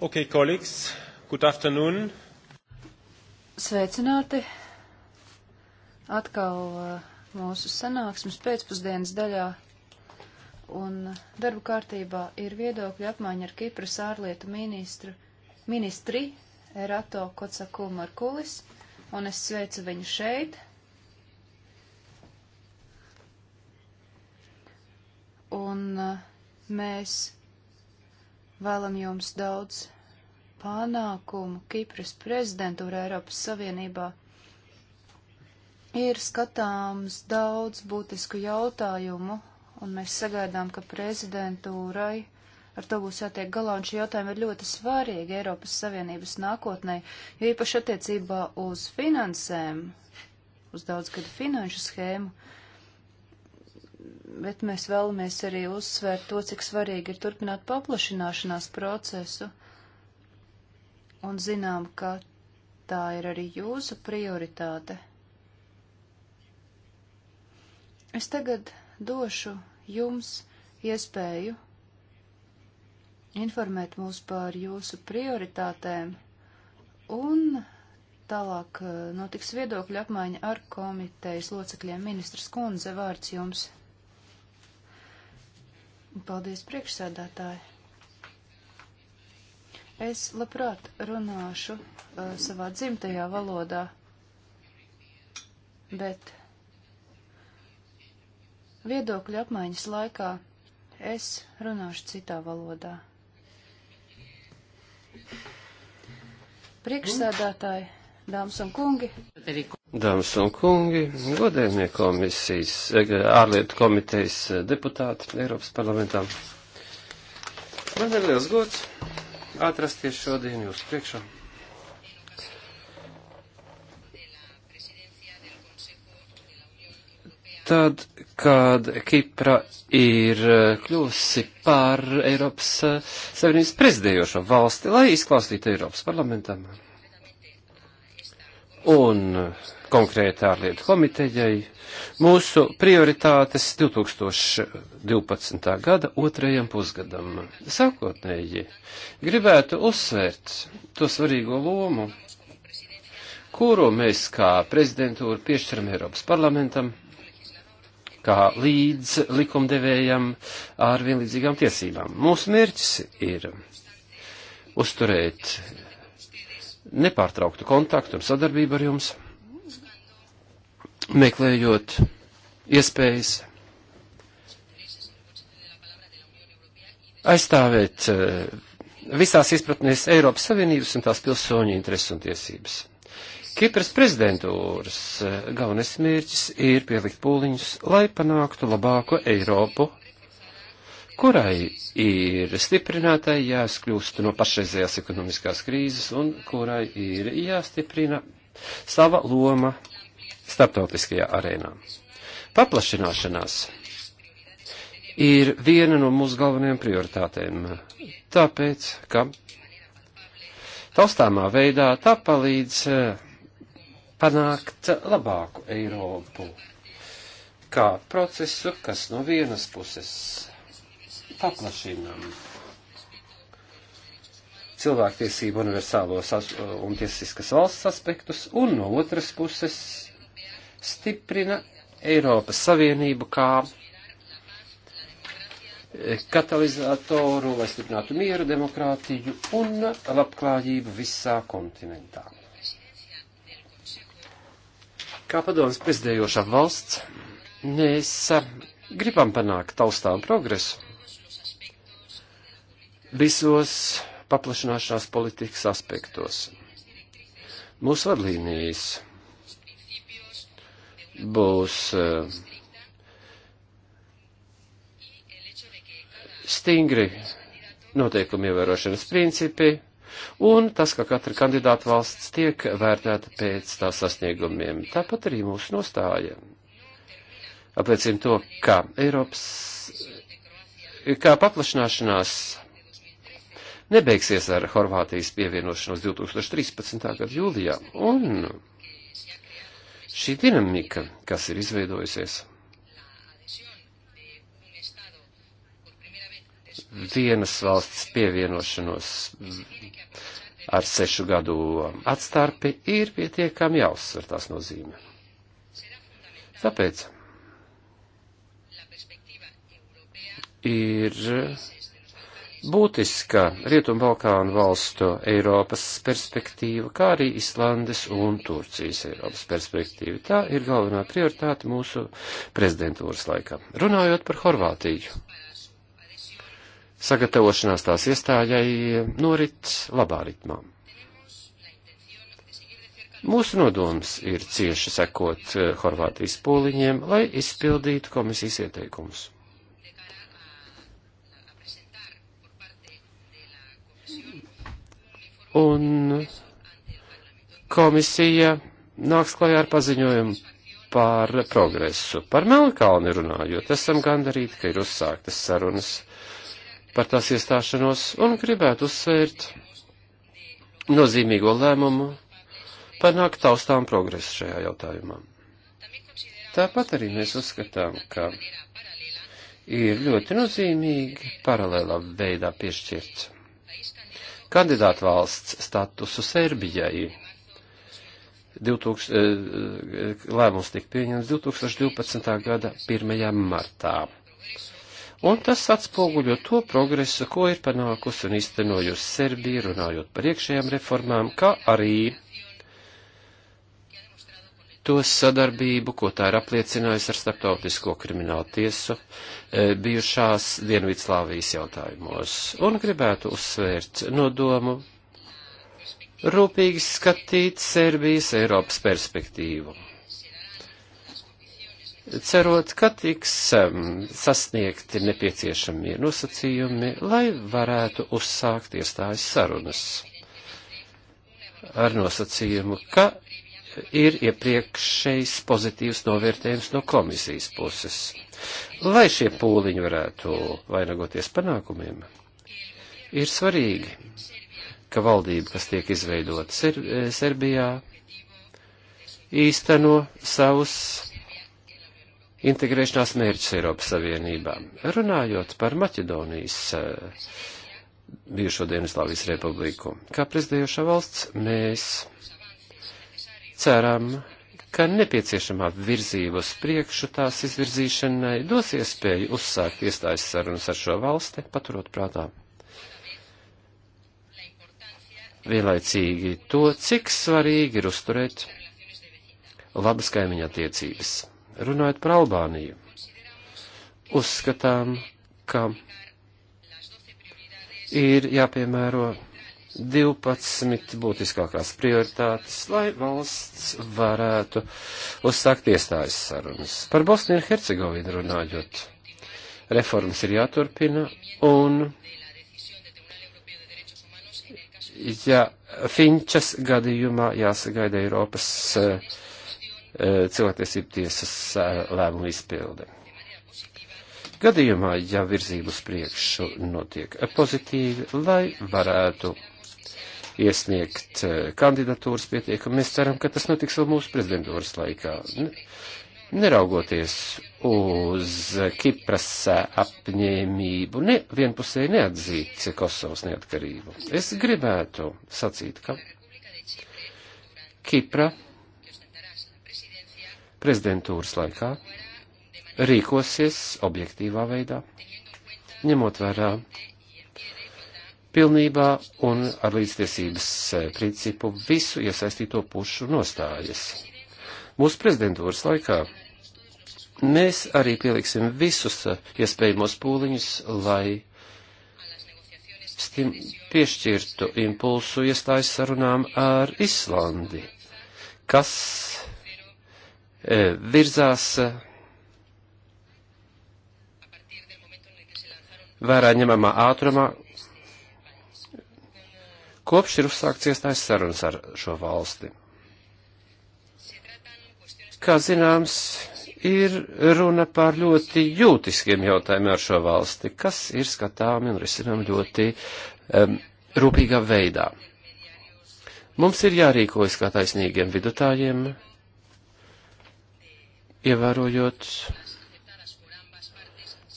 Okay, colleagues, good afternoon. Sveicināti atkal uh, mūsu sanāksmes pēcpusdienas daļā. Un darba kārtībā ir viedokļa apmaiņa ar Kipras ārlietu ministru, ministri Erato Kocaku Markulis, un es sveicu viņu šeit. Un uh, mēs Vēlam jums daudz panākumu Kipras prezidentūra Eiropas Savienībā. Ir skatāms daudz būtisku jautājumu, un mēs sagaidām, ka prezidentūrai ar to būs jātiek galā, un šie jautājumi ir ļoti svarīgi Eiropas Savienības nākotnē, jo īpaši attiecībā uz finansēm, uz daudzgadu finanšu schēmu, bet mēs vēlamies arī uzsvērt to, cik svarīgi ir turpināt paplašināšanās procesu. Un zinām, ka tā ir arī jūsu prioritāte. Es tagad došu jums iespēju informēt mūs par jūsu prioritātēm un tālāk eh, notiks viedokļu apmaiņa ar komitejas locekļiem. Ministrs Kunze, vārds jums. Paldies, priekšsēdētāji. Es labprāt runāšu uh, savā dzimtajā valodā, bet viedokļu apmaiņas laikā es runāšu citā valodā. Priekšsēdētāji, dāmas un kungi. Dāmas un kungi, godējumie komisijas, eh, ārlietu komitejas eh, deputāti Eiropas parlamentā. Man ir liels gods atrasties šodien jūsu priekšā. Tad, kad Kipra ir eh, kļūsi par Eiropas Savienības prezidējošo valsti, lai izklāstītu Eiropas parlamentam. Un konkrētā lietu komitejai mūsu prioritātes 2012. gada otrajam pusgadam. Sākotnēji gribētu uzsvērt to svarīgo lomu, kuru mēs kā prezidentūra piešķiram Eiropas parlamentam, kā līdz likumdevējam ar vienlīdzīgām tiesībām. Mūsu mērķis ir uzturēt nepārtrauktu kontaktu un sadarbību ar jums meklējot iespējas aizstāvēt eh, visās izpratnēs Eiropas Savienības un tās pilsoņu intereses un tiesības. Kipras prezidentūras eh, galvenais mērķis ir pielikt pūliņus, lai panāktu labāko Eiropu, kurai ir stiprinātai jāskļūst no pašreizējās ekonomiskās krīzes un kurai ir jāstiprina sava loma starptautiskajā arēnā. Paplašināšanās ir viena no mūsu galvenajām prioritātēm, tāpēc, ka taustāmā veidā tā palīdz eh, panākt labāku Eiropu kā procesu, kas no vienas puses paplašinām cilvēktiesību universālos un tiesiskas valsts aspektus, un no otras puses stiprina Eiropas Savienību kā katalizatoru, lai stiprinātu mieru, demokrātiju un labklājību visā kontinentā. Kā padomas prezidējošā valsts, mēs gribam panākt taustām progresu visos paplašināšanās politikas aspektos. Mūsu vadlīnijas būs eh, stingri noteikumi ievērošanas principi, un tas, ka katra kandidāta valsts tiek vērtēta pēc tā sasniegumiem. Tāpat arī mūsu nostāja apliecina to, ka Eiropas, kā paplašanāšanās nebeigsies ar Horvātijas pievienošanos 2013. gada jūlijā, un Šī dinamika, kas ir izveidojusies, vienas valsts pievienošanos ar sešu gadu atstarpi ir pietiekami jāuzsver tās nozīme. Tāpēc ir būtiska Rietumbalkānu valstu Eiropas perspektīva, kā arī Islandes un Turcijas Eiropas perspektīva. Tā ir galvenā prioritāte mūsu prezidentūras laikā. Runājot par Horvātiju. Sagatavošanās tās iestājai norit labā ritmā. Mūsu nodoms ir cieši sekot eh, Horvātijas poliņiem, lai izpildītu komisijas ieteikumus. un komisija nāks klajā ar paziņojumu par progresu. Par Melnkalni runājot, esam gandarīti, ka ir uzsāktas sarunas par tās iestāšanos un gribētu uzsvērt nozīmīgo lēmumu panākt taustām progresu šajā jautājumā. Tāpat arī mēs uzskatām, ka ir ļoti nozīmīgi paralēlā veidā piešķirt kandidātu valsts statusu Serbijai. 2000, eh, lēmums tika pieņemts 2012. gada 1. martā. Un tas atspoguļo to progresu, ko ir panākusi un iztenojusi Serbija, runājot par iekšējām reformām, kā arī to sadarbību, ko tā ir apliecinājusi ar starptautisko kriminālu tiesu e, bijušās Dienvidslāvijas jautājumos. Un gribētu uzsvērt nodomu rūpīgi skatīt Serbijas Eiropas perspektīvu. Cerot, ka tiks um, sasniegti nepieciešamie nosacījumi, lai varētu uzsākt iestājas sarunas ar nosacījumu, ka ir iepriekšējs pozitīvs novērtējums no komisijas puses. Lai šie pūliņi varētu vainagoties panākumiem, ir svarīgi, ka valdība, kas tiek izveidota Ser Serbijā, īsteno savus integrēšanās mērķus Eiropas Savienībā. Runājot par Maķedonijas eh, bijušo Dienvidslāvijas republiku, kā prezidējošā valsts, mēs Ceram, ka nepieciešamā virzība uz priekšu tās izvirzīšanai dos iespēju uzsākt iestājas sarunas ar šo valsti, paturot prātā vienlaicīgi to, cik svarīgi ir uzturēt labas kaimiņa attiecības. Runājot par Albāniju, uzskatām, ka ir jāpiemēro 12 būtiskākās prioritātes, lai valsts varētu uzsākt iestājas sarunas. Par Bosniju un Hercegovinu runājot, reformas ir jāturpina un, ja Finčas gadījumā jāsagaida Eiropas uh, cilvēktiesību tiesas uh, lēmumu izpildi. Gadījumā, ja virzību uz priekšu notiek pozitīvi, lai varētu iesniegt eh, kandidatūras pietiekami. Mēs ceram, ka tas notiks vēl mūsu prezidentūras laikā. Neraugoties uz Kipras eh, apņēmību, ne, vienpusēji neatzīt Kosovas neatkarību. Es gribētu sacīt, ka Kipra prezidentūras laikā rīkosies objektīvā veidā, ņemot vērā pilnībā un ar līdztiesības eh, principu visu iesaistīto pušu nostājas. Mūsu prezidentūras laikā mēs arī pieliksim visus eh, iespējamos pūliņus, lai stim, piešķirtu impulsu iestājas sarunām ar Islandi, kas e, virzās vērā ņemamā ātrumā, Kopš ir uzsākts iestājas sarunas ar šo valsti. Kā zināms, ir runa par ļoti jūtiskiem jautājumiem ar šo valsti, kas ir skatāmi un risinām ļoti um, rūpīgā veidā. Mums ir jārīkojas kā taisnīgiem vidutājiem, ievērojot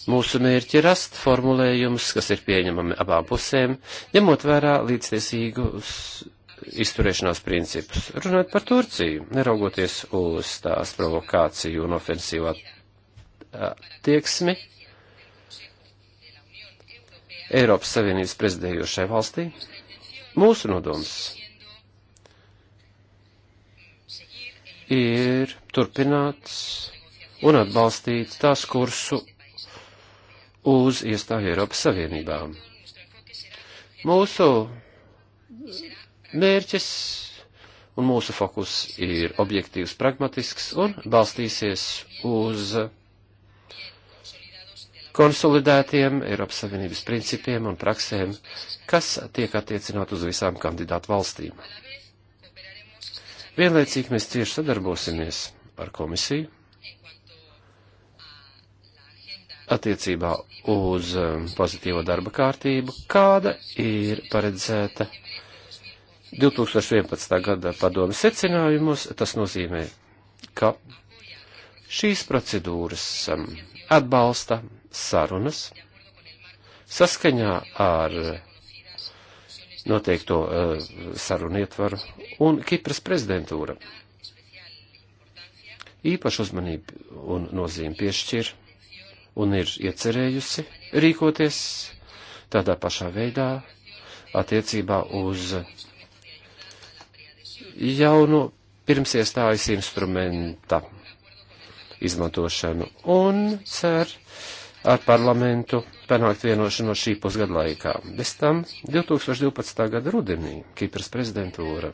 Mūsu mērķi ir rast formulējumus, kas ir pieņemami abām pusēm, ņemot vērā līdztiesīgu izturēšanās principus. Runāt par Turciju, neraugoties uz tās provokāciju un ofensīvo attieksmi, Eiropas Savienības prezidējošai valstī, mūsu nodoms ir turpināt un atbalstīt tās kursu uz iestāju Eiropas Savienībā. Mūsu mērķis un mūsu fokus ir objektīvs, pragmatisks un balstīsies uz konsolidētiem Eiropas Savienības principiem un praksēm, kas tiek attiecināt uz visām kandidātu valstīm. Vienlaicīgi mēs cieši sadarbosimies ar komisiju attiecībā uz um, pozitīvo darba kārtību, kāda ir paredzēta 2011. gada padomi secinājumus, tas nozīmē, ka šīs procedūras um, atbalsta sarunas saskaņā ar noteikto uh, sarunu ietvaru un Kipras prezidentūra. Īpašu uzmanību un nozīmi piešķir un ir iecerējusi rīkoties tādā pašā veidā attiecībā uz jaunu pirms iestājas instrumenta izmantošanu un cer ar parlamentu panākt vienošanos no šī pusgada laikā. Bez tam 2012. gada rudenī Kipras prezidentūra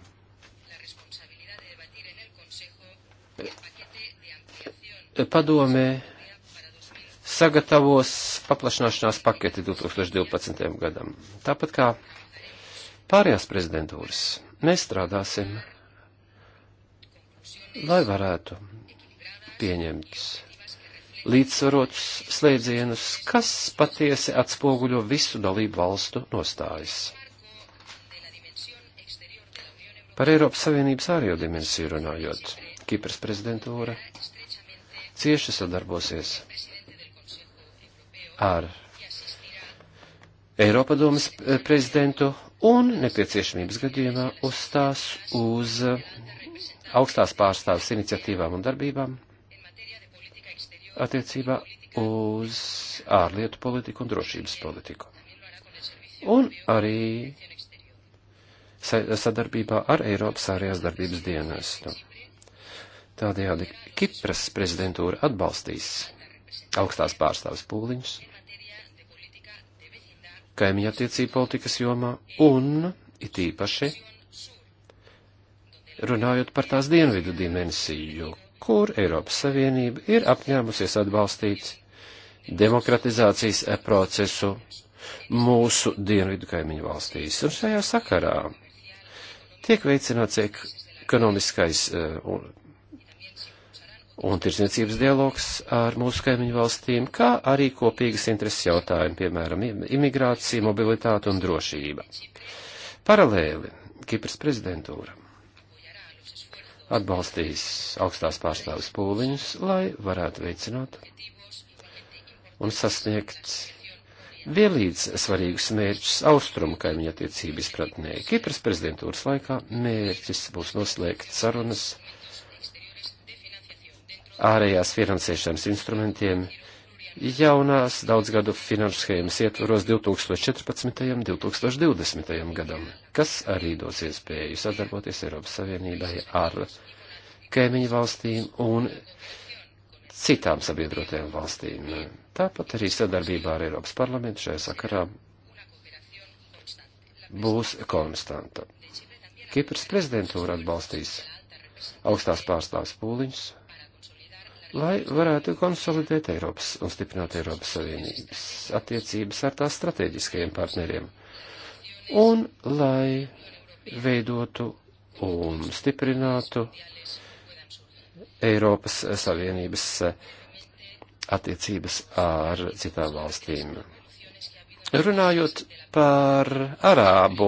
padomē sagatavos paplašināšanās paketi 2012. gadam. Tāpat kā pārējās prezidentūras, mēs strādāsim, lai varētu pieņemt līdzsvarotus slēdzienus, kas patiesi atspoguļo visu dalību valstu nostājas. Par Eiropas Savienības ārējo dimensiju runājot, Kipras prezidentūra cieši sadarbosies ar Eiropadomas eh, prezidentu un nepieciešamības gadījumā uzstās uz eh, augstās pārstāvis iniciatīvām un darbībām attiecībā uz ārlietu politiku un drošības politiku. Un arī sadarbībā ar Eiropas ārējās darbības dienestu. Tādējādi Kipras prezidentūra atbalstīs augstās pārstāvis pūliņus kaimiņa attiecību politikas jomā un it īpaši runājot par tās dienvidu dimensiju, kur Eiropas Savienība ir apņēmusies atbalstīt demokratizācijas procesu mūsu dienvidu kaimiņu valstīs. Un šajā sakarā tiek veicināts ekonomiskais uh, un tirsniecības dialogs ar mūsu kaimiņu valstīm, kā arī kopīgas intereses jautājumi, piemēram, imigrācija, mobilitāte un drošība. Paralēli Kipras prezidentūra atbalstīs augstās pārstāvis pūliņus, lai varētu veicināt un sasniegt vienlīdz svarīgus mērķus austrumu kaimiņu attiecību izpratnē. Kipras prezidentūras laikā mērķis būs noslēgt sarunas ārējās finansēšanas instrumentiem jaunās daudzgadu finanšu schēmas ietvaros 2014. un 2020. gadam, kas arī dos iespēju sadarboties Eiropas Savienībai ar kaimiņu valstīm un citām sabiedrotajām valstīm. Tāpat arī sadarbībā ar Eiropas parlamentu šajā sakarā būs konstanta. Kipras prezidentūra atbalstīs augstās pārstāvs pūliņus lai varētu konsolidēt Eiropas un stiprināt Eiropas Savienības attiecības ar tās strateģiskajiem partneriem, un lai veidotu un stiprinātu Eiropas Savienības attiecības ar citām valstīm. Runājot par arābu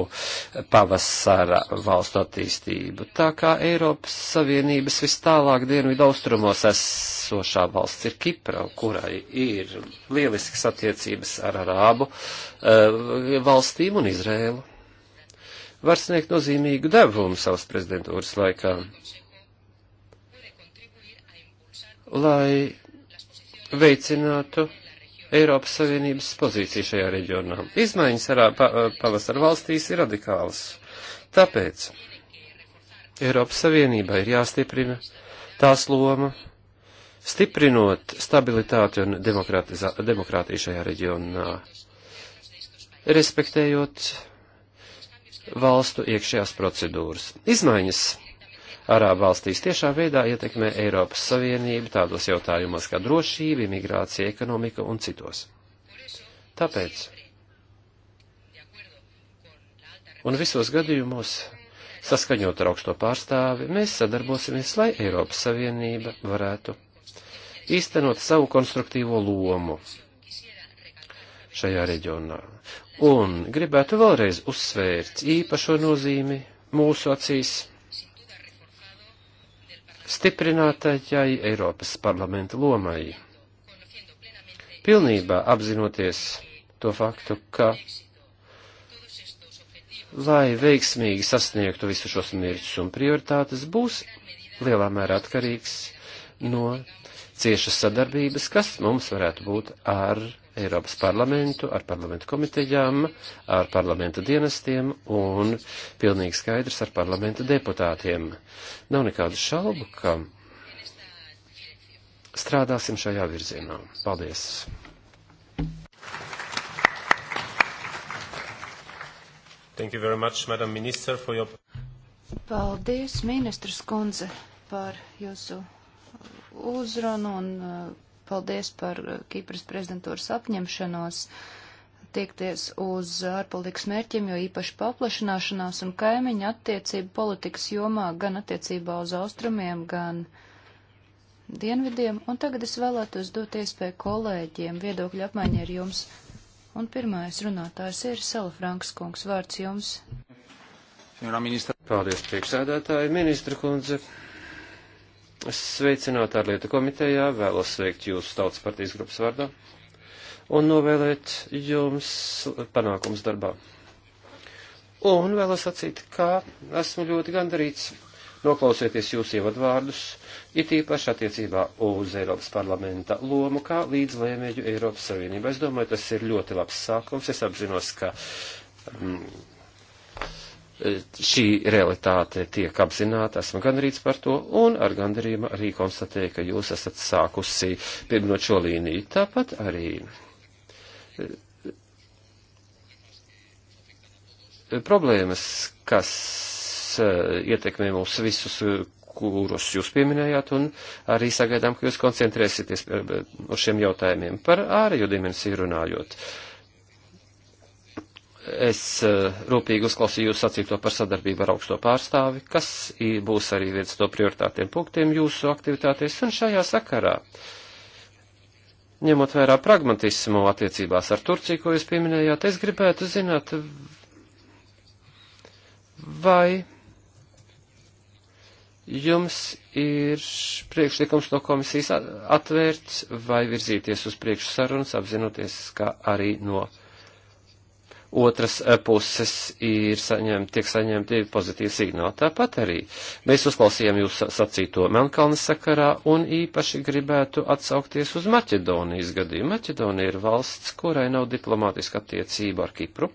pavasara valstu attīstību, tā kā Eiropas Savienības vis tālāk dienvidu austrumos esošā valsts ir Kipra, kurai ir lielisks attiecības ar arābu uh, valstīm un Izrēlu, var sniegt nozīmīgu devumu savas prezidentūras laikā, lai veicinātu Eiropas Savienības pozīciju šajā reģionā. Izmaiņas arā pa, eh, pavasara valstīs ir radikālas. Tāpēc Eiropas Savienībai ir jāstiprina tās loma, stiprinot stabilitāti un demokrātiju šajā reģionā, respektējot valstu iekšējās procedūras. Izmaiņas Arābu valstīs tiešā veidā ietekmē Eiropas Savienību tādos jautājumos kā drošība, imigrācija, ekonomika un citos. Tāpēc. Un visos gadījumos, saskaņot ar augsto pārstāvi, mēs sadarbosimies, lai Eiropas Savienība varētu īstenot savu konstruktīvo lomu šajā reģionā. Un gribētu vēlreiz uzsvērt īpašo nozīmi mūsu acīs stiprinātākajai Eiropas parlamenta lomai. Pilnībā apzinoties to faktu, ka, lai veiksmīgi sasniegtu visus šos mērķus un prioritātes, būs lielā mērā atkarīgs no ciešas sadarbības, kas mums varētu būt ar Eiropas parlamentu, ar parlamentu komitejām, ar parlamenta dienestiem un pilnīgi skaidrs ar parlamenta deputātiem. Nav nekādu šaubu, ka strādāsim šajā virzienā. Paldies! Thank you very much, Madam Minister, for your... Paldies, ministrs kundze, par jūsu uzrunu un uh, Paldies par uh, Kīpras prezidentūras apņemšanos tiekties uz ārpolitikas mērķiem, jo īpaši paplašanāšanās un kaimiņu attiecību politikas jomā gan attiecībā uz austrumiem, gan dienvidiem. Un tagad es vēlētos dot iespēju kolēģiem viedokļu apmaiņai ar jums. Un pirmais runātājs ir Salafranks kungs. Vārds jums. Paldies, priekšsēdētāji, ministra kundze sveicināt ārlietu komitejā, vēlos sveikt jūsu tautas partijas grupas vārdā un novēlēt jums panākums darbā. Un vēlos sacīt, ka esmu ļoti gandarīts noklausieties jūsu ievadvārdus, it īpaši attiecībā uz Eiropas parlamenta lomu kā līdzlēmēju Eiropas Savienībā. Es domāju, tas ir ļoti labs sākums. Es apzinos, ka mm, šī realitāte tiek apzināta, esmu gandarīts par to, un ar gandarījumu arī konstatēju, ka jūs esat sākusi pirmot šo līniju. Tāpat arī eh, problēmas, kas eh, ietekmē mūs visus, kurus jūs pieminējāt, un arī sagaidām, ka jūs koncentrēsieties eh, uz šiem jautājumiem par ārējo dimensiju runājot. Uh, es eh, rūpīgi uzklausīju jūs sacīto par sadarbību ar augsto pārstāvi, kas būs arī viens no prioritātiem punktiem jūsu aktivitātēs un šajā sakarā. Ņemot vērā pragmatismu attiecībās ar Turciju, ko jūs pieminējāt, es gribētu zināt, vai jums ir priekšlikums no komisijas atvērts vai virzīties uz priekšu sarunas, apzinoties, ka arī no otras eh, puses ir saņemt, tiek saņemti pozitīvi signāli. Tāpat arī mēs uzklausījām jūs sacīto Melnkalnes sakarā un īpaši gribētu atsaukties uz Maķedonijas gadījumu. Maķedonija ir valsts, kurai nav diplomātiska attiecība ar Kipru.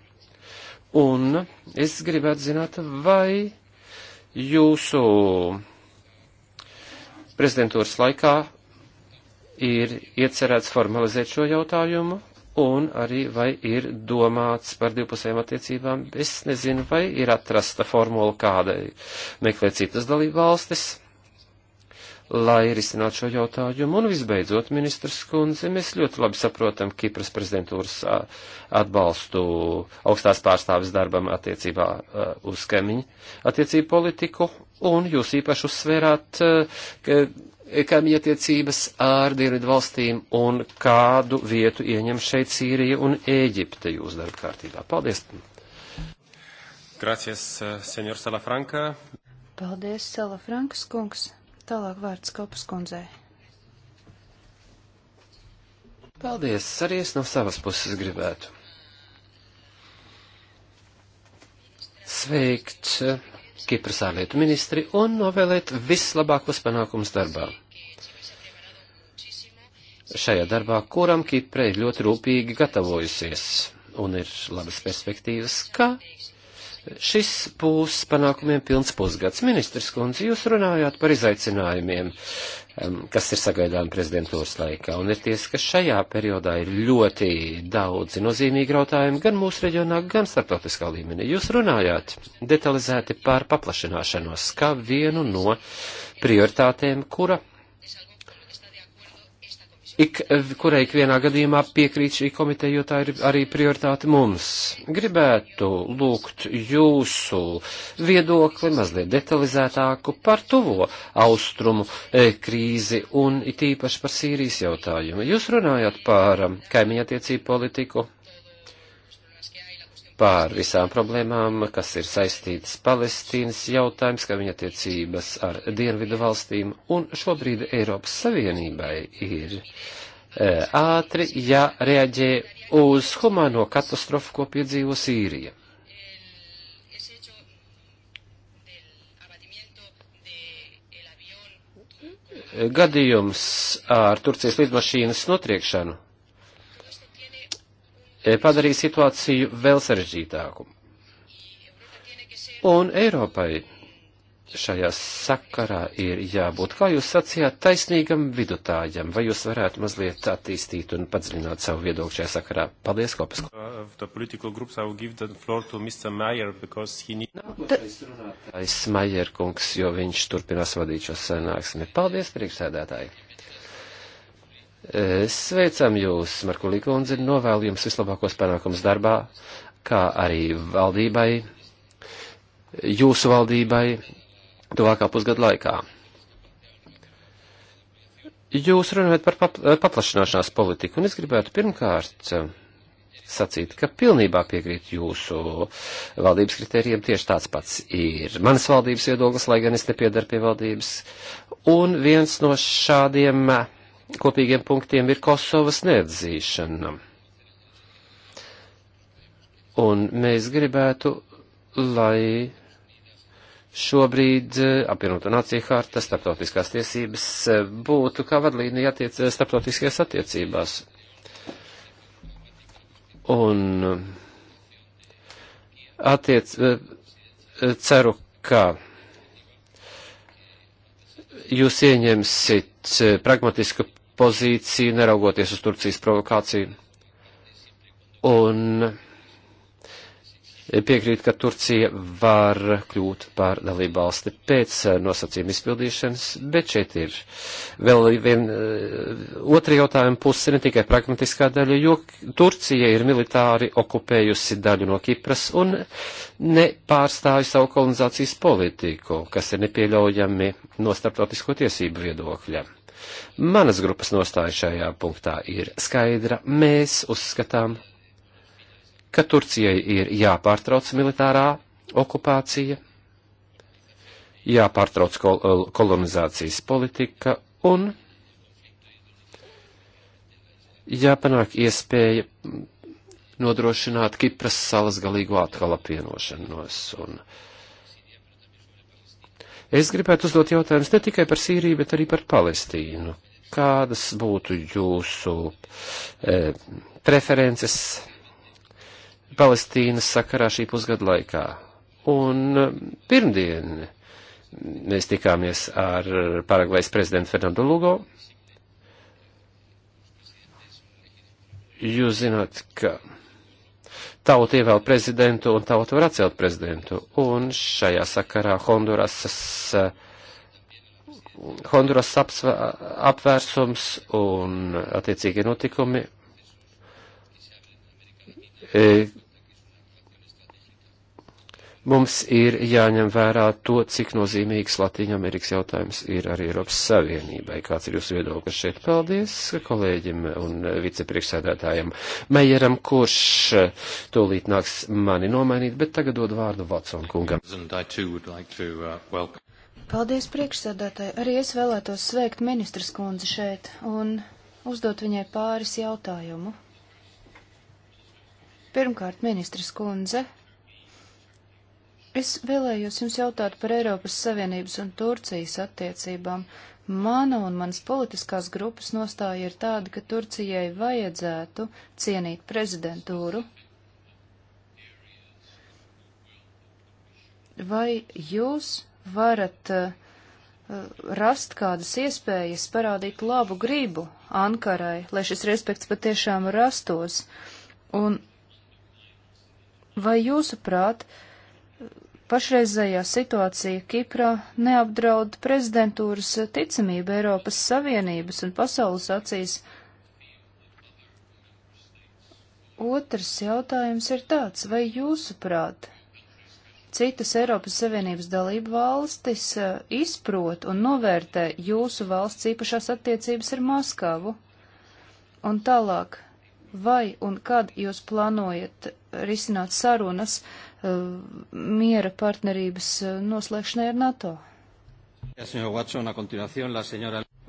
Un es gribētu zināt, vai jūsu prezidentūras laikā ir iecerēts formalizēt šo jautājumu un arī vai ir domāts par divpusējām attiecībām. Es nezinu, vai ir atrasta formula kādai meklē citas dalību valstis, lai risinātu šo jautājumu. Un visbeidzot, ministrs kundze, mēs ļoti labi saprotam Kipras prezidentūras atbalstu augstās pārstāvis darbam attiecībā uz kaimiņu attiecību politiku, un jūs īpaši uzsvērāt, ka kaimiņattiecības ar Dienvidu valstīm un kādu vietu ieņem šeit Sīrija un Ēģipte jūsu darba kārtībā. Paldies! Gracias, senjor Salafranka. Paldies, Salafrankas kungs. Tālāk vārds Kopas kundzei. Paldies, arī es no savas puses gribētu. Sveikt Kipras ārlietu ministri un novēlēt vislabākos panākumus darbā. Šajā darbā, kuram Kipra ir ļoti rūpīgi gatavojusies un ir labas perspektīvas, ka Šis būs panākumiem pilns pusgads. Ministrs kundze, jūs runājāt par izaicinājumiem, kas ir sagaidām prezidentūras laikā, un ir tiesa, ka šajā periodā ir ļoti daudzi nozīmīgi rautājumi gan mūsu reģionā, gan starptautiskā līmenī. Jūs runājāt detalizēti par paplašināšanos kā vienu no prioritātēm, kura ik, kurai ikvienā gadījumā piekrīt šī komiteja, jo tā ir arī prioritāte mums. Gribētu lūgt jūsu viedokli mazliet detalizētāku par tuvo austrumu e, krīzi un it īpaši par Sīrijas jautājumu. Jūs runājat par um, kaimiņattiecību politiku pār visām problēmām, kas ir saistītas Palestīnas jautājums, ka viņa tiecības ar Dienvidu valstīm un šobrīd Eiropas Savienībai ir e, ātri jāreaģē uz humāno katastrofu, ko piedzīvo Sīrija. Gadījums ar Turcijas lidmašīnas notriekšanu E, padarīja situāciju vēl sarežģītāku. Un Eiropai šajā sakarā ir jābūt, kā jūs sacījāt, taisnīgam vidutājam, vai jūs varētu mazliet attīstīt un padziļināt savu viedokli šajā sakarā. Paldies, Kopas. Uh, Nākošais runātājs Majer kungs, jo viņš turpinās vadīt šo sanāksmi. Paldies, priekšsēdētāji. Sveicam jūs, Marku Ligundzi, novēlu jums vislabākos panākums darbā, kā arī valdībai, jūsu valdībai, tuvākā pusgada laikā. Jūs runājat par paplašināšanās politiku, un es gribētu pirmkārt eh, sacīt, ka pilnībā piekrīt jūsu valdības kritērijiem tieši tāds pats ir manas valdības viedoklis, lai gan es nepiedaru pie valdības. Un viens no šādiem uh, kopīgiem punktiem ir Kosovas neatzīšana. Un mēs gribētu, lai šobrīd eh, apvienoto nāciju harta starptautiskās tiesības eh, būtu kā vadlīnija attiec, starptautiskajās attiecībās. Un eh, attiec, ceru, ka jūs ieņemsit eh, pragmatisku pozīciju, neraugoties uz Turcijas provokāciju. Un piekrīt, ka Turcija var kļūt par dalību valsti pēc eh, nosacījuma izpildīšanas, bet šeit ir vēl viena eh, otra jautājuma puse, ne tikai pragmatiskā daļa, jo Turcija ir militāri okupējusi daļu no Kipras un nepārstāju savu kolonizācijas politiku, kas ir nepieļaujami no starptautisko tiesību viedokļa. Manas grupas nostāja šajā punktā ir skaidra. Mēs uzskatām, ka Turcijai ir jāpārtrauc militārā okupācija, jāpārtrauc kol eh, kolonizācijas politika un jāpanāk iespēja nodrošināt Kipras salas galīgo atkal apvienošanos. Un es gribētu uzdot jautājumus ne tikai par Sīriju, bet arī par Palestīnu. Kādas būtu jūsu e, preferences Palestīnas sakarā šī pusgada laikā. Un um, pirmdien mēs tikāmies ar Paragvajas prezidentu Fernando Lugo. Jūs zināt, ka tauta ievēl prezidentu un tauta var atcelt prezidentu. Un šajā sakarā Hondurasas, Honduras uh, apvērsums un attiecīgi notikumi uh, mums ir jāņem vērā to, cik nozīmīgs Latīņa Amerikas jautājums ir arī Eiropas Savienībai. Kāds ir jūsu viedoklis šeit? Paldies kolēģim un vicepriekšsēdētājam Meijeram, kurš eh, tūlīt nāks mani nomainīt, bet tagad dod vārdu Vatsonu kungam. Uh, Paldies priekšsēdētāji. Arī es vēlētos sveikt ministras kundzi šeit un uzdot viņai pāris jautājumu. Pirmkārt, ministras kundze, Es vēlējos jums jautāt par Eiropas Savienības un Turcijas attiecībām. Mana un manas politiskās grupas nostāja ir tāda, ka Turcijai vajadzētu cienīt prezidentūru. Vai jūs varat uh, rast kādas iespējas parādīt labu gribu Ankarai, lai šis respekts patiešām rastos? Un vai jūsuprāt, uh, Pašreizējā situācija Kiprā neapdraud prezidentūras ticamību Eiropas Savienības un pasaules acīs. Otrs jautājums ir tāds, vai jūsuprāt, citas Eiropas Savienības dalību valstis eh, izprot un novērtē jūsu valsts īpašās attiecības ar Maskavu? Un tālāk, vai un kad jūs plānojat risināt sarunas miera partnerības noslēgšanai ar NATO.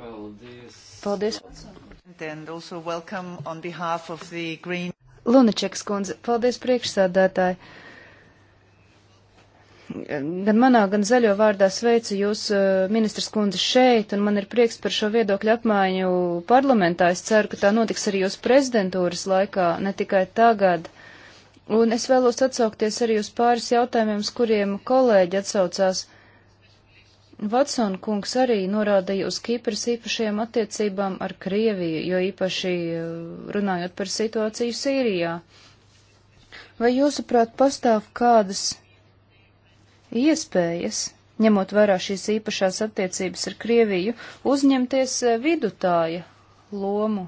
Paldies. Paldies. Lunačeks kundze, paldies priekšsādātāji. Gan manā, gan zaļo vārdā sveicu jūs, eh, ministrs kundze, šeit, un man ir prieks par šo viedokļu apmaiņu parlamentā. Es ceru, ka tā notiks arī jūsu prezidentūras laikā, ne tikai tagad. Un es vēlos atsaukties arī uz pāris jautājumiem, uz kuriem kolēģi atsaucās. Vatsona kungs arī norādīja uz Kīpras īpašajām attiecībām ar Krieviju, jo īpaši eh, runājot par situāciju Sīrijā. Vai jūsuprāt pastāv kādas iespējas, ņemot vērā šīs īpašās attiecības ar Krieviju, uzņemties eh, vidutāja lomu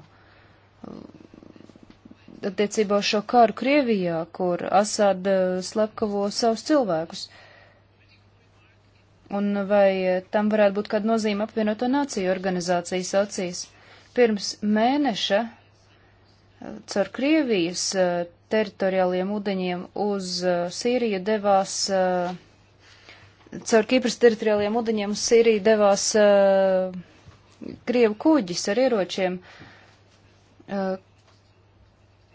attiecībā uz šo karu Krievijā, kur Asāda eh, slepkavo savus cilvēkus. Un vai eh, tam varētu būt kāda nozīme apvienoto nāciju organizācijas acīs? Pirms mēneša eh, caur Krievijas teritoriāliem ūdeņiem uz Sīriju devās, caur Kipras teritoriāliem ūdeņiem uz Sīriju devās Krievu kuģis ar ieročiem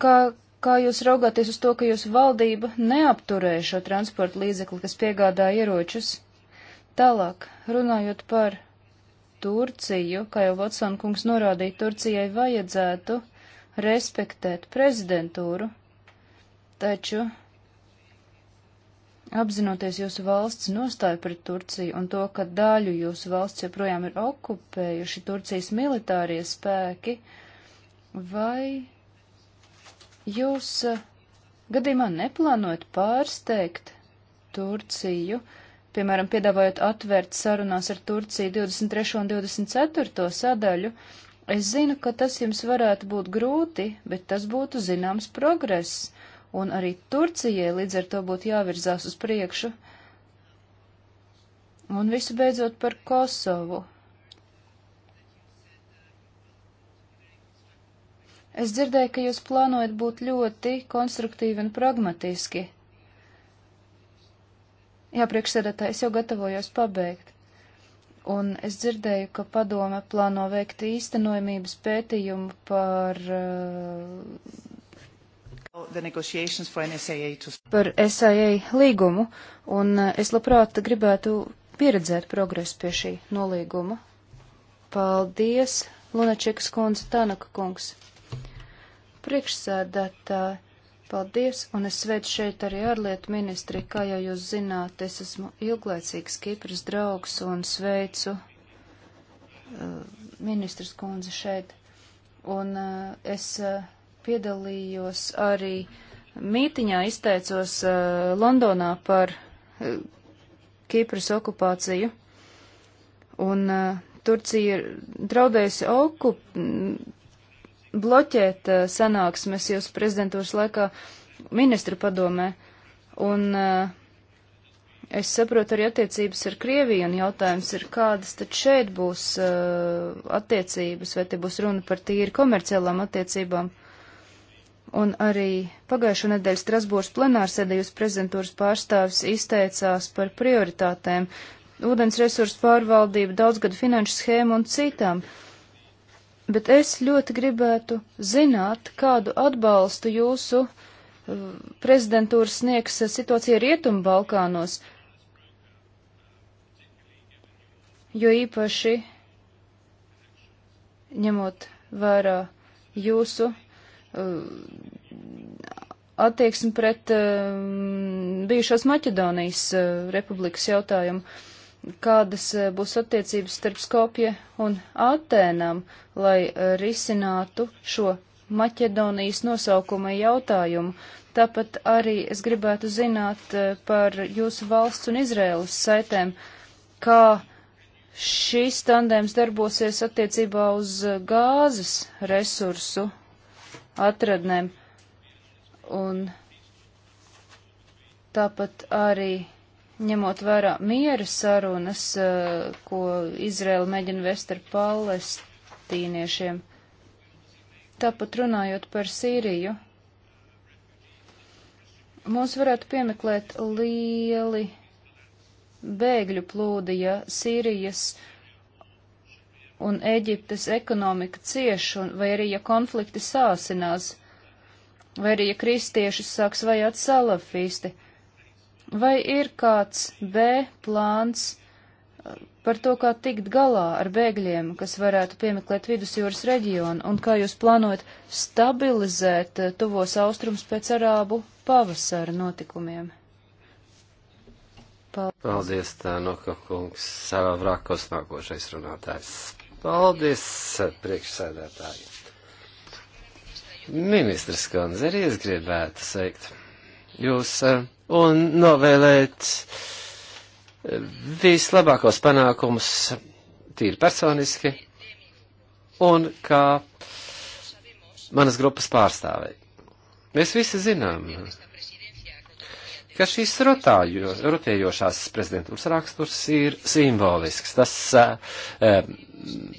kā, kā jūs raugāties uz to, ka jūsu valdība neapturēja šo transporta līdzekli, kas piegādā ieročus? Tālāk, runājot par Turciju, kā jau Vatsona kungs norādīja, Turcijai vajadzētu respektēt prezidentūru, taču apzinoties jūsu valsts nostāju pret Turciju un to, ka daļu jūsu valsts joprojām ir okupējuši Turcijas militārie spēki, vai Jūs eh, gadījumā neplānojat pārsteigt Turciju, piemēram, piedāvājot atvērt sarunās ar Turciju 23. un 24. sadaļu. Es zinu, ka tas jums varētu būt grūti, bet tas būtu zināms progress, un arī Turcijai līdz ar to būtu jāvirzās uz priekšu. Un visu beidzot par Kosovu. Es dzirdēju, ka jūs plānojat būt ļoti konstruktīvi un pragmatiski. Jā, priekšsēdētāji, es jau gatavojos pabeigt. Un es dzirdēju, ka padome plāno veikt īstenojumības pētījumu par uh, par SAA līgumu, un uh, es labprāt gribētu pieredzēt progresu pie šī nolīguma. Paldies, Lunačekas kundze, Tanaka kungs priekšsēdētāji. Paldies, un es sveicu šeit arī ārlietu ministri, kā jau jūs zināt, es esmu ilglaicīgs Kipras draugs un sveicu uh, ministrs kundzi šeit. Un uh, es uh, piedalījos arī mītiņā, izteicos uh, Londonā par uh, Kipras okupāciju. Un uh, Turcija ir draudējusi okup bloķēt uh, sanāksmes jūsu prezidentūras laikā ministru padomē. Un uh, es saprotu arī attiecības ar Krieviju, un jautājums ir, kādas tad šeit būs uh, attiecības, vai te būs runa par tīri komerciālām attiecībām. Un arī pagājušo nedēļu Strasbūras plenārsēdē jūs prezidentūras pārstāvis izteicās par prioritātēm, ūdens resursu pārvaldību, daudzgadu finanšu schēmu un citām. Uh, bet es ļoti gribētu zināt, kādu atbalstu jūsu uh, prezidentūras sniegs situācija Rietumbalkānos, jo īpaši ņemot vērā jūsu uh, attieksmi pret um, bijušās Maķedonijas uh, republikas jautājumu kādas eh, būs attiecības starp Skopje un Atēnām, lai eh, risinātu šo Maķedonijas nosaukuma jautājumu. Tāpat arī es gribētu zināt eh, par jūsu valsts un Izraēlas saitēm, kā šīs tandēms darbosies attiecībā uz gāzes resursu atradnēm. Un tāpat arī ņemot vērā miera sarunas, eh, ko Izraela mēģina vest ar palestīniešiem. Tāpat runājot par Sīriju, mūs varētu piemeklēt lieli bēgļu plūdi, ja Sīrijas un Eģiptes ekonomika cieš, vai arī ja konflikti sāsinās, vai arī ja kristiešus sāks vajāt salafisti. Vai ir kāds B plāns uh, par to, kā tikt galā ar bēgļiem, kas varētu piemeklēt vidusjūras reģionu, un kā jūs plānojat stabilizēt uh, tuvos austrums pēc arābu pavasara notikumiem? Paldies, Paldies Tānoka kungs, savā vrakos nākošais runātājs. Paldies, priekšsēdētāji. Ministrs Konzer, es gribētu sveikt jūs. Uh, un novēlēt vislabākos panākumus tīri personiski un kā manas grupas pārstāvēji. Mēs visi zinām, ka šīs rotājo, rotējošās prezidentūras raksturs ir simbolisks. Tas uh,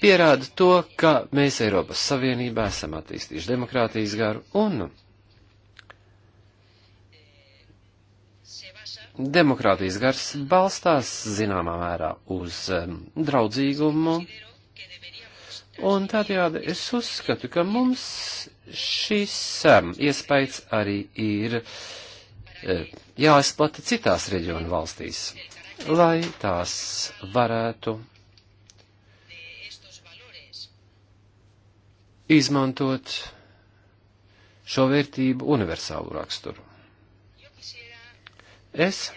pierāda to, ka mēs Eiropas Savienībā esam attīstījuši demokrātijas garu un Demokrātijas gars balstās zināmā mērā uz um, draudzīgumu, un tādējādi es uzskatu, ka mums šis um, iespējas arī ir um, jāizplata citās reģionu valstīs, lai tās varētu izmantot šo vērtību universālu raksturu. Es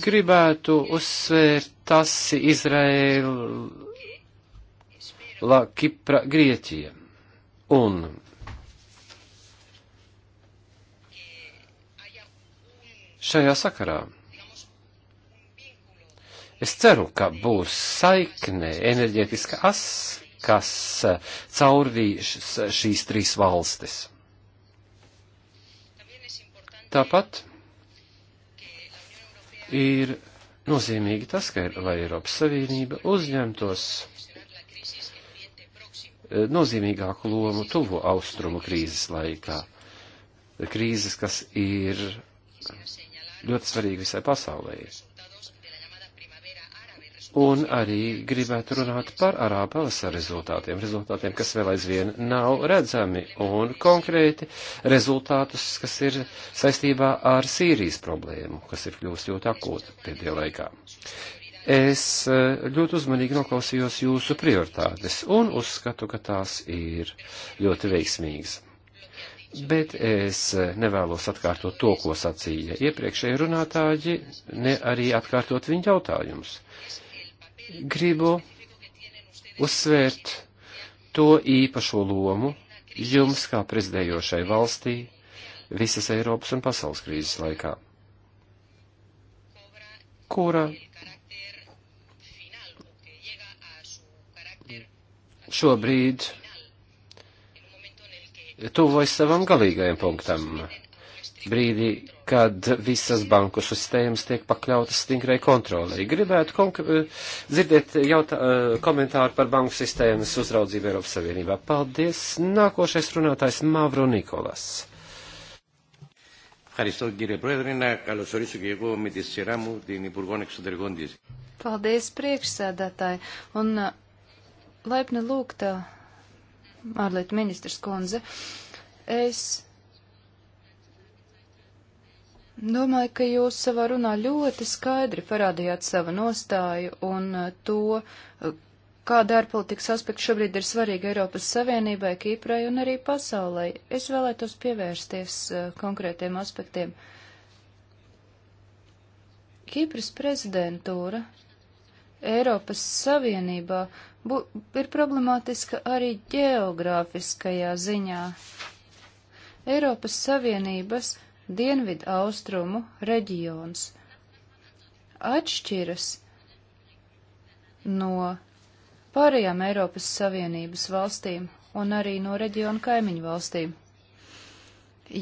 gribētu uzsvērt tas Izraēla, Kipra, Grieķija. Un šajā sakarā es ceru, ka būs saikne enerģētiska as, kas caurvīs šīs trīs valstis. Tāpat ir nozīmīgi tas, ka, lai Eiropas Savienība uzņemtos eh, nozīmīgāku lomu tuvu austrumu krīzes laikā. Krīzes, kas ir ļoti svarīga visai pasaulē. Un arī gribētu runāt par arābu pavasara rezultātiem, rezultātiem, kas vēl aizvien nav redzami, un konkrēti rezultātus, kas ir saistībā ar Sīrijas problēmu, kas ir kļūst ļoti akūta pēdējā laikā. Es eh, ļoti uzmanīgi noklausījos jūsu prioritātes un uzskatu, ka tās ir ļoti veiksmīgas. Bet es eh, nevēlos atkārtot to, ko sacīja iepriekšēji runātāji, ne arī atkārtot viņu jautājumus gribu uzsvērt to īpašo lomu jums kā prezidējošai valstī visas Eiropas un pasaules krīzes laikā, kura šobrīd tuvojas savam galīgajam punktam, brīdī, kad visas banku sistēmas tiek pakļautas stingrai kontrolē. Gribētu konk dzirdēt jautā, komentāru par banku sistēmas uzraudzību Eiropas Savienībā. Paldies. Nākošais runātājs Mavro Nikolas. Ευχαριστώ κύριε Πρόεδρε. Να καλωσορίσω και εγώ με τη σειρά μου την Υπουργό Εξωτερικών της. Paldies priekšsēdētāji un uh, laipni lūgta ārlietu ministrs kundze. Es Domāju, ka jūs savā runā ļoti skaidri parādījāt savu nostāju un uh, to, uh, kāda ārpolitikas aspekta šobrīd ir svarīga Eiropas Savienībai, Kīprai un arī pasaulē. Es vēlētos pievērsties uh, konkrētiem aspektiem. Kīpras prezidentūra Eiropas Savienībā bu, ir problemātiska arī ģeogrāfiskajā ziņā. Eiropas Savienības dienvidu austrumu reģions atšķiras no pārējām Eiropas Savienības valstīm un arī no reģiona kaimiņu valstīm.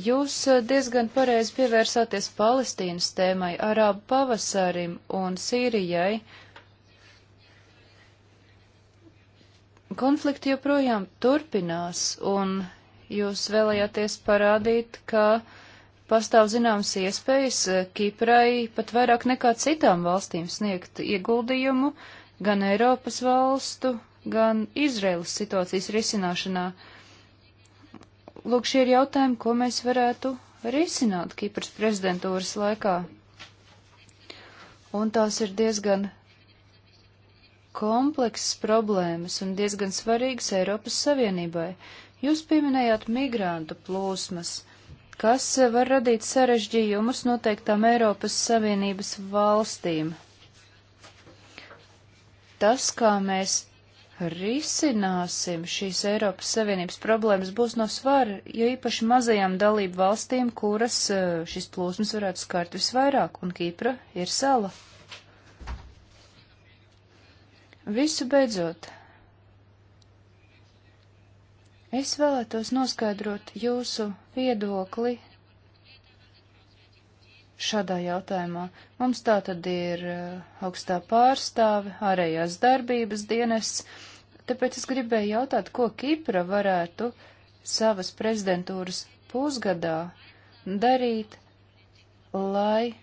Jūs eh, diezgan pareizi pievērsāties Palestīnas tēmai, Arābu pavasarim un Sīrijai. Konflikti joprojām turpinās, un jūs vēlējāties parādīt, ka uh, pastāv zināmas iespējas eh, Kiprai pat vairāk nekā citām valstīm sniegt ieguldījumu gan Eiropas valstu, gan Izraēlas situācijas risināšanā. Lūk, šie ir jautājumi, ko mēs varētu risināt Kipras prezidentūras laikā. Un tās ir diezgan kompleksas problēmas un diezgan svarīgas Eiropas Savienībai. Jūs pieminējāt migrantu plūsmas. Uh, kas var radīt sarežģījumus noteiktām Eiropas Savienības valstīm. Tas, kā mēs risināsim šīs Eiropas Savienības problēmas, būs no svara, jo īpaši mazajām dalību valstīm, kuras eh, šis plūsmas varētu skart visvairāk, un Kīpra ir sala. Visu beidzot, Es vēlētos noskaidrot jūsu viedokli šādā jautājumā. Mums tā tad ir eh, augstā pārstāve, ārējās darbības dienests, tāpēc es gribēju jautāt, ko Kipra varētu savas prezidentūras pusgadā darīt, lai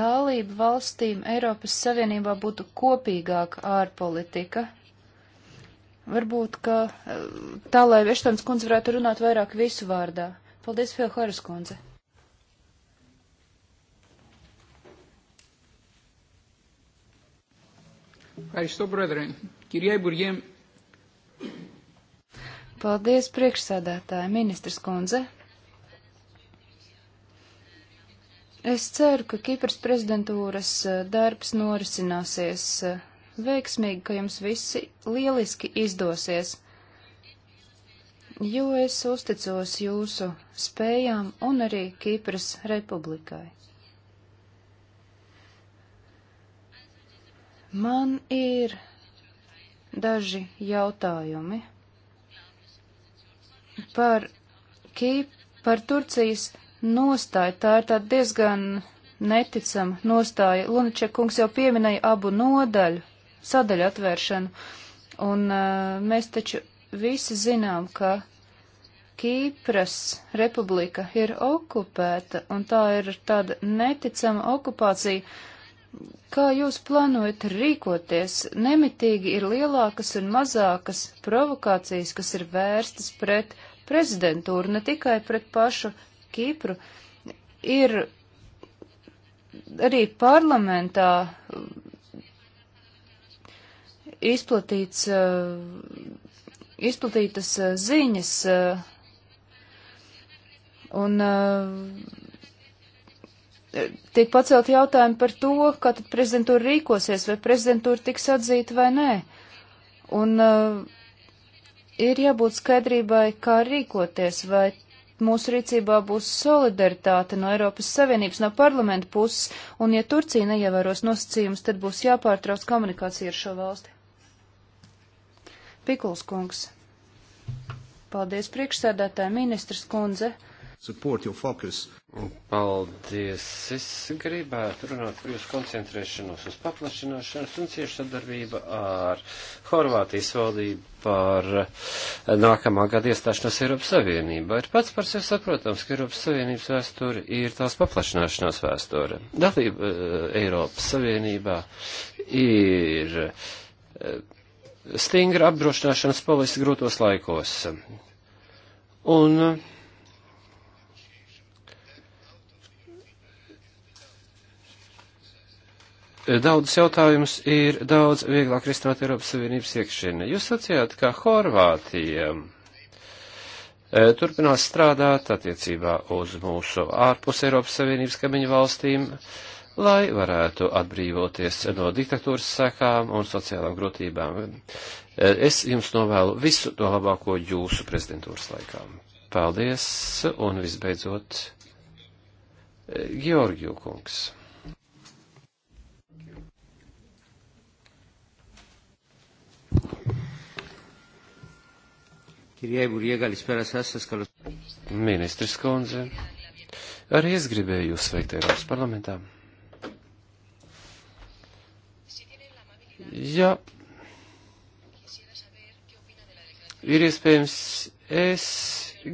dalību valstīm Eiropas Savienībā būtu kopīgāka ārpolitika Varbūt, ka eh, tā, lai Veštons kundze varētu runāt vairāk visu vārdā. Paldies, Filharas kundze. Paldies, priekšsādātāja ministrs kundze. Es ceru, ka Kipras prezidentūras eh, darbs norisināsies eh, veiksmīgi, ka jums visi lieliski izdosies, jo es uzticos jūsu spējām un arī Kīpras republikai. Man ir daži jautājumi par Kīpru, par Turcijas nostāju. Tā ir tāda diezgan neticama nostāja. Lunačekungs jau pieminēja abu nodaļu sadaļu atvēršanu. Un uh, mēs taču visi zinām, ka Kīpras republika ir okupēta, un tā ir tāda neticama okupācija. Kā jūs plānojat rīkoties? Nemitīgi ir lielākas un mazākas provokācijas, kas ir vērstas pret prezidentūru, ne tikai pret pašu Kipru. Ir arī parlamentā izplatīts, eh, izplatītas eh, ziņas, eh, un tiek pacelt jautājumi par to, kā tad prezidentūra rīkosies, vai prezidentūra tiks atzīta vai nē. Un ir jābūt skaidrībai, kā rīkoties, vai mūsu rīcībā būs solidaritāte no Eiropas Savienības, no parlamenta puses, un ja Turcija neievēros nosacījumus, tad būs jāpārtrauc komunikācija ar šo valsti. Pikuls kungs. Paldies priekšsēdētāji ministrs kundze. Paldies. Es gribētu runāt par jūsu koncentrēšanos uz paplašināšanos un ciešu sadarbību ar Horvātijas valdību par nākamā gada iestāšanos Eiropas Savienībā. Ir pats par sevi saprotams, ka Eiropas Savienības vēsture ir tās paplašināšanās vēsture. Dalība eh, Eiropas Savienībā ir eh, stingra apdrošināšanas polisa grūtos laikos. Un eh, daudz jautājumus ir daudz vieglāk risināt Eiropas Savienības iekšienē. Jūs sacījāt, ka Horvātija eh, turpinās strādāt attiecībā uz mūsu ārpus Eiropas Savienības kamiņu valstīm. Uh, lai varētu atbrīvoties no diktatūras sekām un sociālām grūtībām. Es jums novēlu visu to labāko jūsu prezidentūras laikā. Paldies, un visbeidzot, Georgiju kungs. Ministrs Konze, arī es gribēju jūs sveikt Eiropas parlamentā. Ja ir iespējams, es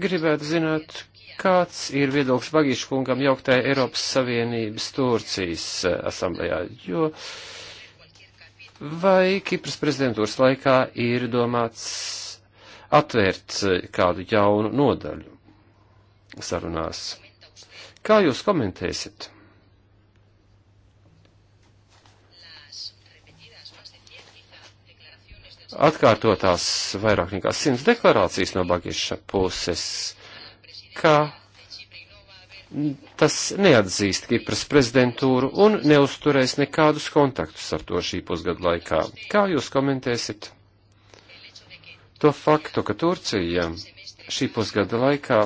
gribētu zināt, kāds ir viedoklis Bagīšu kungam jauktai Eiropas Savienības Turcijas eh, asamblējā, jo vai Kipras prezidentūras laikā ir domāts atvērt eh, kādu jaunu nodaļu sarunās? Kā jūs komentēsiet? atkārtotās vairāk nekā simts deklarācijas no Bagiša puses, ka tas neatzīst Kipras prezidentūru un neusturēs nekādus kontaktus ar to šī pusgada laikā. Kā jūs komentēsiet to faktu, ka Turcija šī pusgada laikā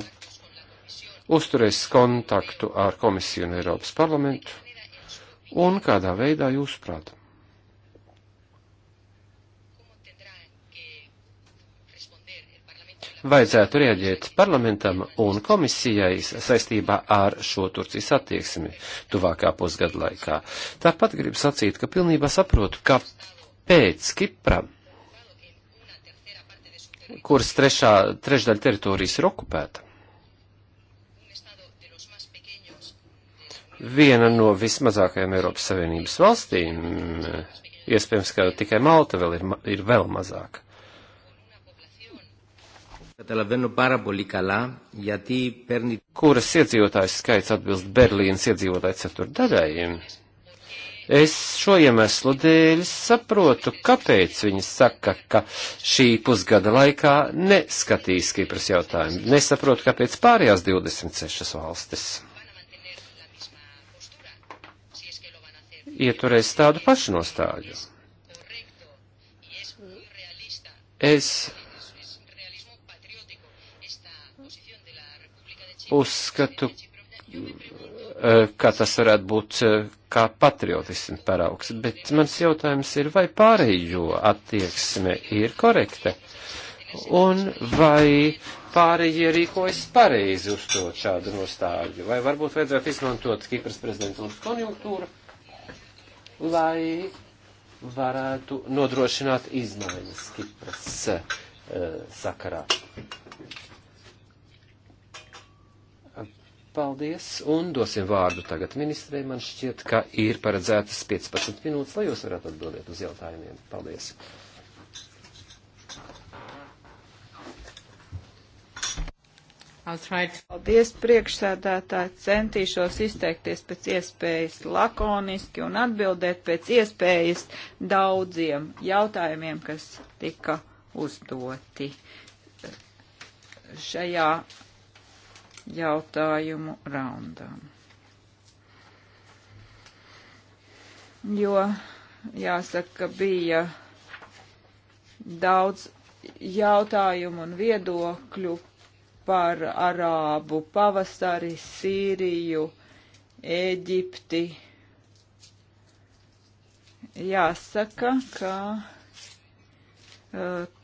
uzturēs kontaktu ar komisiju un Eiropas parlamentu un kādā veidā jūs prātam? vajadzētu rieģēt parlamentam un komisijai saistībā ar šo Turcijas attieksmi tuvākā pusgada laikā. Tāpat gribu sacīt, ka pilnībā saprotu, ka pēc Kipra, kuras trešā, trešdaļa teritorijas ir okupēta, viena no vismazākajām Eiropas Savienības valstīm, iespējams, ka tikai Malta vēl ir, ir vēl mazāka kuras iedzīvotājs skaits atbilst Berlīnas iedzīvotāju ceturdaļai. Es šo iemeslu dēļ saprotu, kāpēc viņi saka, ka šī pusgada laikā neskatīs Kipras jautājumu. Nesaprotu, kāpēc pārējās 26 valstis ieturēs tādu pašu nostāju. Es uzskatu, eh, ka tas varētu būt eh, kā patriotismu paraugs, bet mans jautājums ir, vai pārējo attieksme ir korekta, un vai pārējie rīkojas pareizi uz to šādu nostāju, vai varbūt vajadzētu izmantot Kipras prezidentūras konjunktūru, lai varētu nodrošināt izmaiņas Kipras uh, sakarā. Paldies, un dosim vārdu tagad ministrei. Man šķiet, ka ir paredzētas 15 minūtes, lai jūs varētu atbildēt uz jautājumiem. Paldies. Paldies, priekšsēdētāji. Centīšos izteikties pēc iespējas lakoniski un atbildēt pēc iespējas daudziem jautājumiem, kas tika uzdoti šajā jautājumu raundām. Jo jāsaka, bija daudz jautājumu un viedokļu par Arābu pavasari, Sīriju, Eģipti. Jāsaka, ka uh,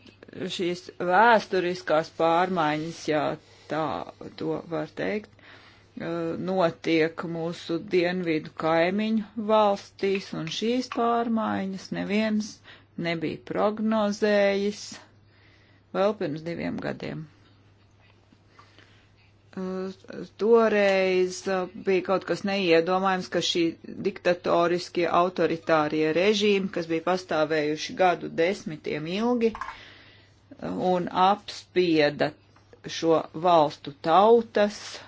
šīs vēsturiskās pārmaiņas, jā, tā to var teikt, uh, notiek mūsu dienvidu kaimiņu valstīs, un šīs pārmaiņas neviens nebija prognozējis vēl pirms diviem gadiem. Uh, toreiz uh, bija kaut kas neiedomājams, ka šī diktatoriskie autoritārie režīmi, kas bija pastāvējuši gadu desmitiem ilgi un apspieda šo valstu tautas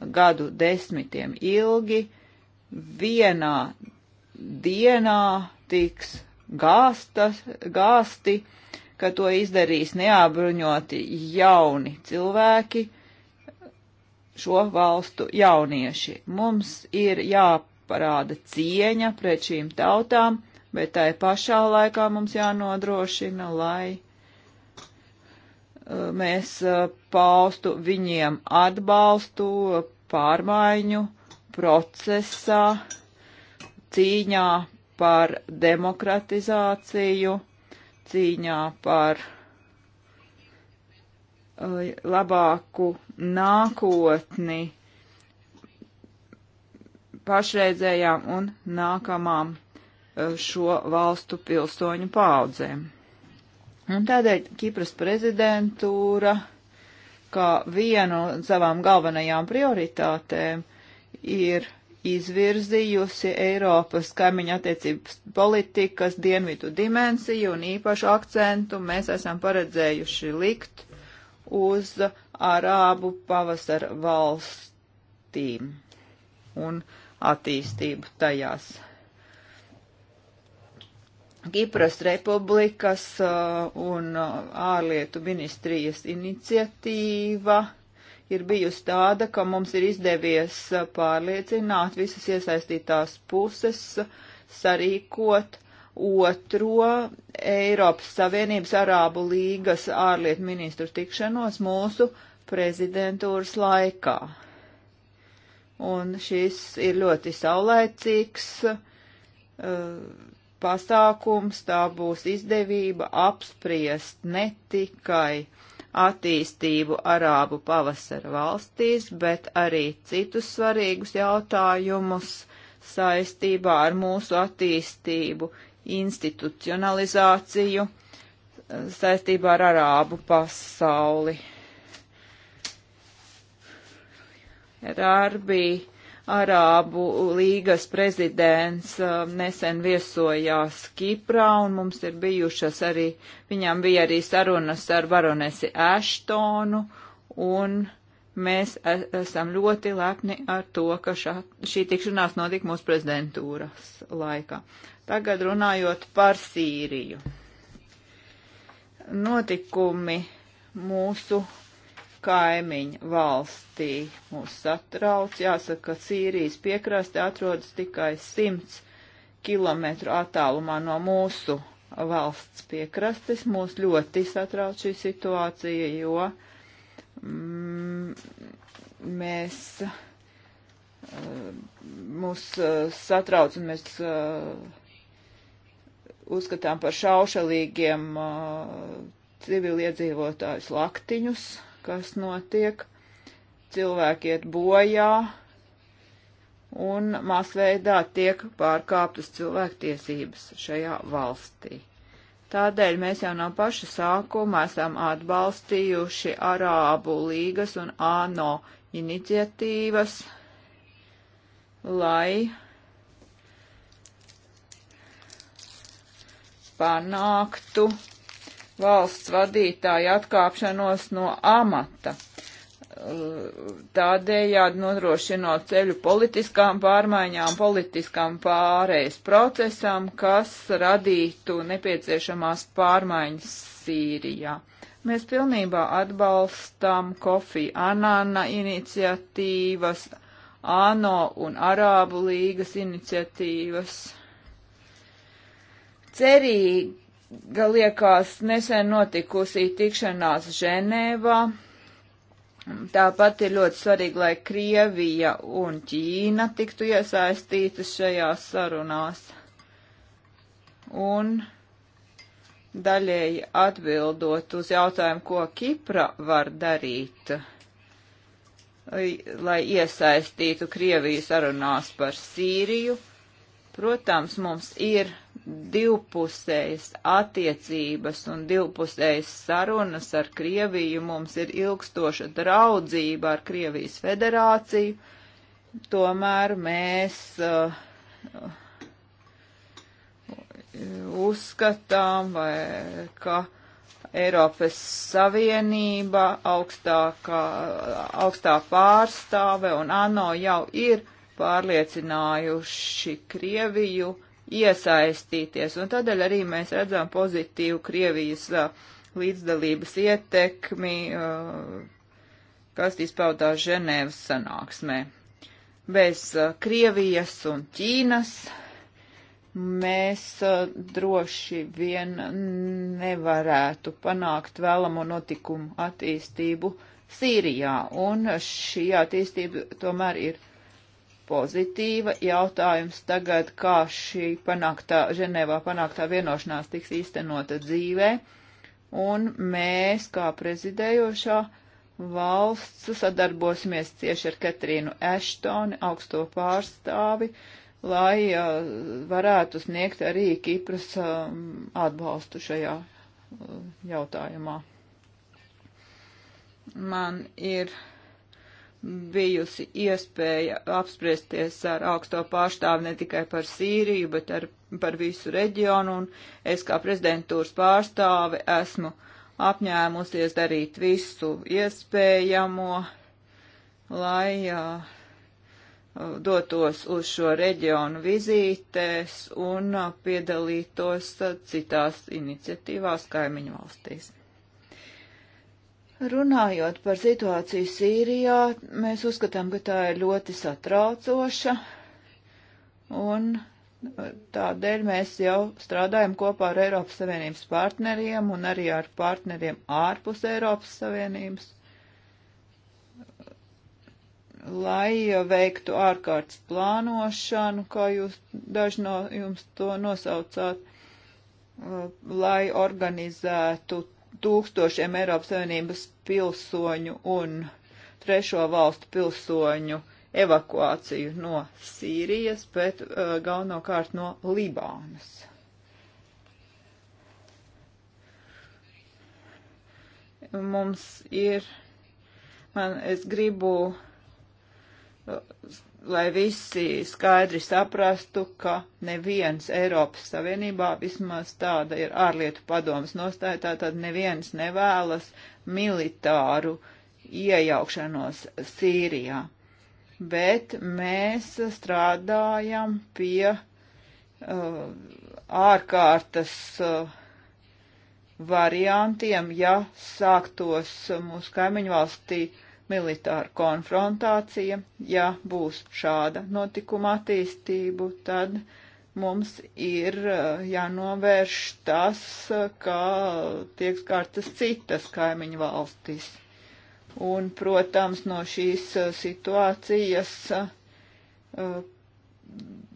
gadu desmitiem ilgi vienā dienā tiks gāstas, gāsti, ka to izdarīs neapbruņoti jauni cilvēki, šo valstu jaunieši. Mums ir jāparāda cieņa pret šīm tautām, bet tai pašā laikā mums jānodrošina, lai mēs paustu viņiem atbalstu pārmaiņu procesā, cīņā par demokratizāciju, cīņā par labāku nākotni pašreizējām un nākamām šo valstu pilsoņu paudzēm. Un tādēļ Kipras prezidentūra kā vienu no savām galvenajām prioritātēm ir izvirzījusi Eiropas kaimiņa attiecības politikas dienvidu dimensiju un īpašu akcentu mēs esam paredzējuši likt uz Arābu pavasara valstīm un attīstību tajās. Kipras republikas uh, un uh, ārlietu ministrijas iniciatīva ir bijusi tāda, ka mums ir izdevies uh, pārliecināt visas iesaistītās puses sarīkot otro Eiropas Savienības Arābu līgas ārlietu ministru tikšanos mūsu prezidentūras laikā. Un šis ir ļoti saulēcīgs. Uh, pasākums, tā būs izdevība apspriest ne tikai attīstību Arābu pavasara valstīs, bet arī citus svarīgus jautājumus saistībā ar mūsu attīstību, institucionalizāciju, saistībā ar Arābu pasauli. Rārbija Arābu līgas prezidents um, nesen viesojās Kiprā, un mums ir bijušas arī, viņām bija arī sarunas ar baronesi Ashtonu, un mēs e, esam ļoti lepni ar to, ka šā, šī tikšanās notika mūsu prezidentūras laikā. Tagad runājot par Sīriju. Notikumi mūsu kaimiņu valstī. Mūs satrauc, jāsaka, ka Sīrijas piekraste atrodas tikai 100 km attālumā no mūsu valsts piekrastes. Mūs ļoti satrauc šī situācija, jo mm, mēs. Eh, mūs eh, satrauc un mēs eh, uzskatām par šaušalīgiem civiliedzīvotājus laktiņus, kas notiek. Cilvēki iet bojā un masveidā tiek pārkāptas cilvēktiesības šajā valstī. Tādēļ mēs jau no paša sākuma esam atbalstījuši Arābu līgas un ANO iniciatīvas, lai panāktu valsts vadītāja atkāpšanos no amata. Tādējādi nodrošinot ceļu politiskām pārmaiņām, politiskām pārējas procesam, kas radītu nepieciešamās pārmaiņas Sīrijā. Mēs pilnībā atbalstam Kofi Anana iniciatīvas, ANO un Arābu līgas iniciatīvas. Cerīgi liekās nesen notikusī tikšanās Ženēvā. Tāpat ir ļoti svarīgi, lai Krievija un Ķīna tiktu iesaistītas šajās sarunās. Un daļēji atbildot uz jautājumu, ko Kipra var darīt, lai iesaistītu Krieviju sarunās par Sīriju, protams, mums ir divpusējas attiecības un divpusējas sarunas ar Krieviju, mums ir ilgstoša draudzība ar Krievijas federāciju, tomēr mēs uh, uzskatām, vai, ka Eiropas Savienība augstākā, augstā pārstāve un ANO jau ir pārliecinājuši Krieviju, iesaistīties. Un tādēļ arī mēs redzam pozitīvu Krievijas līdzdalības ietekmi, kas izpaudās Ženēvas sanāksmē. Bez Krievijas un Ķīnas mēs droši vien nevarētu panākt vēlamo notikumu attīstību Sīrijā, un šī attīstība tomēr ir pozitīva. Jautājums tagad, kā šī panāktā, Ženēvā panāktā vienošanās tiks īstenota dzīvē. Un mēs, kā prezidējošā valsts, sadarbosimies cieši ar Katrīnu Eštoni, augsto pārstāvi, lai uh, varētu sniegt arī Kipras uh, atbalstu šajā uh, jautājumā. Man ir bijusi iespēja apspriesties ar augsto pārstāvu ne tikai par Sīriju, bet ar, par visu reģionu, un es kā prezidentūras pārstāve esmu apņēmusies darīt visu iespējamo, lai uh, dotos uz šo reģionu vizītēs un piedalītos citās iniciatīvās kaimiņu valstīs. Runājot par situāciju Sīrijā, mēs uzskatām, ka tā ir ļoti satraucoša, un uh, tādēļ mēs jau strādājam kopā ar Eiropas Savienības partneriem un arī ar partneriem ārpus Eiropas Savienības, lai veiktu ārkārtas plānošanu, kā jūs daži no jums to nosaucāt, uh, lai organizētu tūkstošiem Eiropas Savienības pilsoņu un trešo valstu pilsoņu evakuāciju no Sīrijas, bet uh, galvenokārt no Libānas. Mums ir, man, es gribu uh, lai visi skaidri saprastu, ka neviens Eiropas Savienībā, vismaz tāda ir ārlietu padomas nostāja, tātad neviens nevēlas militāru iejaukšanos Sīrijā. Bet mēs strādājam pie uh, ārkārtas uh, variantiem, ja sāktos mūsu kaimiņu valstī uh, militāra konfrontācija. Ja būs šāda notikuma attīstību, tad mums ir eh, jānovērš tas, kā tiek skartas citas kaimiņu valstis. Un, protams, no šīs eh, situācijas eh,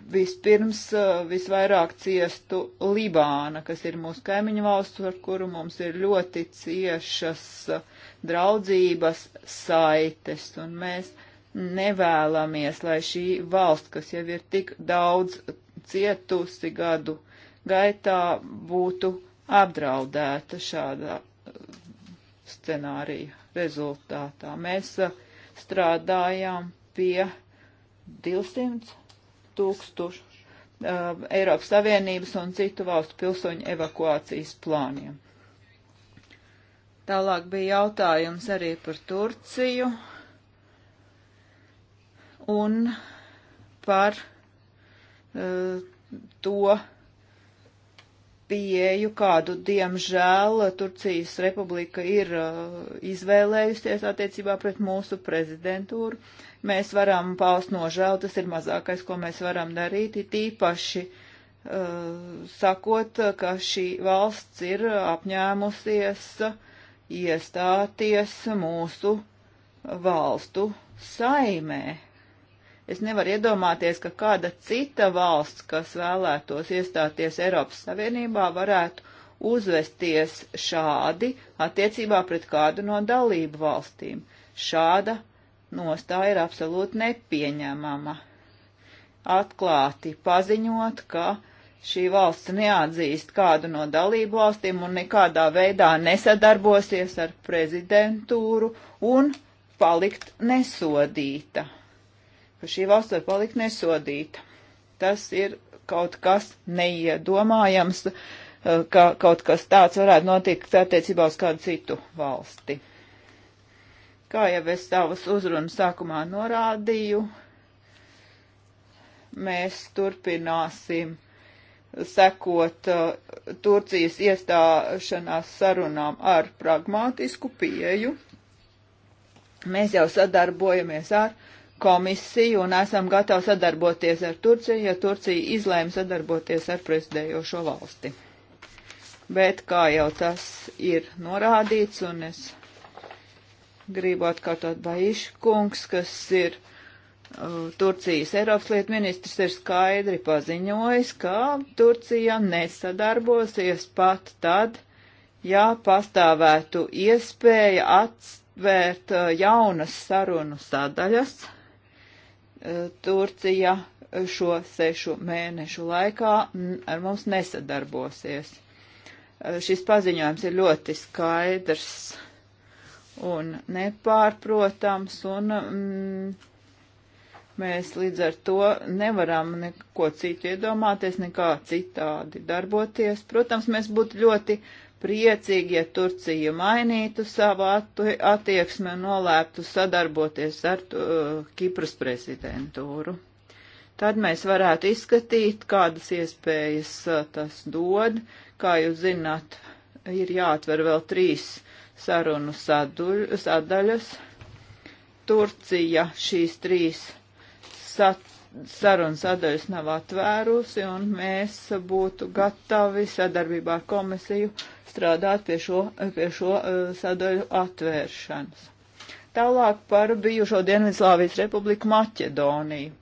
vispirms visvairāk ciestu Libāna, kas ir mūsu kaimiņu valsts, ar kuru mums ir ļoti ciešas uh, draudzības saites, un mēs nevēlamies, lai šī valsts, kas jau ir tik daudz cietusi gadu gaitā, būtu apdraudēta šādā uh, scenārija rezultātā. Mēs uh, strādājām pie 200 tūkstošu uh, Eiropas Savienības un citu valstu pilsoņu evakuācijas plāniem. Tālāk bija jautājums arī par Turciju un par uh, to pieeju, kādu diemžēl Turcijas republika ir uh, izvēlējusies attiecībā pret mūsu prezidentūru. Mēs varam paust nožēlu, tas ir mazākais, ko mēs varam darīt, it īpaši uh, sakot, ka šī valsts ir apņēmusies uh, iestāties mūsu valstu saimē. Es nevaru iedomāties, ka kāda cita valsts, kas vēlētos iestāties Eiropas Savienībā, varētu uzvesties šādi attiecībā pret kādu no dalību valstīm. Šāda nostāja ir absolūti nepieņemama. Atklāti paziņot, ka uh, šī valsts neatzīst kādu no dalību valstīm un nekādā veidā nesadarbosies ar prezidentūru un palikt nesodīta. Ka šī valsts var palikt nesodīta. Tas ir kaut kas neiedomājams, eh, ka kaut kas tāds varētu notikt attiecībā uz kādu citu valsti. Kā jau es savas uzrunas sākumā norādīju, mēs turpināsim sekot uh, Turcijas iestāšanās sarunām ar pragmātisku pieju. Mēs jau sadarbojamies ar komisiju un esam gatavi sadarboties ar Turciju, ja Turcija izlēma sadarboties ar prezidējošo valsti. Bet kā jau tas ir norādīts, un es gribu atkārtot Baišu kungs, kas ir uh, Turcijas Eiropas lietu ministrs ir skaidri paziņojis, ka Turcija nesadarbosies pat tad, ja pastāvētu iespēja atvērt uh, jaunas sarunu sadaļas. Uh, Turcija šo sešu mēnešu laikā ar mums nesadarbosies. Uh, šis paziņojums ir ļoti skaidrs un nepārprotams, un mm, Mēs līdz ar to nevaram neko citu iedomāties, nekā citādi darboties. Protams, mēs būtu ļoti priecīgi, ja Turcija mainītu savu attieksmi un nolēptu sadarboties ar uh, Kipras prezidentūru. Tad mēs varētu izskatīt, kādas iespējas uh, tas dod. Kā jūs zināt, ir jāatver vēl trīs sarunu sadaļas. Turcija šīs trīs sat, sarunas sadaļas nav atvērusi, un mēs būtu gatavi sadarbībā ar komisiju strādāt pie šo, pie šo eh, sadaļu atvēršanas. Tālāk par bijušo Dienvidslāvijas republiku Maķedoniju.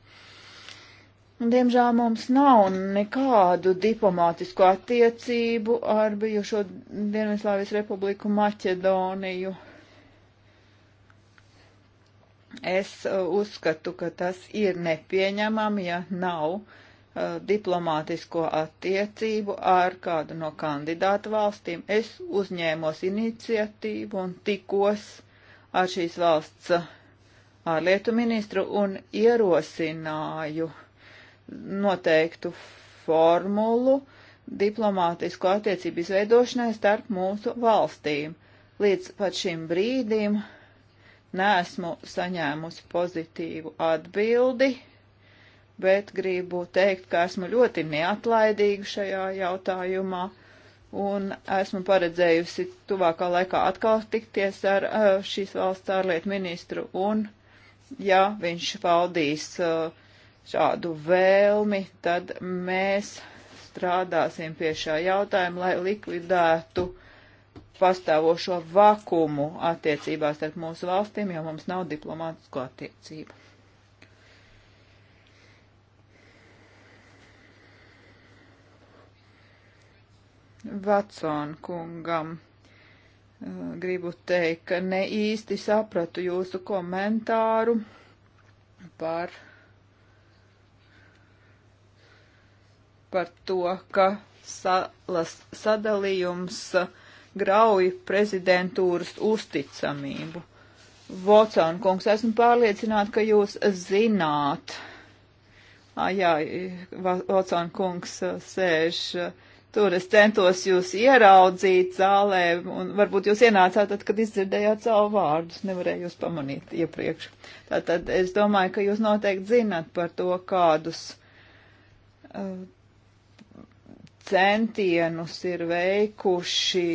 Diemžēl mums nav nekādu diplomātisku attiecību ar bijušo Dienvidslāvijas republiku Maķedoniju es uh, uzskatu, ka tas ir nepieņemami, ja nav uh, diplomātisko attiecību ar kādu no kandidātu valstīm. Es uzņēmos iniciatīvu un tikos ar šīs valsts uh, ārlietu ministru un ierosināju noteiktu formulu diplomātisko attiecību izveidošanai starp mūsu valstīm. Līdz pat šim brīdim uh, neesmu saņēmusi pozitīvu atbildi, bet gribu teikt, ka esmu ļoti neatlaidīga šajā jautājumā un esmu paredzējusi tuvākā laikā atkal tikties ar eh, šīs valsts ārlietu ministru un, ja viņš valdīs eh, šādu vēlmi, tad mēs strādāsim pie šā jautājuma, lai likvidētu uh, pastāvošo vakumu attiecībās starp mūsu valstīm, jo mums nav diplomātisko attiecību. Vatsona kungam uh, gribu teikt, ka ne īsti sapratu jūsu komentāru par, par to, ka salas sadalījums uh, grauj prezidentūras uzticamību. Vocāna kungs, esmu pārliecināta, ka jūs zināt. Ah, jā, Vocāna kungs sēž tur. Es centos jūs ieraudzīt zālē, un varbūt jūs ienācāt tad, kad izdzirdējāt savu vārdus. Nevarēju jūs pamanīt iepriekš. Tātad es domāju, ka jūs noteikti zināt par to, kādus uh, centienus ir veikuši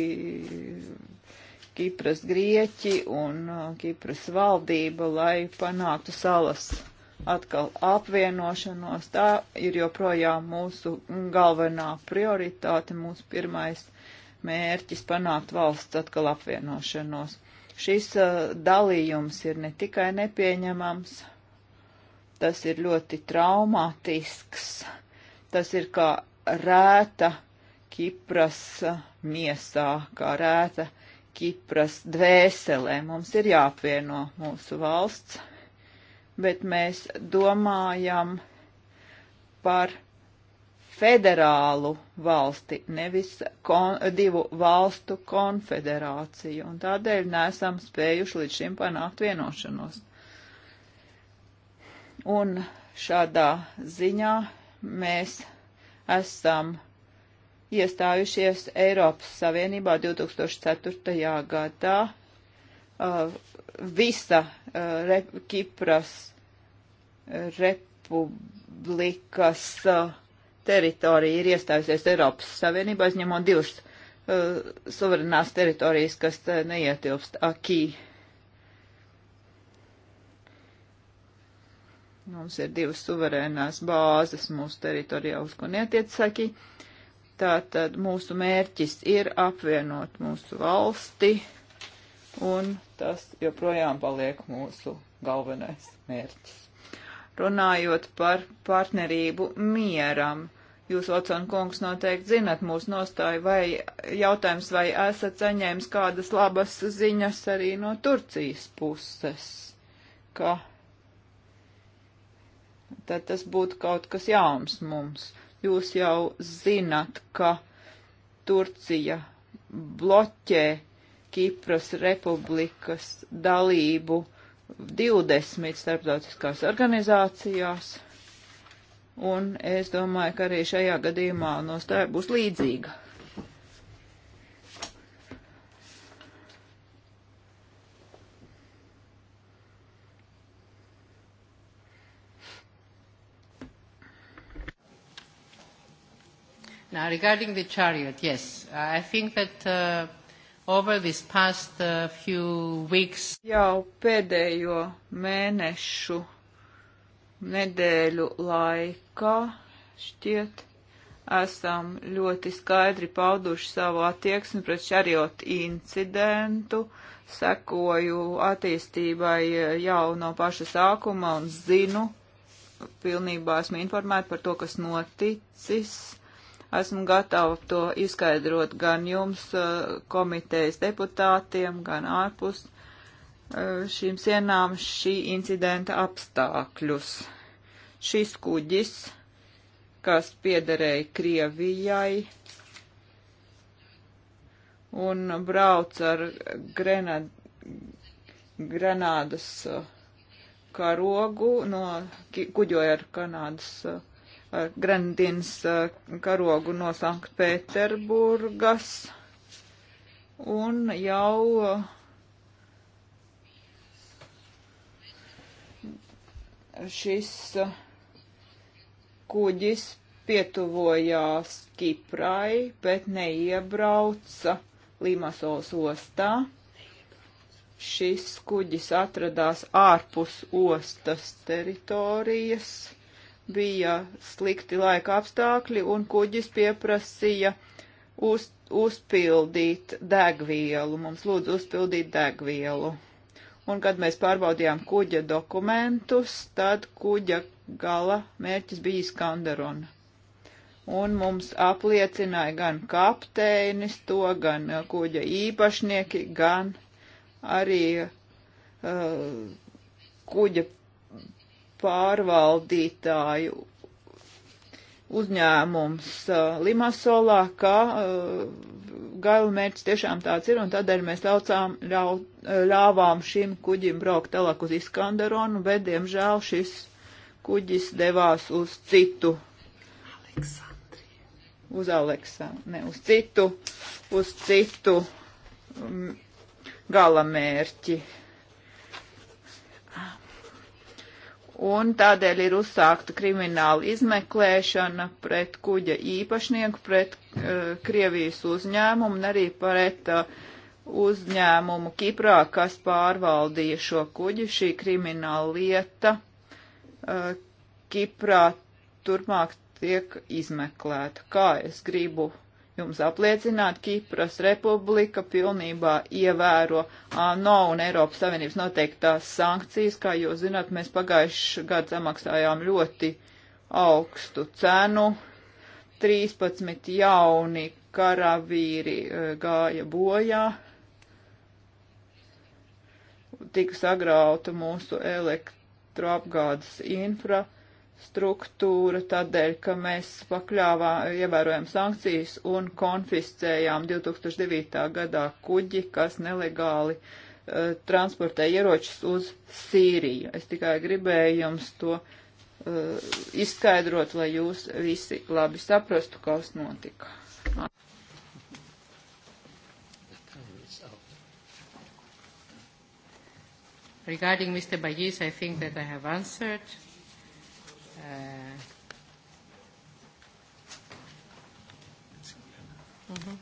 Kipras Grieķi un uh, Kipras valdība, lai panāktu salas atkal apvienošanos. Tā ir joprojām mūsu galvenā prioritāte, mūsu pirmais mērķis panākt valsts atkal apvienošanos. Šis uh, dalījums ir ne tikai nepieņemams, tas ir ļoti traumātisks, tas ir kā rēta Kipras miesā, kā rēta Kipras dvēselē. Mums ir jāapvieno mūsu valsts, bet mēs domājam par federālu valsti, nevis kon, divu valstu konfederāciju, un tādēļ nesam spējuši līdz šim panākt vienošanos. Un šādā ziņā mēs esam iestājušies Eiropas Savienībā 2004. gadā. Uh, visa uh, re, Kipras republikas uh, teritorija ir iestājusies Eiropas Savienībā, izņemot divas uh, suverenās teritorijas, kas uh, neietilpst akī. Uh, Mums ir divas suverēnās bāzes mūsu teritorijā, uz ko netiec saki. Tātad mūsu mērķis ir apvienot mūsu valsti, un tas joprojām paliek mūsu galvenais mērķis. Runājot par partnerību mieram, jūs, Ocon kungs, noteikti zinat mūsu nostāju vai jautājums, vai esat saņēmis kādas labas ziņas arī no Turcijas puses, ka tad tas būtu kaut kas jauns mums. Jūs jau zinat, ka Turcija bloķē Kipras republikas dalību 20 starptautiskās organizācijās, un es domāju, ka arī šajā gadījumā nostāja būs līdzīga. Now, regarding the chariot, yes, I think that uh, over this past uh, few weeks. Jau pēdējo mēnešu nedēļu laikā šķiet esam ļoti skaidri pauduši savu attieksmi pret šariot incidentu, sekoju attīstībai uh, jau no paša sākuma un zinu, pilnībā esmu informēta par to, kas noticis Esmu gatava to izskaidrot gan jums, eh, komitejas deputātiem, gan ārpus eh, šīm sienām šī incidenta apstākļus. Šis kuģis, kas piederēja Krievijai un brauc ar grenad, granādas eh, karogu, no, kuģoja ar Kanādas Eh, Grenadīnas eh, karogu no Sanktpēterburgas un jau eh, šis kuģis pietuvojās Kiprai, bet neiebrauca Limasols ostā. Šis kuģis atradās ārpus ostas teritorijas bija slikti laika apstākļi un kuģis pieprasīja uz, uzpildīt degvielu, mums lūdzu uzpildīt degvielu. Un kad mēs pārbaudījām kuģa dokumentus, tad kuģa gala mērķis bija Skandarona. Un mums apliecināja gan kapteinis to, gan uh, kuģa īpašnieki, gan arī uh, kuģa pārvaldītāju uzņēmums uh, Limasolā, ka uh, gaila mērķis tiešām tāds ir, un tādēļ mēs laucām, ļau, uh, ļāvām šim kuģim braukt tālāk uz Iskandaronu, bet, diemžēl, šis kuģis devās uz citu. Aleksandriju. Uz Aleksandru, ne, uz citu, uz citu um, mm, galamērķi. mērķi un tādēļ ir uzsākta krimināla izmeklēšana pret kuģa īpašnieku, pret uh, Krievijas uzņēmumu un arī pret uh, uzņēmumu Kiprā, kas pārvaldīja šo kuģi. Šī krimināla lieta uh, Kiprā turpmāk tiek izmeklēta. Kā es gribu jums apliecināt, Kipras republika pilnībā ievēro ANO un Eiropas Savienības noteiktās sankcijas. Kā jūs zināt, mēs pagājuši gadu samaksājām ļoti augstu cenu. 13 jauni karavīri e, gāja bojā. Tika sagrauta mūsu elektroapgādes infrastruktūra struktūra tādēļ, ka mēs pakļāvā, ievērojam sankcijas un konfiscējām 2009. gadā kuģi, kas nelegāli uh, transportē ieročus uz Sīriju. Es tikai gribēju jums to uh, izskaidrot, lai jūs visi labi saprastu, kas notika. Regarding Mr. Bayis, I think that I have answered. Uh -huh.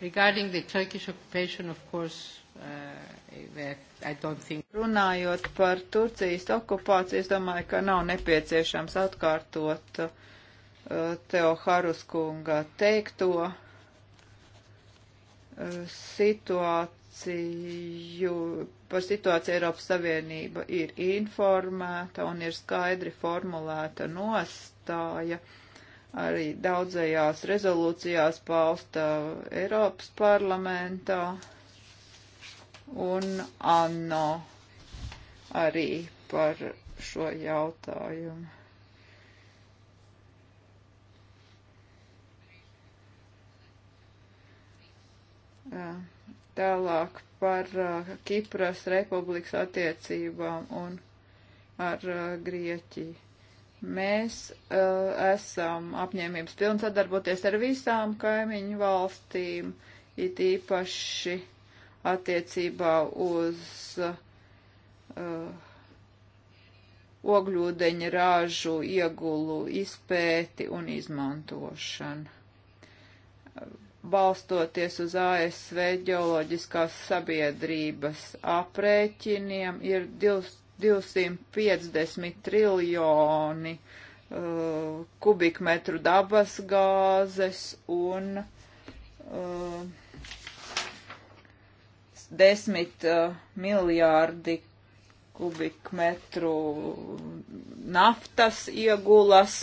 Regarding the Turkish occupation, of course, uh, I don't think. Runājot par Turcijas okupāciju, es domāju, ka nav nepieciešams atkārtot uh, Teo Haruskunga teikto. Uh, situāciju par situāciju Eiropas Savienība ir informēta un ir skaidri formulēta nostāja. Arī daudzajās rezolūcijās pausta Eiropas parlamentā un ANO arī par šo jautājumu. Yeah. Tālāk par uh, Kipras republikas attiecībām un ar uh, Grieķiju. Mēs uh, esam apņēmības pilni sadarboties ar visām kaimiņu valstīm, it īpaši attiecībā uz uh, ogļūdeņa rāžu iegulu izpēti un izmantošanu balstoties uz ASV ģeoloģiskās sabiedrības aprēķiniem, ir 250 triljoni uh, kubikmetru dabas gāzes un uh, 10 uh, miljārdi kubikmetru naftas iegulas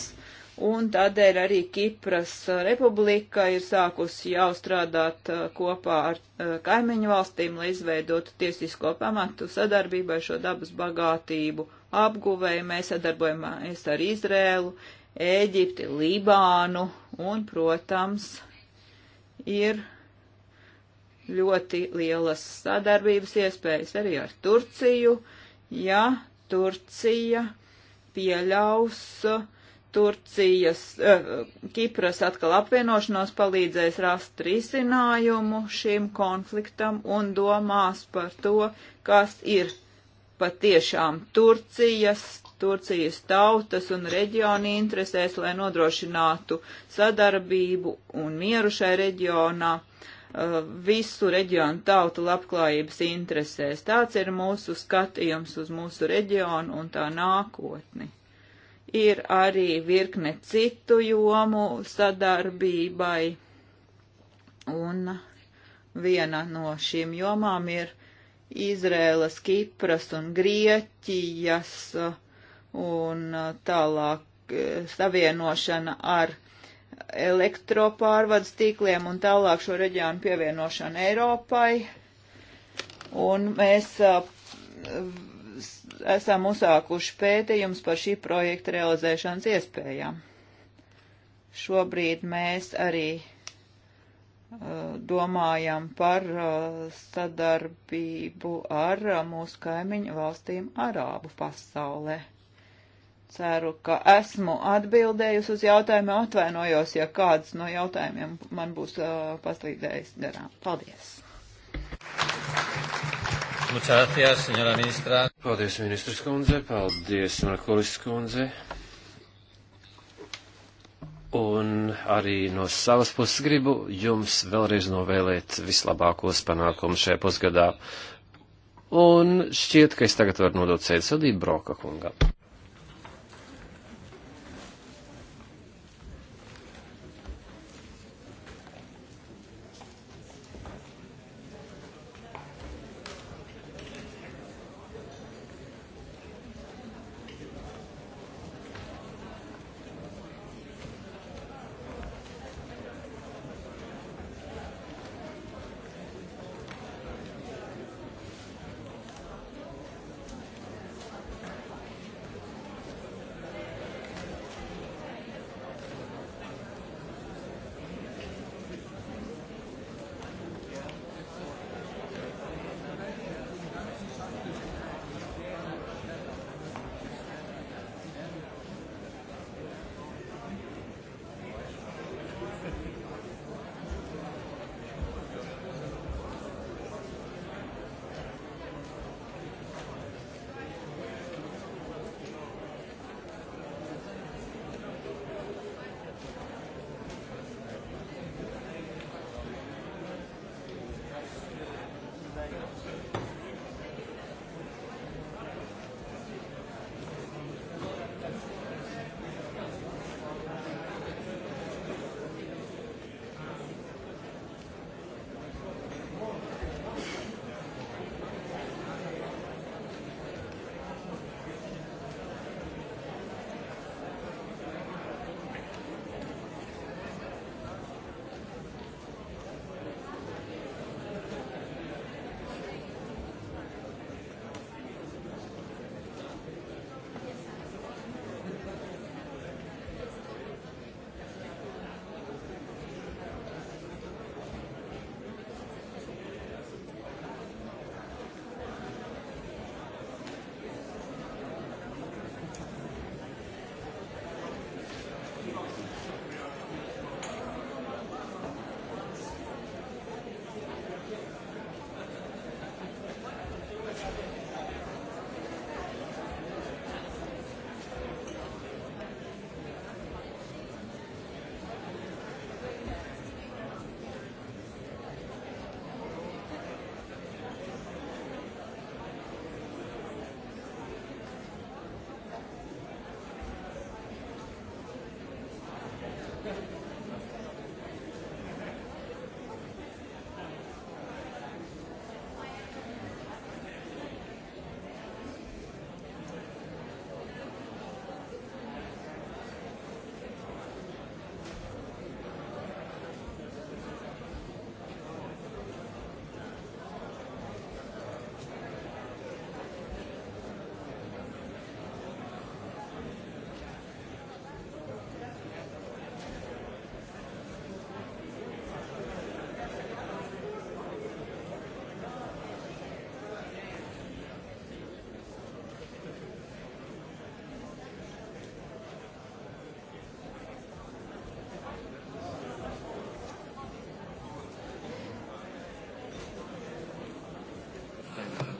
un tādēļ arī Kipras uh, republika ir sākusi jau strādāt uh, kopā ar uh, kaimiņu valstīm, lai izveidotu tiesisko pamatu sadarbībai šo dabas bagātību apguvēju. Mēs sadarbojamies ar Izrēlu, Ēģipti, Libānu un, protams, ir ļoti lielas sadarbības iespējas arī ar Turciju, ja Turcija pieļaus uh, Turcijas, eh, Kipras atkal apvienošanos palīdzēs rast risinājumu šim konfliktam un domās par to, kas ir patiešām Turcijas, Turcijas tautas un reģiona interesēs, lai nodrošinātu sadarbību un mieru šai reģionā eh, visu reģionu tautu labklājības interesēs. Tāds ir mūsu skatījums uz mūsu reģionu un tā nākotni ir arī virkne citu jomu sadarbībai, un viena no šīm jomām ir Izrēlas, Kipras un Grieķijas un tālāk eh, savienošana ar elektropārvades tīkliem un tālāk šo reģionu pievienošana Eiropai. Un mēs eh, esam uzsākuši pētījums par šī projekta realizēšanas iespējām. Šobrīd mēs arī uh, domājam par uh, sadarbību ar uh, mūsu kaimiņu valstīm Arābu pasaulē. Ceru, ka esmu atbildējusi uz jautājumu, atvainojos, ja kāds no jautājumiem man būs uh, paslīdējis garām. Paldies! Muchas gracias, señora ministra. Paldies, ministrs kundze, paldies, Markolis kundze. Un arī no savas puses gribu jums vēlreiz novēlēt vislabākos panākumus šajā pusgadā. Un šķiet, ka es tagad varu nodot sēdes vadību Broka kungam.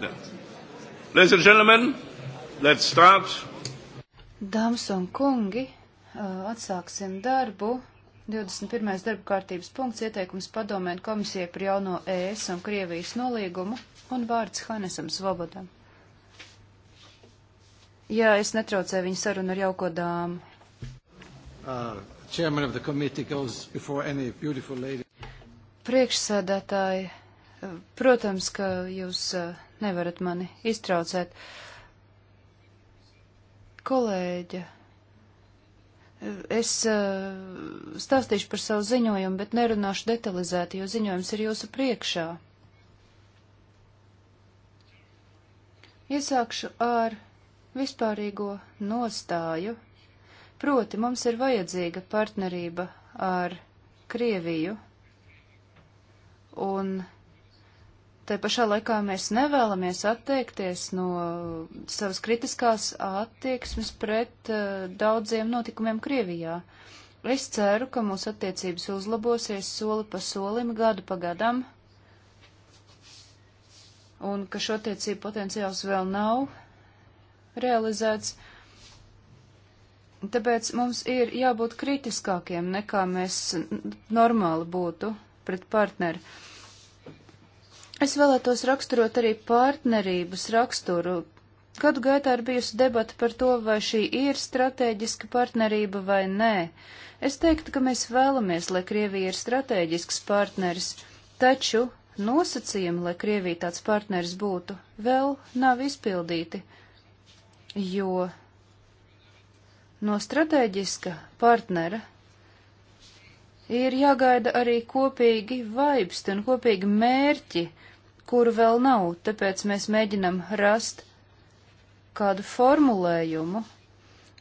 President. Ladies and gentlemen, let's start. Dāmas un kungi, uh, atsāksim darbu. 21. darba kārtības punkts ieteikums padomēt komisijai par jauno ES un Krievijas nolīgumu un vārds Hanesam Svobodam. Jā, es netraucēju viņu sarunu ar jauko dāmu. Uh, Priekšsēdētāji, uh, protams, ka jūs uh, nevarat mani iztraucēt. Kolēģa, es uh, stāstīšu par savu ziņojumu, bet nerunāšu detalizēti, jo ziņojums ir jūsu priekšā. Iesākšu ar vispārīgo nostāju, proti mums ir vajadzīga partnerība ar Krieviju, un Te pašā laikā mēs nevēlamies atteikties no savas kritiskās attieksmes pret uh, daudziem notikumiem Krievijā. Es ceru, ka mūsu attiecības uzlabosies soli pa solim, gadu pa gadam, un ka šo attiecību potenciāls vēl nav realizēts. Tāpēc mums ir jābūt kritiskākiem nekā mēs normāli būtu pret partneri. Uh, Es vēlētos raksturot arī partnerības raksturu. Kādu gaitā ir bijusi debata par to, vai šī ir strateģiska partnerība vai nē. Es teiktu, ka mēs vēlamies, lai Krievija ir strateģisks partneris, taču nosacījumi, lai Krievija tāds partneris būtu, vēl nav izpildīti, jo no strateģiska partnera ir jāgaida arī kopīgi vaibsti un kopīgi mērķi, kuru vēl nav, tāpēc mēs mēģinam rast kādu formulējumu.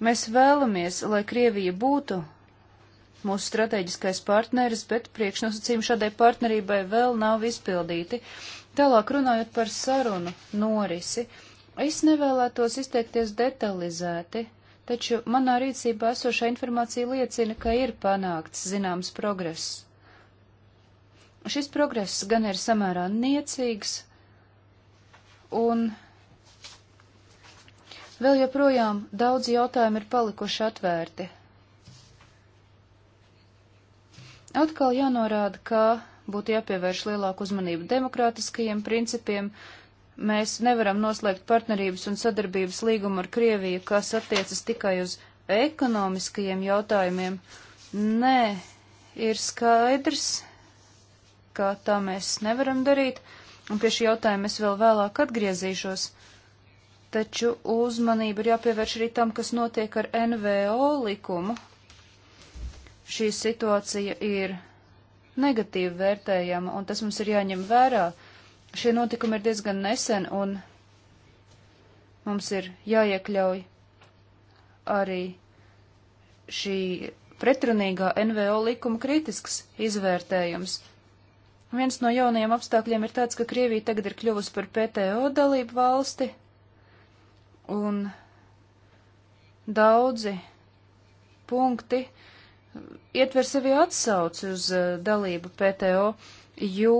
Mēs vēlamies, lai Krievija būtu mūsu strateģiskais partneris, bet priekšnosacījumi šādai partnerībai vēl nav izpildīti. Tālāk runājot par sarunu norisi, es nevēlētos izteikties detalizēti, taču manā rīcībā esošā informācija liecina, ka ir panākts zināms progress. Šis progress gan ir samērā niecīgs, un vēl joprojām daudz jautājumu ir palikuši atvērti. Atkal jānorāda, ka būtu jāpievērš lielāku uzmanību demokrātiskajiem principiem. Mēs nevaram noslēgt partnerības un sadarbības līgumu ar Krieviju, kas attiecas tikai uz ekonomiskajiem jautājumiem. Nē, ir skaidrs, ka tā mēs nevaram darīt, un pie šī jautājuma es vēl vēlāk atgriezīšos. Taču uzmanība ir jāpievērš arī tam, kas notiek ar NVO likumu. Šī situācija ir negatīvi vērtējama, un tas mums ir jāņem vērā. Šie notikumi ir diezgan nesen, un mums ir jāiekļauj arī šī pretrunīgā NVO likuma kritisks izvērtējums. Viens no jaunajiem apstākļiem ir tāds, ka Krievija tagad ir kļuvusi par PTO dalību valsti, un daudzi punkti ietver sevi atsauci uz eh, dalību PTO, jo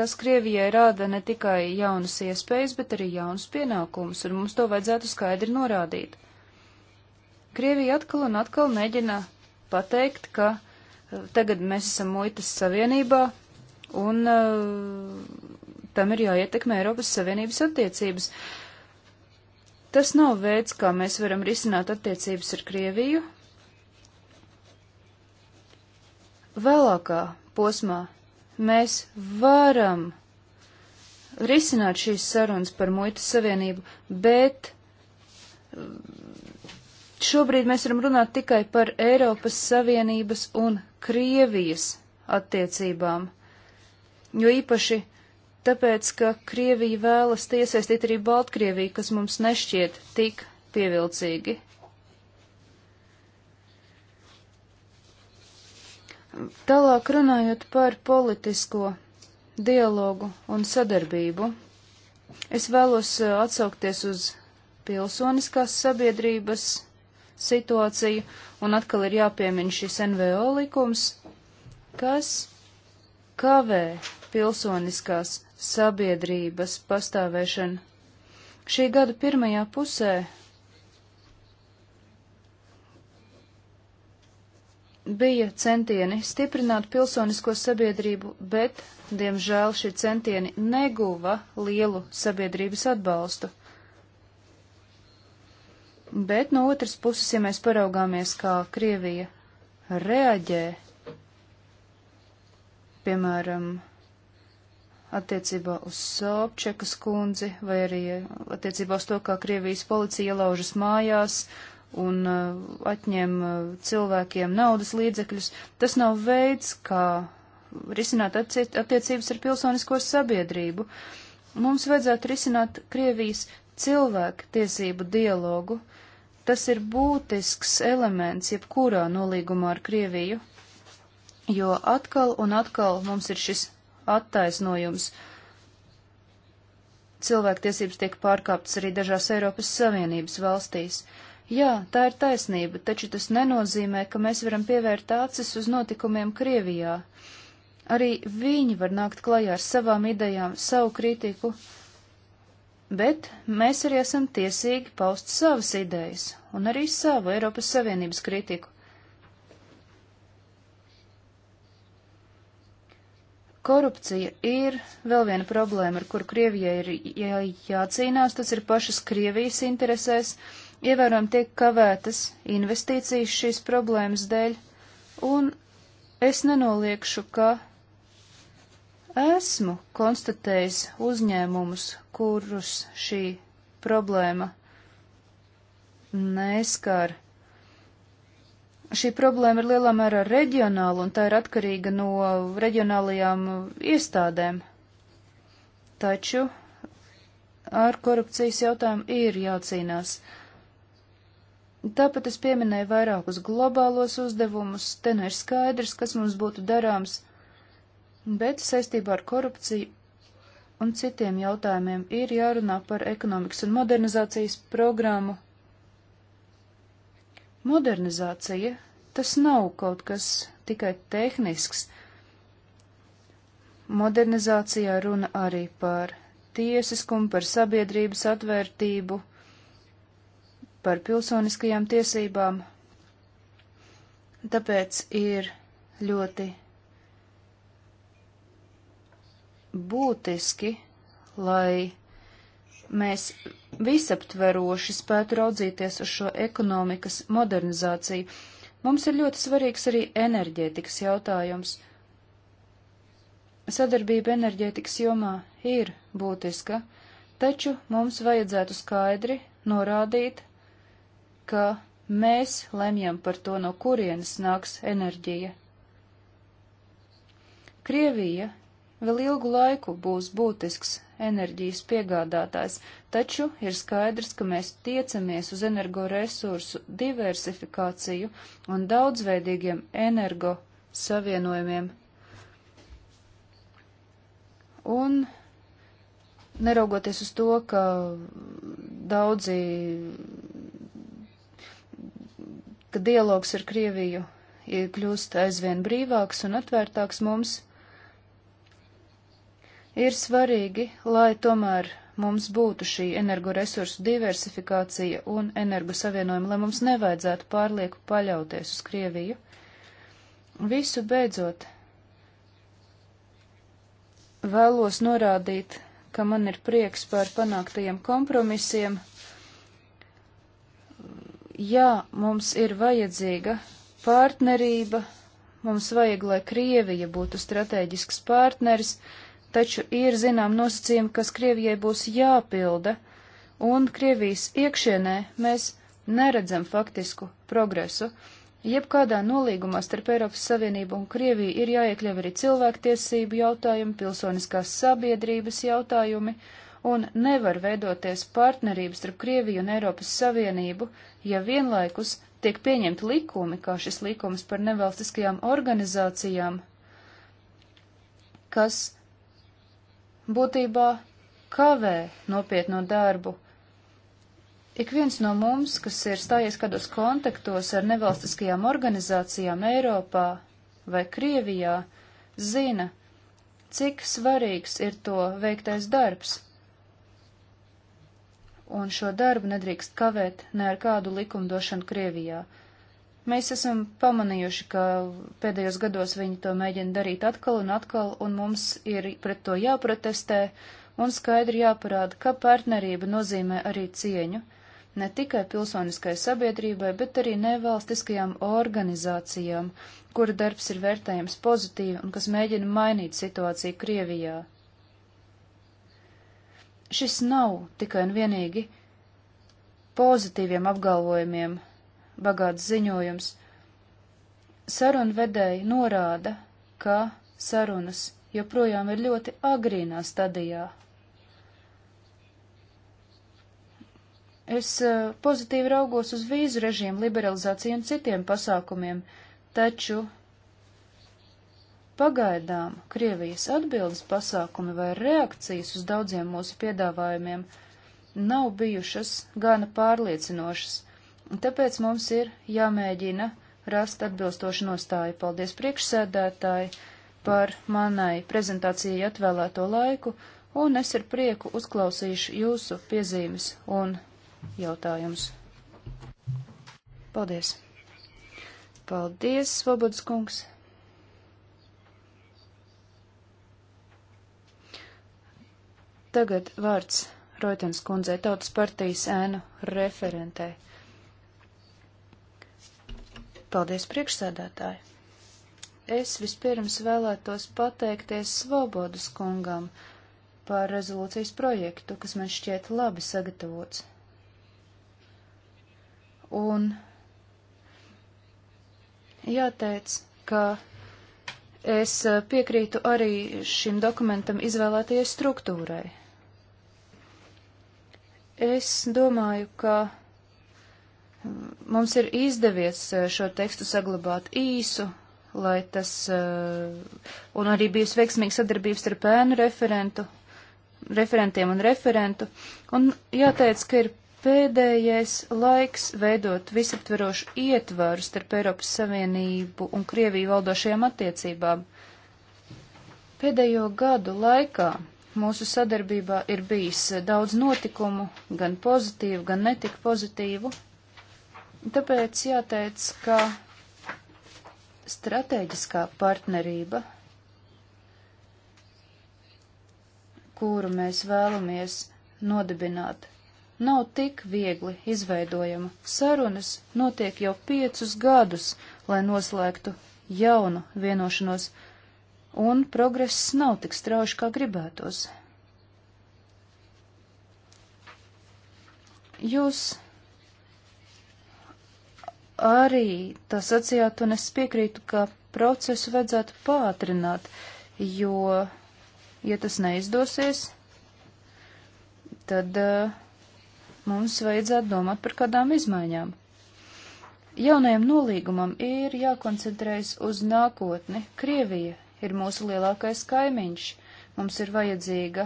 tas Krievijai rāda ne tikai jaunas iespējas, bet arī jaunas pienākumus, un mums to vajadzētu skaidri norādīt. Krievija atkal un atkal mēģina pateikt, ka eh, tagad mēs esam muitas savienībā, un eh, tam ir jāietekmē Eiropas Savienības attiecības. Tas nav veids, kā mēs varam risināt attiecības ar Krieviju. Vēlākā posmā mēs varam risināt šīs sarunas par muitas savienību, bet eh, šobrīd mēs varam runāt tikai par Eiropas Savienības un Krievijas attiecībām jo īpaši tāpēc, ka Krievija vēlas iesaistīt arī Baltkrieviju, kas mums nešķiet tik pievilcīgi. Tālāk runājot par politisko dialogu un sadarbību, es vēlos eh, atsaukties uz pilsoniskās sabiedrības situāciju, un atkal ir jāpiemina šis NVO likums, kas kavē pilsoniskās sabiedrības pastāvēšanu. Šī gada pirmajā pusē bija centieni stiprināt pilsonisko sabiedrību, bet, diemžēl, šie centieni neguva lielu sabiedrības atbalstu. Bet no otras puses, ja mēs paraugāmies, kā Krievija reaģē piemēram, attiecībā uz Sobčekas kundzi vai arī eh, attiecībā uz to, kā Krievijas policija ielaužas mājās un uh, atņem uh, cilvēkiem naudas līdzekļus, tas nav veids, kā risināt attiecības ar pilsonisko sabiedrību. Mums vajadzētu risināt Krievijas cilvēku tiesību dialogu. Tas ir būtisks elements jebkurā nolīgumā ar Krieviju jo atkal un atkal mums ir šis attaisnojums. Cilvēktiesības tiek pārkāptas arī dažās Eiropas Savienības valstīs. Jā, tā ir taisnība, taču tas nenozīmē, ka mēs varam pievērt acis uz notikumiem Krievijā. Arī viņi var nākt klajā ar savām idejām, savu kritiku, bet mēs arī esam tiesīgi paust savas idejas un arī savu Eiropas Savienības kritiku. Korupcija ir vēl viena problēma, ar kuru Krievijai ir jā, jācīnās, tas ir pašas Krievijas interesēs, ievērojami tiek kavētas investīcijas šīs problēmas dēļ, un es nenoliekšu, ka esmu konstatējis uzņēmumus, kurus šī problēma neskar. Šī problēma ir lielā mērā reģionāla, un tā ir atkarīga no reģionālajām iestādēm. Taču ar korupcijas jautājumu ir jācīnās. Tāpat es pieminēju vairākus globālos uzdevumus, te nu ir skaidrs, kas mums būtu darāms, bet saistībā ar korupciju un citiem jautājumiem ir jārunā par ekonomikas un modernizācijas programmu, Modernizācija tas nav kaut kas tikai tehnisks. Modernizācijā runa arī par tiesiskumu, par sabiedrības atvērtību, par pilsoniskajām tiesībām. Tāpēc ir ļoti būtiski, lai mēs visaptveroši spētu raudzīties uz šo ekonomikas modernizāciju. Mums ir ļoti svarīgs arī enerģētikas jautājums. Sadarbība enerģētikas jomā ir būtiska, taču mums vajadzētu skaidri norādīt, ka mēs lemjam par to, no kurienes nāks enerģija. Krievija vēl ilgu laiku būs būtisks enerģijas piegādātājs, taču ir skaidrs, ka mēs tiecamies uz energoresursu diversifikāciju un daudzveidīgiem energo savienojumiem. Un neraugoties uz to, ka daudzi, ka dialogs ar Krieviju kļūst aizvien brīvāks un atvērtāks mums, Ir svarīgi, lai tomēr mums būtu šī energoresursu diversifikācija un energosavienojuma, lai mums nevajadzētu pārlieku paļauties uz Krieviju. Visu beidzot, vēlos norādīt, ka man ir prieks par panāktajiem kompromisiem. Jā, mums ir vajadzīga partnerība, mums vajag, lai Krievija būtu strateģisks partneris, taču ir zinām nosacījumi, kas Krievijai būs jāpilda, un Krievijas iekšienē mēs neredzam faktisku progresu. Jebkādā nolīgumā starp Eiropas Savienību un Krieviju ir jāiekļauj arī cilvēktiesību jautājumi, pilsoniskās sabiedrības jautājumi, un nevar veidoties partnerības starp Krieviju un Eiropas Savienību, ja vienlaikus tiek pieņemti likumi, kā šis likums par nevalstiskajām organizācijām, kas būtībā kavē nopietno darbu. Ik viens no mums, kas ir stājies kādos kontaktos ar nevalstiskajām organizācijām Eiropā vai Krievijā, zina, cik svarīgs ir to veiktais darbs. Un šo darbu nedrīkst kavēt ne ar kādu likumdošanu Krievijā. Mēs esam pamanījuši, ka pēdējos gados viņi to mēģina darīt atkal un atkal, un mums ir pret to jāprotestē un skaidri jāparāda, ka partnerība nozīmē arī cieņu ne tikai pilsoniskai sabiedrībai, bet arī nevalstiskajām organizācijām, kura darbs ir vērtējams pozitīvi un kas mēģina mainīt situāciju Krievijā. Šis nav tikai un vienīgi pozitīviem apgalvojumiem bagāts ziņojums. Sarunvedēji norāda, ka sarunas joprojām ir ļoti agrīnā stadijā. Es eh, pozitīvi raugos uz vīzu režīmu liberalizāciju un citiem pasākumiem, taču pagaidām Krievijas atbildes pasākumi vai reakcijas uz daudziem mūsu piedāvājumiem nav bijušas gana pārliecinošas. Tāpēc mums ir jāmēģina rast atbilstošu nostāju. Paldies priekšsēdētāji par manai prezentācijai atvēlēto laiku, un es ar prieku uzklausīšu jūsu piezīmes un jautājumus. Paldies! Paldies, Svobodas kungs! Tagad vārds Roitens kundzei, Tautas partijas ēnu referentei. Paldies, priekšsēdētāji! Es vispirms vēlētos pateikties Svobodas kungam par rezolūcijas projektu, kas man šķiet labi sagatavots. Un jāteic, ka es piekrītu arī šim dokumentam izvēlētajai struktūrai. Es domāju, ka Mums ir izdevies eh, šo tekstu saglabāt īsu, lai tas, eh, un arī bijusi veiksmīga sadarbības ar pēnu referentu, referentiem un referentu, un jāteic, ka ir pēdējais laiks veidot visaptverošu ietvaru starp Eiropas Savienību un Krieviju valdošajām attiecībām. Pēdējo gadu laikā mūsu sadarbībā ir bijis eh, daudz notikumu, gan pozitīvu, gan netik pozitīvu, Tāpēc jāteic, ka strateģiskā partnerība, kuru mēs vēlamies nodibināt, nav tik viegli izveidojama. Sarunas notiek jau piecus gadus, lai noslēgtu jaunu vienošanos, un progress nav tik strauši, kā gribētos. Jūs arī tā sacījāt, un es piekrītu, ka procesu vajadzētu pātrināt, jo, ja tas neizdosies, tad uh, mums vajadzētu domāt par kādām izmaiņām. Jaunajam nolīgumam ir jākoncentrējas uz nākotni. Krievija ir mūsu lielākais kaimiņš. Mums ir vajadzīga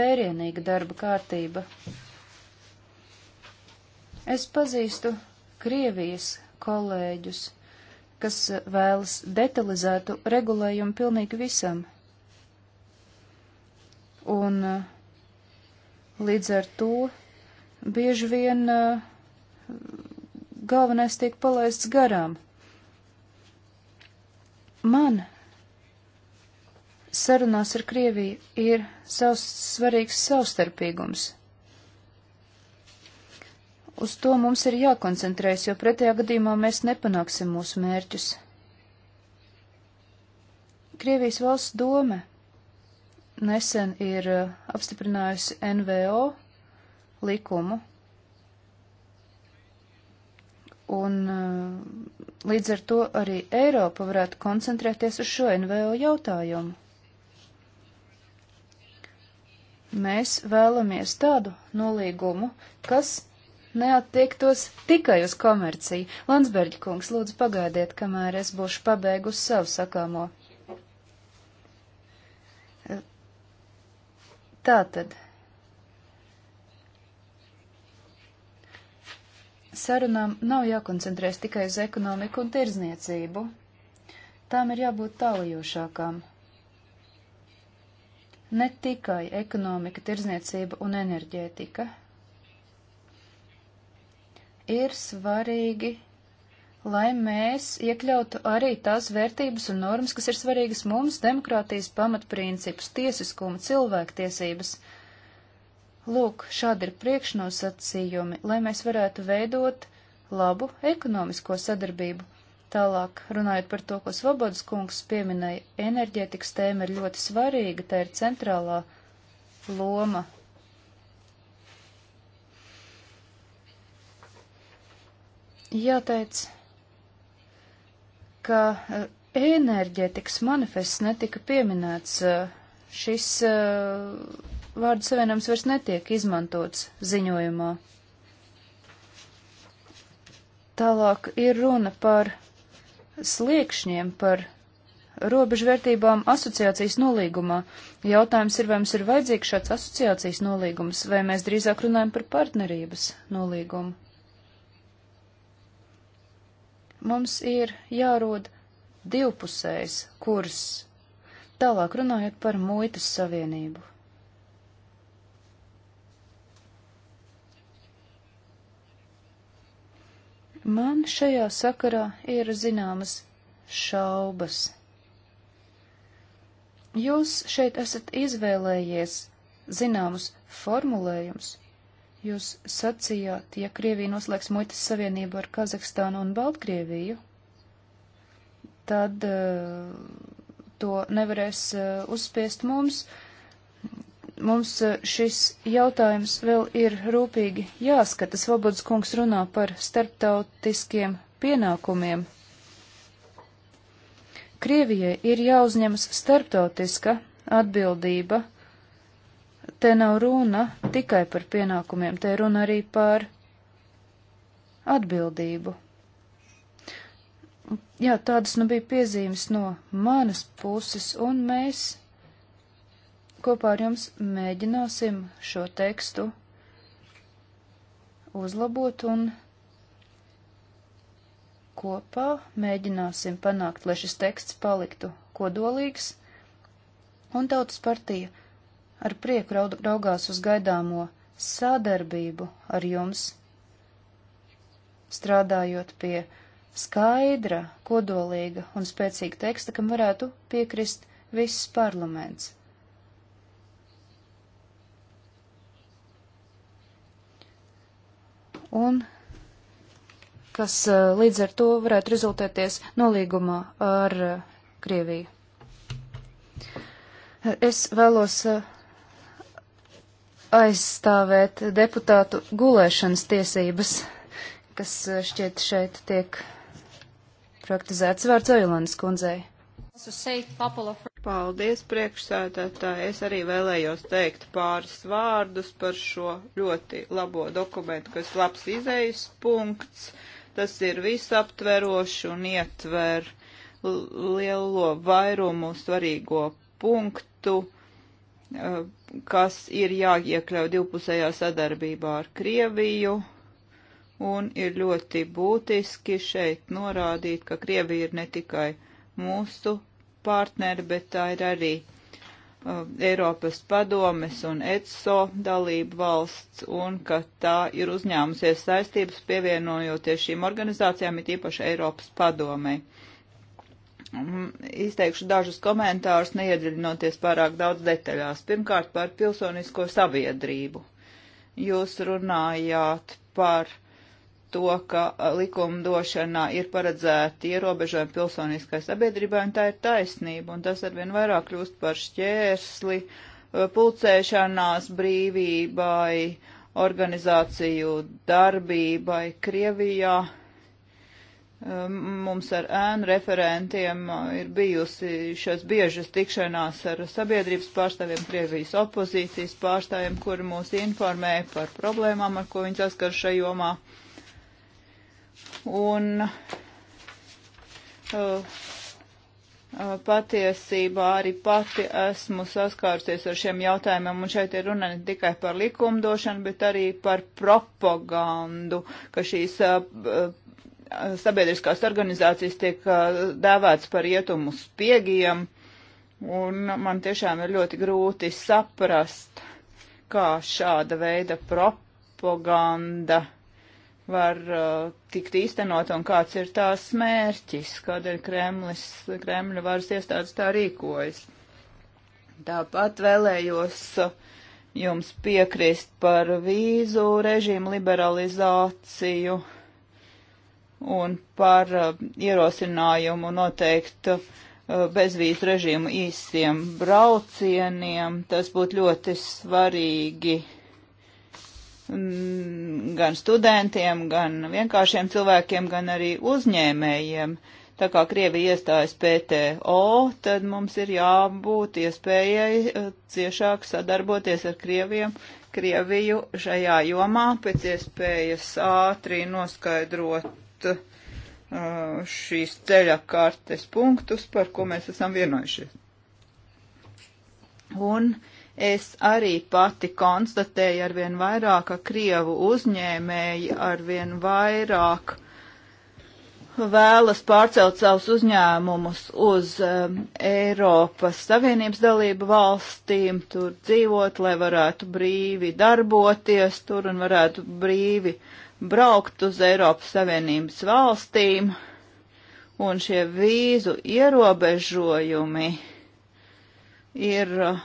vērienīga darba kārtība. Es pazīstu Krievijas kolēģus, kas vēlas detalizētu regulējumu pilnīgi visam. Un uh, līdz ar to bieži vien uh, galvenais tiek palaists garām. Man sarunās ar Krieviju ir savs svarīgs savstarpīgums. Uz to mums ir jākoncentrējas, jo pretējā gadījumā mēs nepanāksim mūsu mērķus. Krievijas valsts dome nesen ir uh, apstiprinājusi NVO likumu, un uh, līdz ar to arī Eiropa varētu koncentrēties uz šo NVO jautājumu. Mēs vēlamies tādu nolīgumu, kas neattiektos tikai uz komerciju. Landsbergi kungs, lūdzu pagaidiet, kamēr es būšu pabeigusi savu sakāmo. Tātad. Sarunām nav jākoncentrēs tikai uz ekonomiku un tirzniecību. Tām ir jābūt tālajošākām. Ne tikai ekonomika, tirzniecība un enerģētika ir svarīgi, lai mēs iekļautu arī tās vērtības un normas, kas ir svarīgas mums - demokrātijas pamatprincipus, tiesiskumu, cilvēktiesības. Lūk, šādi ir priekšnosacījumi, lai mēs varētu veidot labu ekonomisko sadarbību. Tālāk, runājot par to, ko Svobodas kungs pieminēja, enerģētikas tēma ir ļoti svarīga, tā ir centrālā loma Jāteic, ka e, enerģētikas manifests netika pieminēts. E, šis e, vārdu savienojums vairs netiek izmantots ziņojumā. Tālāk ir runa par sliekšņiem, par robežvērtībām asociācijas nolīgumā. Jautājums ir, vai mums ir vajadzīgs šāds asociācijas nolīgums, vai mēs drīzāk runājam par partnerības nolīgumu. Mums ir jārod divpusējs kurs. Tālāk runājot par muitas savienību. Man šajā sakarā ir zināmas šaubas. Jūs šeit esat izvēlējies zināmus formulējumus, Jūs sacījāt, ja Krievija noslēgs muitas savienību ar Kazahstānu un Baltkrieviju, tad uh, to nevarēs uh, uzspiest mums. Mums uh, šis jautājums vēl ir rūpīgi jāskata. Svobodas kungs runā par starptautiskiem pienākumiem. Krievijai ir jāuzņemas starptautiska atbildība te nav runa tikai par pienākumiem, te runa arī par atbildību. Jā, tādas nu bija piezīmes no manas puses, un mēs kopā ar jums mēģināsim šo tekstu uzlabot un kopā mēģināsim panākt, lai šis teksts paliktu kodolīgs, un tautas partija ar prieku raugās uz gaidāmo sadarbību ar jums, strādājot pie skaidra, kodolīga un spēcīga teksta, kam varētu piekrist viss parlaments. Un kas eh, līdz ar to varētu rezultēties nolīgumā ar eh, Krieviju. Es vēlos uh, aizstāvēt deputātu gulēšanas tiesības, kas eh, šķiet šeit tiek praktizēts vārds Oilandes kundzei. Paldies, priekšsēdētāji. Es arī vēlējos teikt pāris vārdus par šo ļoti labo dokumentu, kas labs izējas punkts. Tas ir visaptveroši un ietver lielo vairumu svarīgo punktu Eh, kas ir jāiekļauj divpusējā sadarbībā ar Krieviju, un ir ļoti būtiski šeit norādīt, ka Krievija ir ne tikai mūsu partneri, bet tā ir arī uh, Eiropas padomes un ECO dalību valsts, un ka tā ir uzņēmusies saistības pievienojoties šīm organizācijām, it īpaši Eiropas padomei. Uh, Izteikšu dažus komentārus, neiedziļinoties pārāk daudz detaļās. Pirmkārt, par pilsonisko sabiedrību. Jūs runājāt par to, ka likumdošanā ir paredzēti ierobežojumi pilsoniskai sabiedrībai, un tā ir taisnība, un tas arvien vairāk kļūst par šķērsli eh, pulcēšanās brīvībai, organizāciju darbībai Krievijā Um, mums ar ēnu referentiem uh, ir bijusi šas biežas tikšanās ar sabiedrības pārstāvjiem, Krievijas opozīcijas pārstāvjiem, kuri mūs informē par problēmām, ar ko viņi saskar šajā jomā. Un uh, uh, patiesībā arī pati esmu saskārusies ar šiem jautājumiem, un šeit ir runa ne tikai par likumdošanu, bet arī par propagandu, ka šīs uh, sabiedriskās organizācijas tiek dēvēts par rietumu spiegiem, un man tiešām ir ļoti grūti saprast, kā šāda veida propaganda var uh, tikt īstenot un kāds ir tās mērķis, kādēļ Kremlis, Kremļa varas iestādes tā rīkojas. Tāpat vēlējos jums piekrist par vīzu režīmu liberalizāciju. Uh, un par uh, ierosinājumu noteikt uh, bezvīzu režīmu īsiem braucieniem. Tas būtu ļoti svarīgi mm, gan studentiem, gan vienkāršiem cilvēkiem, gan arī uzņēmējiem. Tā kā Krievija iestājas PTO, tad mums ir jābūt iespējai uh, ciešāk sadarboties ar Krieviem, Krieviju šajā jomā, pēc iespējas ātri noskaidrot panākt uh, šīs ceļa kartes punktus, par ko mēs esam vienojušies. Un es arī pati konstatēju arvien vairāk, ka Krievu uzņēmēji arvien vairāk vēlas pārcelt savus uzņēmumus uz um, Eiropas Savienības dalību valstīm, tur dzīvot, lai varētu brīvi darboties tur un varētu brīvi uh, braukt uz Eiropas Savienības valstīm, un šie vīzu ierobežojumi ir uh,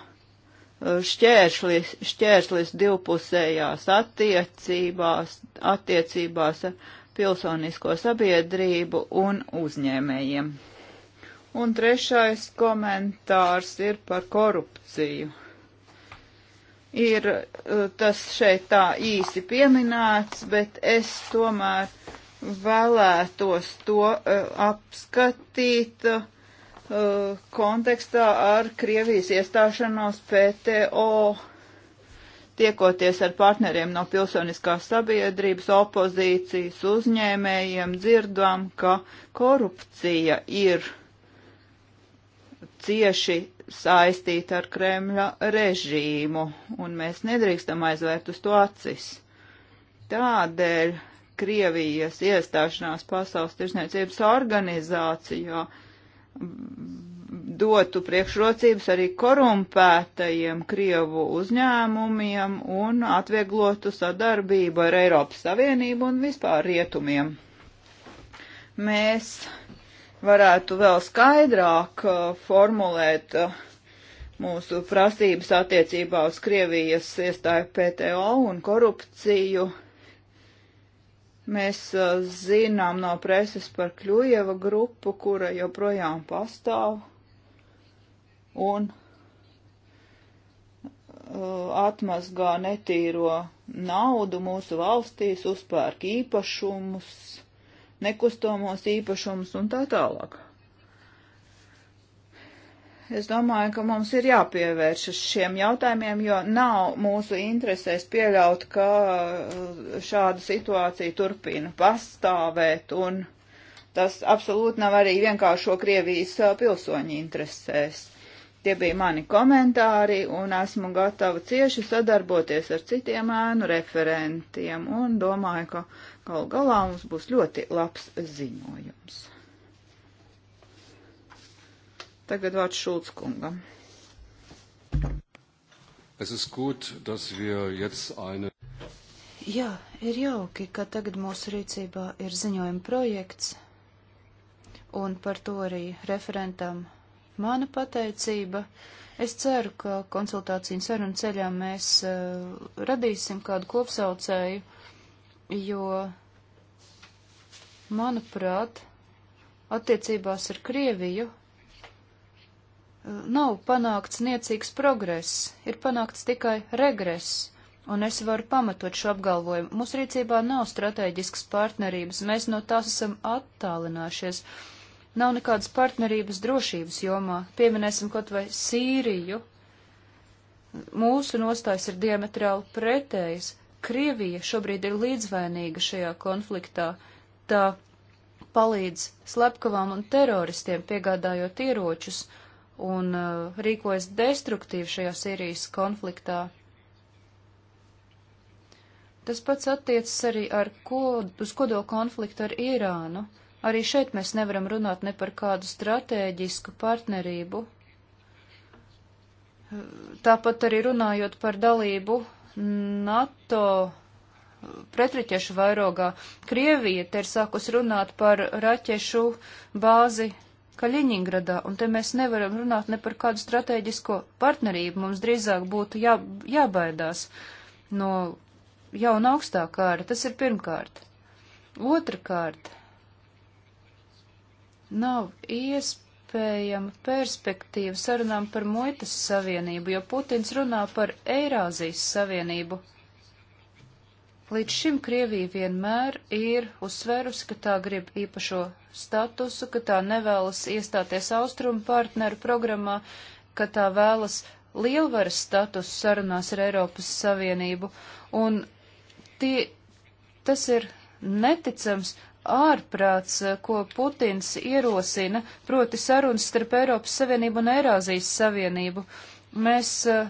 šķērslis, šķērslis divpusējās attiecībās, attiecībās ar pilsonisko sabiedrību un uzņēmējiem. Un trešais komentārs ir par korupciju ir eh, tas šeit tā īsi pieminēts, bet es tomēr vēlētos to uh, apskatīt uh, kontekstā ar Krievijas iestāšanos PTO, tiekoties ar partneriem no pilsoniskās sabiedrības, opozīcijas uzņēmējiem, dzirdam, ka korupcija ir cieši saistīta ar Kremļa režīmu, un mēs nedrīkstam aizvērt uz to acis. Tādēļ Krievijas iestāšanās Pasaules tirsniecības organizācijā dotu priekšrocības arī korumpētajiem Krievu uzņēmumiem un atvieglotu sadarbību ar Eiropas Savienību un vispār rietumiem. Mēs varētu vēl skaidrāk uh, formulēt uh, mūsu prasības attiecībā uz Krievijas iestāju PTO un korupciju. Mēs uh, zinām no preses par Kļujeva grupu, kura joprojām pastāv un atmazgā netīro naudu mūsu valstīs, uzpērk īpašumus nekustamos īpašumus un tā tālāk. Es domāju, ka mums ir jāpievēršas šiem jautājumiem, jo nav mūsu interesēs pieļaut, ka uh, šāda situācija turpina pastāvēt, un tas absolūti nav arī vienkāršo Krievijas uh, pilsoņu interesēs. Tie bija mani komentāri, un esmu gatava cieši sadarboties ar citiem ēnu referentiem, un domāju, ka galu galā mums būs ļoti labs ziņojums. Tagad vārds Šulc kungam. Es ist gut, dass wir jetzt eine. Jā, ir jauki, ka tagad mūsu rīcībā ir ziņojuma projekts, un par to arī referentam mana pateicība. Es ceru, ka konsultāciju sarunu ceļā mēs uh, radīsim kādu kopsaucēju, jo, manuprāt, attiecībās ar Krieviju eh, nav panākts niecīgs progress, ir panākts tikai regress, un es varu pamatot šo apgalvojumu. Mūsu rīcībā nav strateģiskas partnerības, mēs no tās esam attālinājušies. Uh, Nav nekādas partnerības drošības jomā. Pieminēsim kaut vai Sīriju. Mūsu nostājas ir diametrāli pretējas. Krievija šobrīd ir līdzvainīga šajā konfliktā. Tā palīdz slepkavām un teroristiem piegādājot ieročus un uh, rīkojas destruktīvi šajā Sīrijas konfliktā. Tas pats attiecas arī ar kod, uz kodola konfliktu ar Irānu. Uh, Arī šeit mēs nevaram runāt ne par kādu stratēģisku partnerību. Tāpat arī runājot par dalību NATO pretriķešu vairogā, Krievija te ir sākus runāt par raķešu bāzi Kaļiņingradā, un te mēs nevaram runāt ne par kādu strateģisko partnerību. Mums drīzāk būtu jā, jābaidās no jauna augstākāra. Tas ir pirmkārt. Otrakārt, Nav iespējama perspektīva sarunām par muitas savienību, jo Putins runā par Eirāzijas savienību. Līdz šim Krievija vienmēr ir uzsverusi, ka tā grib īpašo statusu, ka tā nevēlas iestāties austrumu partneru programmā, ka tā vēlas lielvaras statusu sarunās ar Eiropas Savienību, un tie, tas ir neticams, ārprāts, ko Putins ierosina, proti sarunas starp Eiropas Savienību un Eirāzijas Savienību. Mēs eh,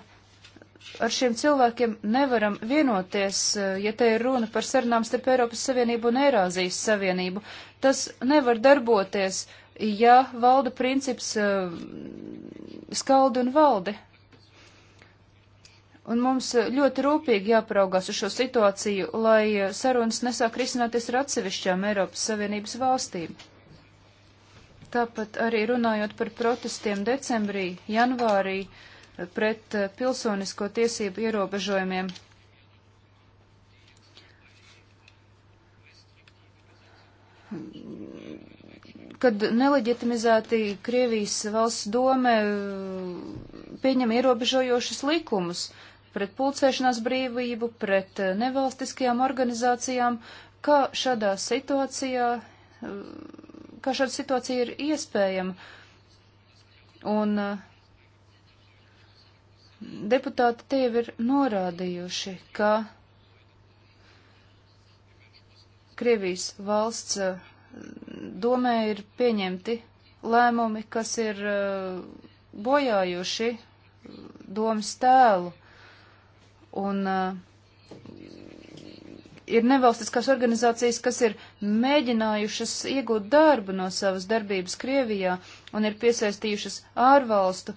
ar šiem cilvēkiem nevaram vienoties, eh, ja te ir runa par sarunām starp Eiropas Savienību un Eirāzijas Savienību. Tas nevar darboties, ja valda princips eh, skaldi un valdi. Un mums ļoti rūpīgi jāpraugās uz šo situāciju, lai sarunas nesāk risināties ar atsevišķām Eiropas Savienības valstīm. Tāpat arī runājot par protestiem decembrī, janvārī pret pilsonisko tiesību ierobežojumiem. Kad neleģitimizēti Krievijas valsts dome pieņem ierobežojošus likumus, uh, pret pulcēšanās brīvību, pret eh, nevalstiskajām organizācijām. Kā šādā situācijā, eh, kā šāda situācija ir iespējama? Un eh, deputāti tie ir norādījuši, ka Krievijas valsts domē ir pieņemti lēmumi, kas ir bojājuši domas tēlu. Un eh, ir nevalstiskās organizācijas, kas ir mēģinājušas iegūt darbu no savas darbības Krievijā un ir piesaistījušas ārvalstu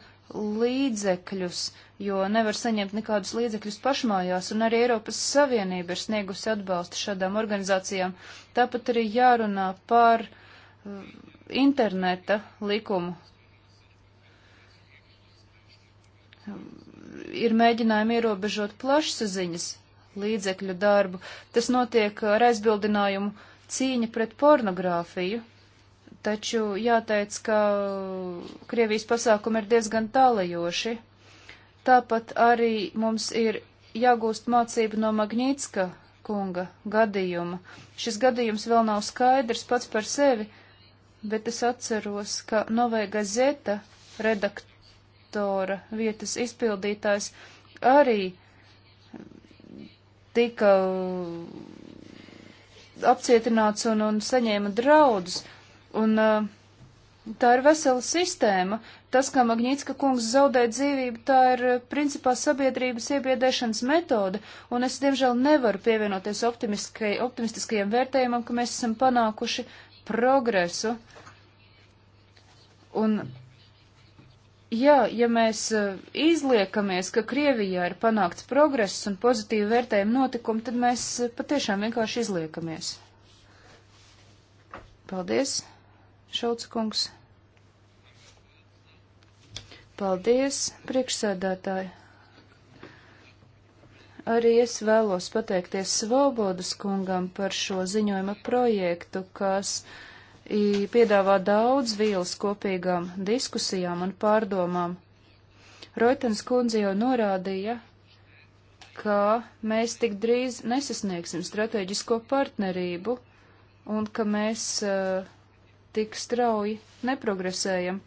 līdzekļus, jo nevar saņemt nekādus līdzekļus pašmājās, un arī Eiropas Savienība ir sniegusi atbalstu šādām organizācijām. Tāpat arī jārunā par eh, interneta likumu ir mēģinājumi ierobežot plašsaziņas līdzekļu darbu. Tas notiek ar aizbildinājumu cīņa pret pornogrāfiju, taču jāteic, ka Krievijas pasākumi ir diezgan tālajoši. Tāpat arī mums ir jāgūst mācību no Magnītska kunga gadījuma. Šis gadījums vēl nav skaidrs pats par sevi, bet es atceros, ka Novē Gazeta redakt, direktora vietas izpildītājs arī tika apcietināts un, un saņēma draudus. Un, uh, tā ir vesela sistēma. Tas, kā Magnītska kungs zaudēja dzīvību, tā ir uh, principā sabiedrības iebiedēšanas metode, un es, diemžēl, nevaru pievienoties optimistiskajam vērtējumam, ka mēs esam panākuši progresu. Un Jā, ja mēs uh, izliekamies, ka Krievijā ir panākts progress un pozitīvi vērtējam notikumu, tad mēs uh, patiešām vienkārši izliekamies. Paldies, Šauts kungs. Paldies, priekšsēdētāji. Arī es vēlos pateikties Svobodas kungam par šo ziņojuma projektu, kas. Uh, piedāvā daudz vielas kopīgām diskusijām un pārdomām. Roitens kundze jau norādīja, ka mēs tik drīz nesasniegsim strateģisko partnerību un ka mēs uh, tik strauji neprogresējam.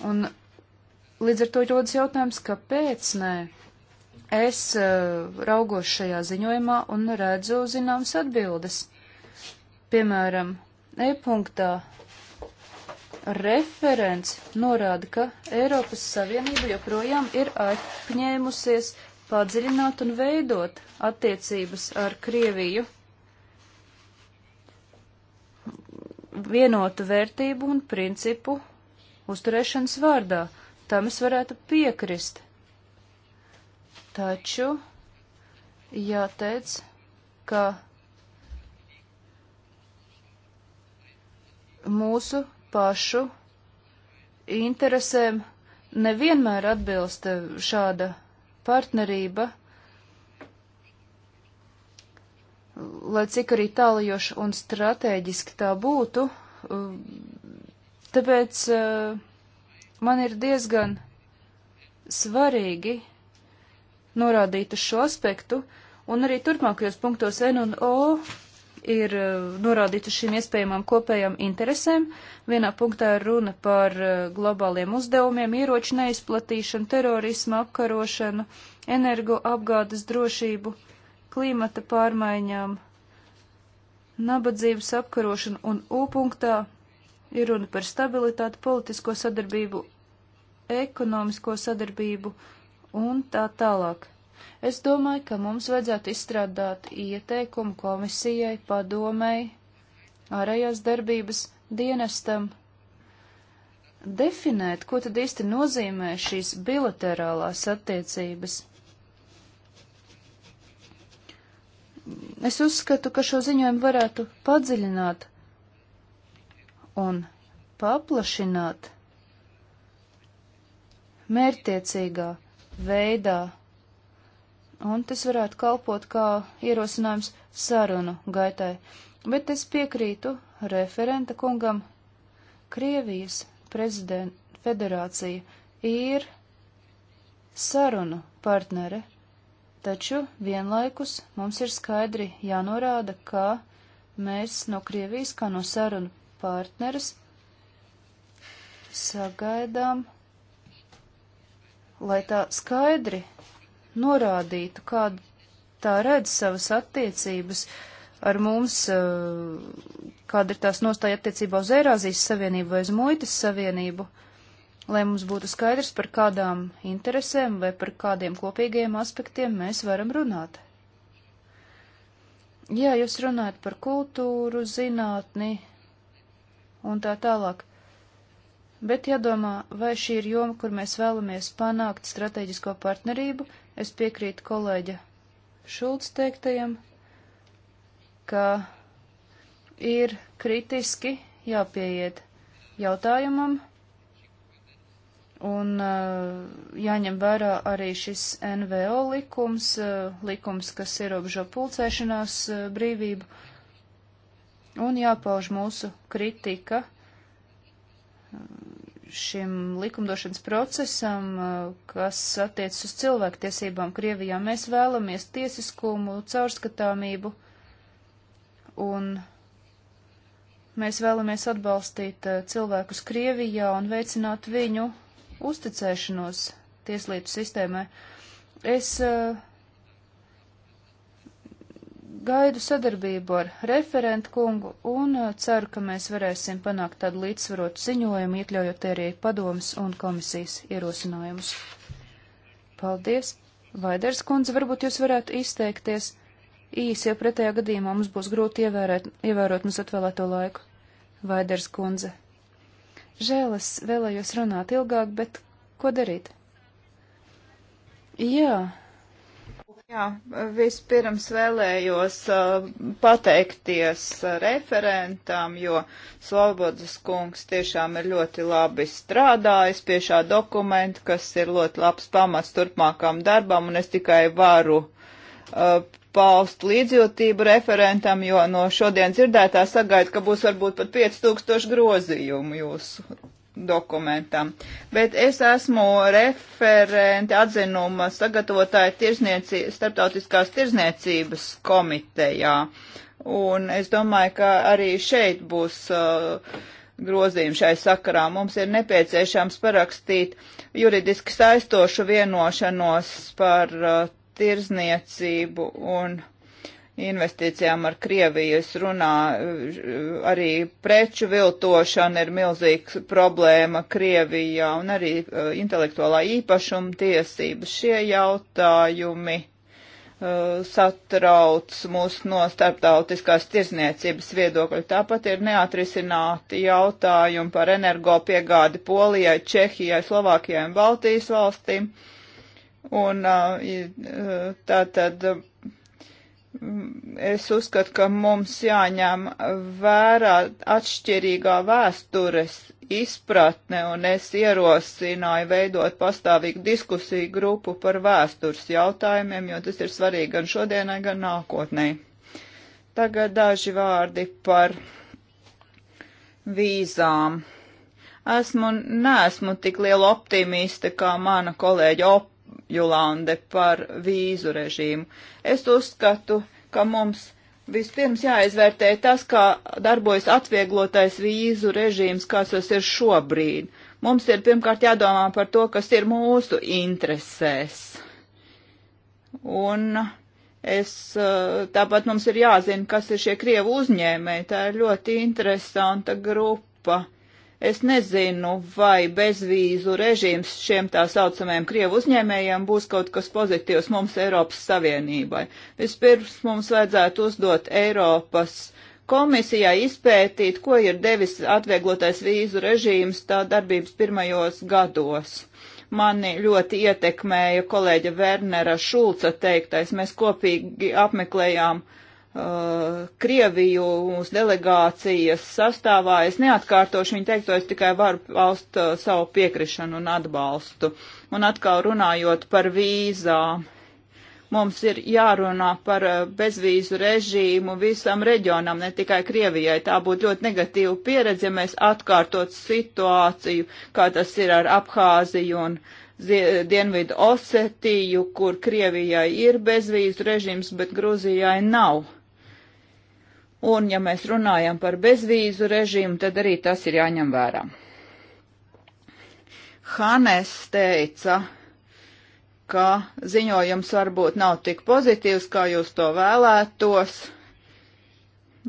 Un līdz ar to rodas jautājums, kāpēc nē? Es uh, raugos šajā ziņojumā un redzu zināmas atbildes. Piemēram, e-punktā referents norāda, ka Eiropas Savienība joprojām ir apņēmusies padziļināt un veidot attiecības ar Krieviju vienotu vērtību un principu uzturēšanas vārdā. Tam es varētu piekrist. Taču jāteic, ka mūsu pašu interesēm nevienmēr atbilst eh, šāda partnerība, lai cik arī tālajoši un strateģiski tā būtu, eh, tāpēc eh, man ir diezgan svarīgi norādīt uz šo aspektu, un arī turpmākajos punktos N un O ir e, norādīts uz šīm iespējamām kopējām interesēm. Vienā punktā ir runa par e, globāliem uzdevumiem, ieroču neizplatīšanu, terorismu apkarošanu, energo apgādes drošību, klimata pārmaiņām, nabadzības apkarošanu un U punktā ir runa par stabilitāti, politisko sadarbību, ekonomisko sadarbību un tā tālāk. Es domāju, ka mums vajadzētu izstrādāt ieteikumu komisijai, padomēji, ārējās darbības dienestam, definēt, ko tad īsti nozīmē šīs bilaterālās attiecības. Es uzskatu, ka šo ziņojumu varētu padziļināt un paplašināt mērtiecīgā veidā un tas varētu kalpot kā ierosinājums sarunu gaitai. Bet es piekrītu referenta kungam, Krievijas prezidenta federācija ir sarunu partnere, taču vienlaikus mums ir skaidri jānorāda, ka mēs no Krievijas, kā no sarunu partneres, sagaidām, lai tā skaidri norādītu, kāda tā redz savas attiecības ar mums, eh, kāda ir tās nostāja attiecībā uz Eirāzijas Savienību vai uz Muitas Savienību, lai mums būtu skaidrs, par kādām interesēm vai par kādiem kopīgiem aspektiem mēs varam runāt. Jā, jūs runājat par kultūru, zinātni un tā tālāk bet jādomā, vai šī ir joma, kur mēs vēlamies panākt strateģisko partnerību, Es piekrītu kolēģa Šulc teiktajam, ka ir kritiski jāpieiet jautājumam un uh, jāņem vērā arī šis NVO likums, uh, likums, kas ierobežo pulcēšanās uh, brīvību, un jāpauž mūsu kritika šim likumdošanas procesam, uh, kas attiecas uz cilvēktiesībām Krievijā. Mēs vēlamies tiesiskumu, caurskatāmību un mēs vēlamies atbalstīt uh, cilvēkus Krievijā un veicināt viņu uzticēšanos tieslietu sistēmai. Es uh, Gaidu sadarbību ar referentu kungu un uh, ceru, ka mēs varēsim panākt tādu līdzsvarotu ziņojumu, iekļaujot arī padomas un komisijas ierosinājumus. Paldies! Vaiders kundze, varbūt jūs varētu izteikties īsi, jo pretējā gadījumā mums būs grūti ievērēt, ievērot mums atvēlēto laiku. Vaiders kundze. Žēl, es vēlējos runāt ilgāk, bet ko darīt? Jā, Jā, vispirms vēlējos uh, pateikties referentam, jo Slobodas kungs tiešām ir ļoti labi strādājis pie šā dokumenta, kas ir ļoti labs pamats turpmākām darbām, un es tikai varu uh, paust līdzjūtību referentam, jo no šodien dzirdētā sagaida, ka būs varbūt pat 5000 grozījumu jūsu dokumentam. Bet es esmu referente atzinuma sagatavotāja tirzniecī, starptautiskās tirzniecības komitejā. Un es domāju, ka arī šeit būs uh, grozījumi šai sakarā. Mums ir nepieciešams parakstīt juridiski saistošu vienošanos par uh, tirzniecību un investīcijām ar Krieviju. Es runā, eh, arī preču viltošana ir milzīgs problēma Krievijā un arī uh, intelektuālā īpašuma tiesības. Šie jautājumi uh, satrauc mūs no starptautiskās tirzniecības viedokļa. Tāpat ir neatrisināti jautājumi par energopiegādi Polijai, Čehijai, Slovākijai un Baltijas valstīm. Un uh, tā tad Es uzskatu, ka mums jāņem vērā atšķirīgā vēstures izpratne, un es ierosināju veidot pastāvīgu diskusiju grupu par vēstures jautājumiem, jo tas ir svarīgi gan šodienai, gan nākotnē. Tagad daži vārdi par vīzām. Esmu, neesmu tik liela optimiste kā mana kolēģa op Julande par vīzu režīmu. Es uzskatu, ka mums vispirms jāizvērtē tas, kā darbojas atvieglotais vīzu režīms, kāds tas ir šobrīd. Mums ir pirmkārt jādomā par to, kas ir mūsu interesēs. Un es, eh, tāpat mums ir jāzina, kas ir šie krievu uzņēmēji. Tā ir ļoti interesanta grupa Es nezinu, vai bezvīzu režīms šiem tā saucamajiem Krievu uzņēmējiem būs kaut kas pozitīvs mums Eiropas Savienībai. Vispirms mums vajadzētu uzdot Eiropas komisijai izpētīt, ko ir devis atvieglotais vīzu režīms tā darbības pirmajos gados. Mani ļoti ietekmēja kolēģa Vernera Šulca teiktais. Mēs kopīgi apmeklējām uh, Uh, Krieviju mūsu delegācijas sastāvā. Es neatkārtošu viņu teikto, es tikai varu paust uh, savu piekrišanu un atbalstu. Un atkal runājot par vīzām, mums ir jārunā par uh, bezvīzu režīmu visam reģionam, ne tikai Krievijai. Tā būtu ļoti negatīva pieredze, ja mēs atkārtot situāciju, kā tas ir ar Abhāziju un Dienvidu Osetiju, kur Krievijai ir bezvīzu režīms, bet Gruzijai nav Un, ja mēs runājam par bezvīzu režīmu, tad arī tas ir jāņem vērā. Hanes teica, ka ziņojums varbūt nav tik pozitīvs, kā jūs to vēlētos.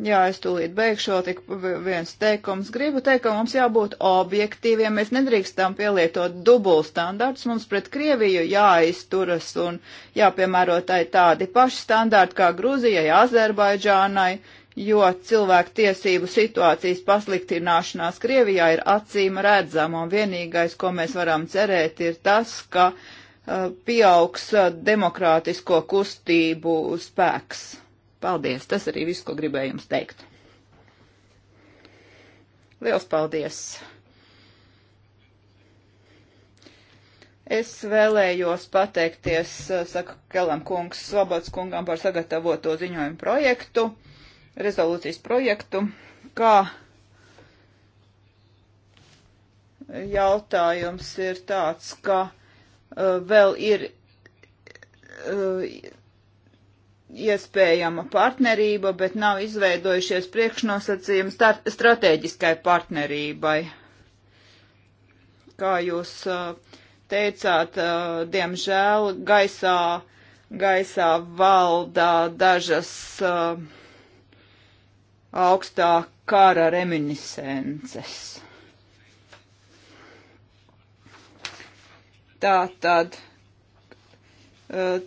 Jā, es tūlīt beigšu vēl tik viens teikums. Gribu teikt, ka mums jābūt objektīviem. Mēs nedrīkstam pielietot dubulstandārts. Mums pret Krieviju jāizturas un jāpiemērotai tādi paši standārti kā Gruzijai, Azerbaidžānai, jo cilvēku tiesību situācijas pasliktināšanās Krievijā ir acīm redzama, un vienīgais, ko mēs varam cerēt, ir tas, ka uh, pieaugs uh, demokrātisko kustību spēks. Paldies! Tas arī viss, ko gribēju jums teikt. Liels paldies! Es vēlējos pateikties, uh, saka Kelam kungs, Svabats kungam par sagatavoto ziņojumu projektu rezolūcijas projektu, kā jautājums ir tāds, ka uh, vēl ir uh, iespējama partnerība, bet nav izveidojušies priekšnosacījumi stratēģiskai partnerībai. Kā jūs uh, teicāt, uh, diemžēl gaisā, gaisā valdā dažas uh, augstā kara reminiscences. Tā tad e,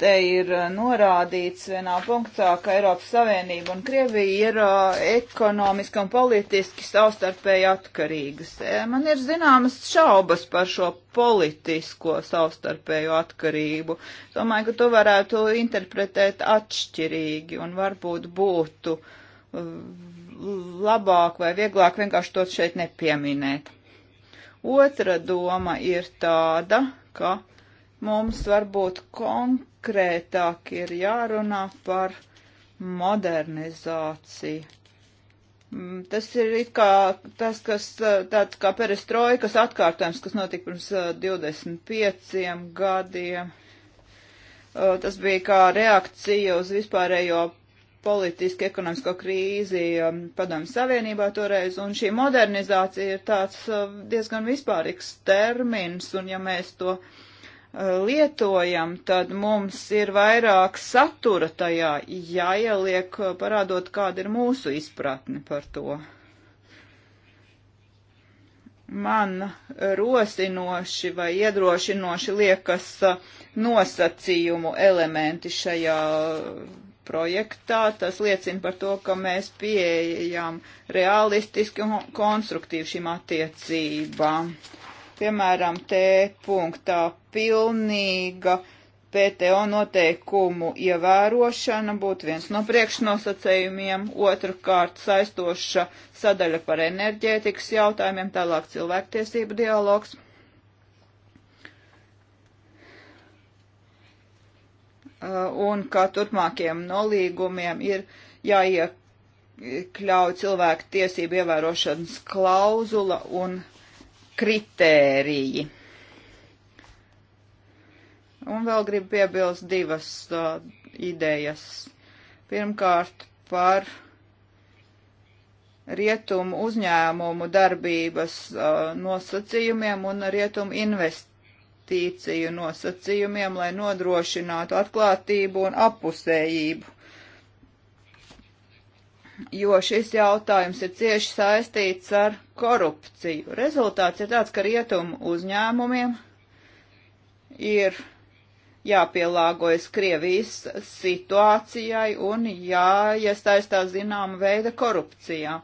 te ir norādīts vienā punktā, ka Eiropas Savienība un Krievija ir e, ekonomiski un politiski savstarpēji atkarīgas. E, man ir zināmas šaubas par šo politisko savstarpēju atkarību. Domāju, ka to varētu interpretēt atšķirīgi un varbūt būtu labāk vai vieglāk vienkārši to šeit nepieminēt. Otra doma ir tāda, ka mums varbūt konkrētāk ir jārunā par modernizāciju. Mm, tas ir it kā tas, kas tāds kā perestroikas atkārtojums, kas notika pirms 25 gadiem. Tas bija kā reakcija uz vispārējo politiski ekonomisko krīzi um, padomju savienībā toreiz, un šī modernizācija ir tāds um, diezgan vispārīgs termins, un ja mēs to uh, lietojam, tad mums ir vairāk satura tajā jāieliek, uh, parādot, kāda ir mūsu izpratne par to. Man rosinoši vai iedrošinoši liekas uh, nosacījumu elementi šajā projektā. Tas liecina par to, ka mēs pieejam realistiski un konstruktīvi šīm attiecībām. Piemēram, T punktā pilnīga PTO noteikumu ievērošana būtu viens no priekšnosacējumiem, otrkārt saistoša sadaļa par enerģētikas jautājumiem, tālāk cilvēktiesību dialogs Uh, un ka turpmākiem nolīgumiem ir jāiekļauj cilvēku tiesību ievērošanas klauzula un kritēriji. Un vēl gribu piebilst divas uh, idejas. Pirmkārt, par rietumu uzņēmumu darbības uh, nosacījumiem un rietumu invest investīciju nosacījumiem, lai nodrošinātu atklātību un apusējību. Jo šis jautājums ir cieši saistīts ar korupciju. Rezultāts ir tāds, ka rietumu uzņēmumiem ir jāpielāgojas Krievijas situācijai un jāiestaistās zināma veida korupcijā.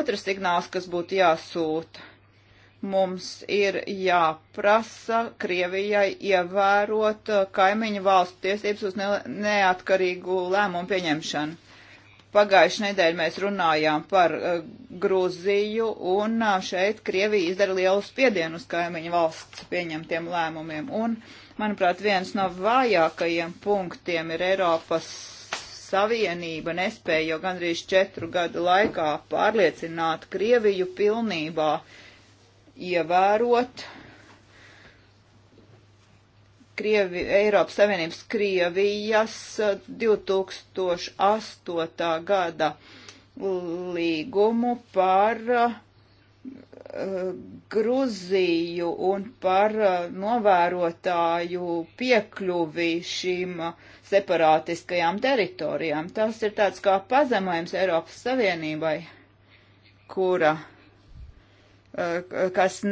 Otrs signāls, kas būtu jāsūta, Mums ir jāprasa Krievijai ievērot uh, kaimiņu valstu tiesības uz neatkarīgu lēmumu pieņemšanu. Pagājušajā nedēļā mēs runājām par uh, Grūziju, un uh, šeit Krievija izdara lielu spiedienu uz kaimiņu valsts pieņemtiem lēmumiem. Un, manuprāt, viens no vājākajiem punktiem ir Eiropas Savienība nespēja jau gandrīz četru gadu laikā pārliecināt Krieviju pilnībā uh, ievērot. Krievi, Eiropas Savienības Krievijas 2008. gada līgumu par uh, Gruziju un par uh, novērotāju piekļuvi šīm uh, separātiskajām teritorijām. Tas ir tāds kā pazemojums Eiropas Savienībai, kura Eh, kas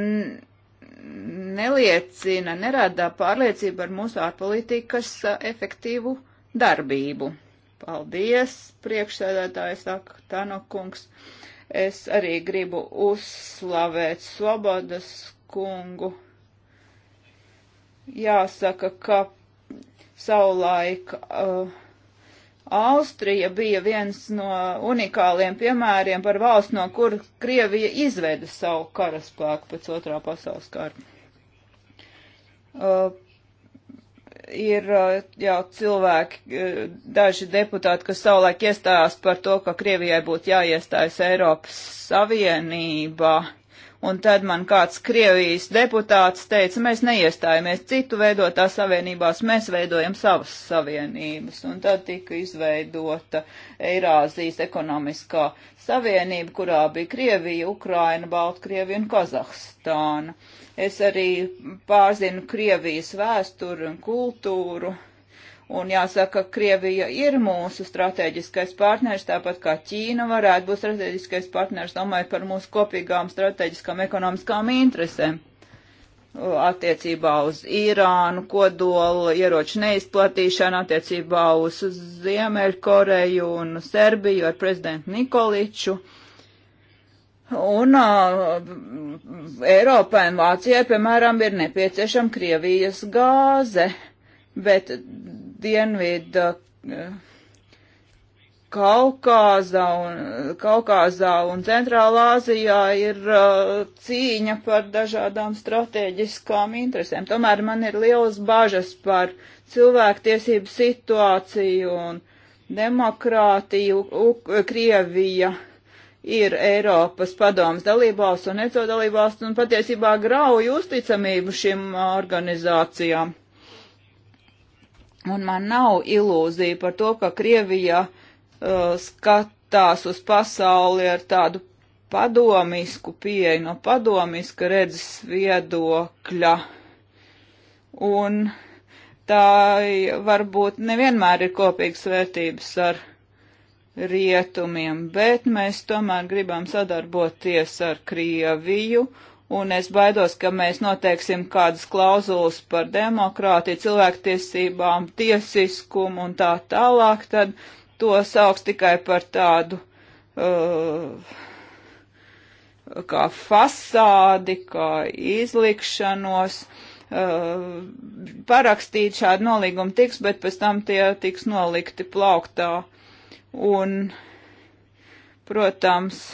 neliecina, nerādā pārliecību par mūsu ārpolitikas eh, efektīvu darbību. Paldies, priekšsēdētājs saka Tanokungs. Es arī gribu uzslavēt Svobodas kungu. Jāsaka, ka savulaik uh, Austrija bija viens no unikāliem piemēriem par valsts, no kur Krievija izveida savu karaspēku pēc otrā pasaules kara. Uh, ir uh, jau cilvēki, uh, daži deputāti, kas savulaik iestājās par to, ka Krievijai būtu jāiestājas Eiropas Savienībā. Uh, Un tad man kāds Krievijas deputāts teica, mēs neiestājamies citu veidotā savienībās, mēs veidojam savas savienības. Un tad tika izveidota Eirāzijas ekonomiskā savienība, kurā bija Krievija, Ukraina, Baltkrievija un Kazahstāna. Es arī pārzinu Krievijas vēsturi un kultūru Un jāsaka, Krievija ir mūsu strateģiskais partners, tāpat kā Ķīna varētu būt strateģiskais partners, domājot par mūsu kopīgām strateģiskām ekonomiskām interesēm attiecībā uz Irānu, kodola ieroču neizplatīšanu, attiecībā uz Ziemeļkoreju un Serbiju ar prezidentu Nikoliču. Un uh, Eiropai un Vācijai, piemēram, ir nepieciešama Krievijas gāze, bet Dienvidu eh, Kaukāzā un, Kaukāzā un Centrālā Azijā ir uh, cīņa par dažādām strateģiskām interesēm. Tomēr man ir lielas bažas par cilvēktiesību situāciju un demokrātiju. U Krievija ir Eiropas padomas dalībvalsts un necodalībvalsts un patiesībā grauj uzticamību šim organizācijām Un man nav ilūzija par to, ka Krievija uh, skatās uz pasauli ar tādu padomisku pieeju, no padomiska redzes viedokļa. Un tā varbūt nevienmēr ir kopīgas vērtības ar rietumiem, bet mēs tomēr gribam sadarboties ar Krieviju un es baidos, ka mēs noteiksim kādas klauzulas par demokrātiju, cilvēktiesībām, tiesiskumu un tā tālāk, tad to sauks tikai par tādu uh, kā fasādi, kā izlikšanos. Uh, parakstīt šādu nolīgumu tiks, bet pēc tam tie tiks nolikti plauktā. Un, protams,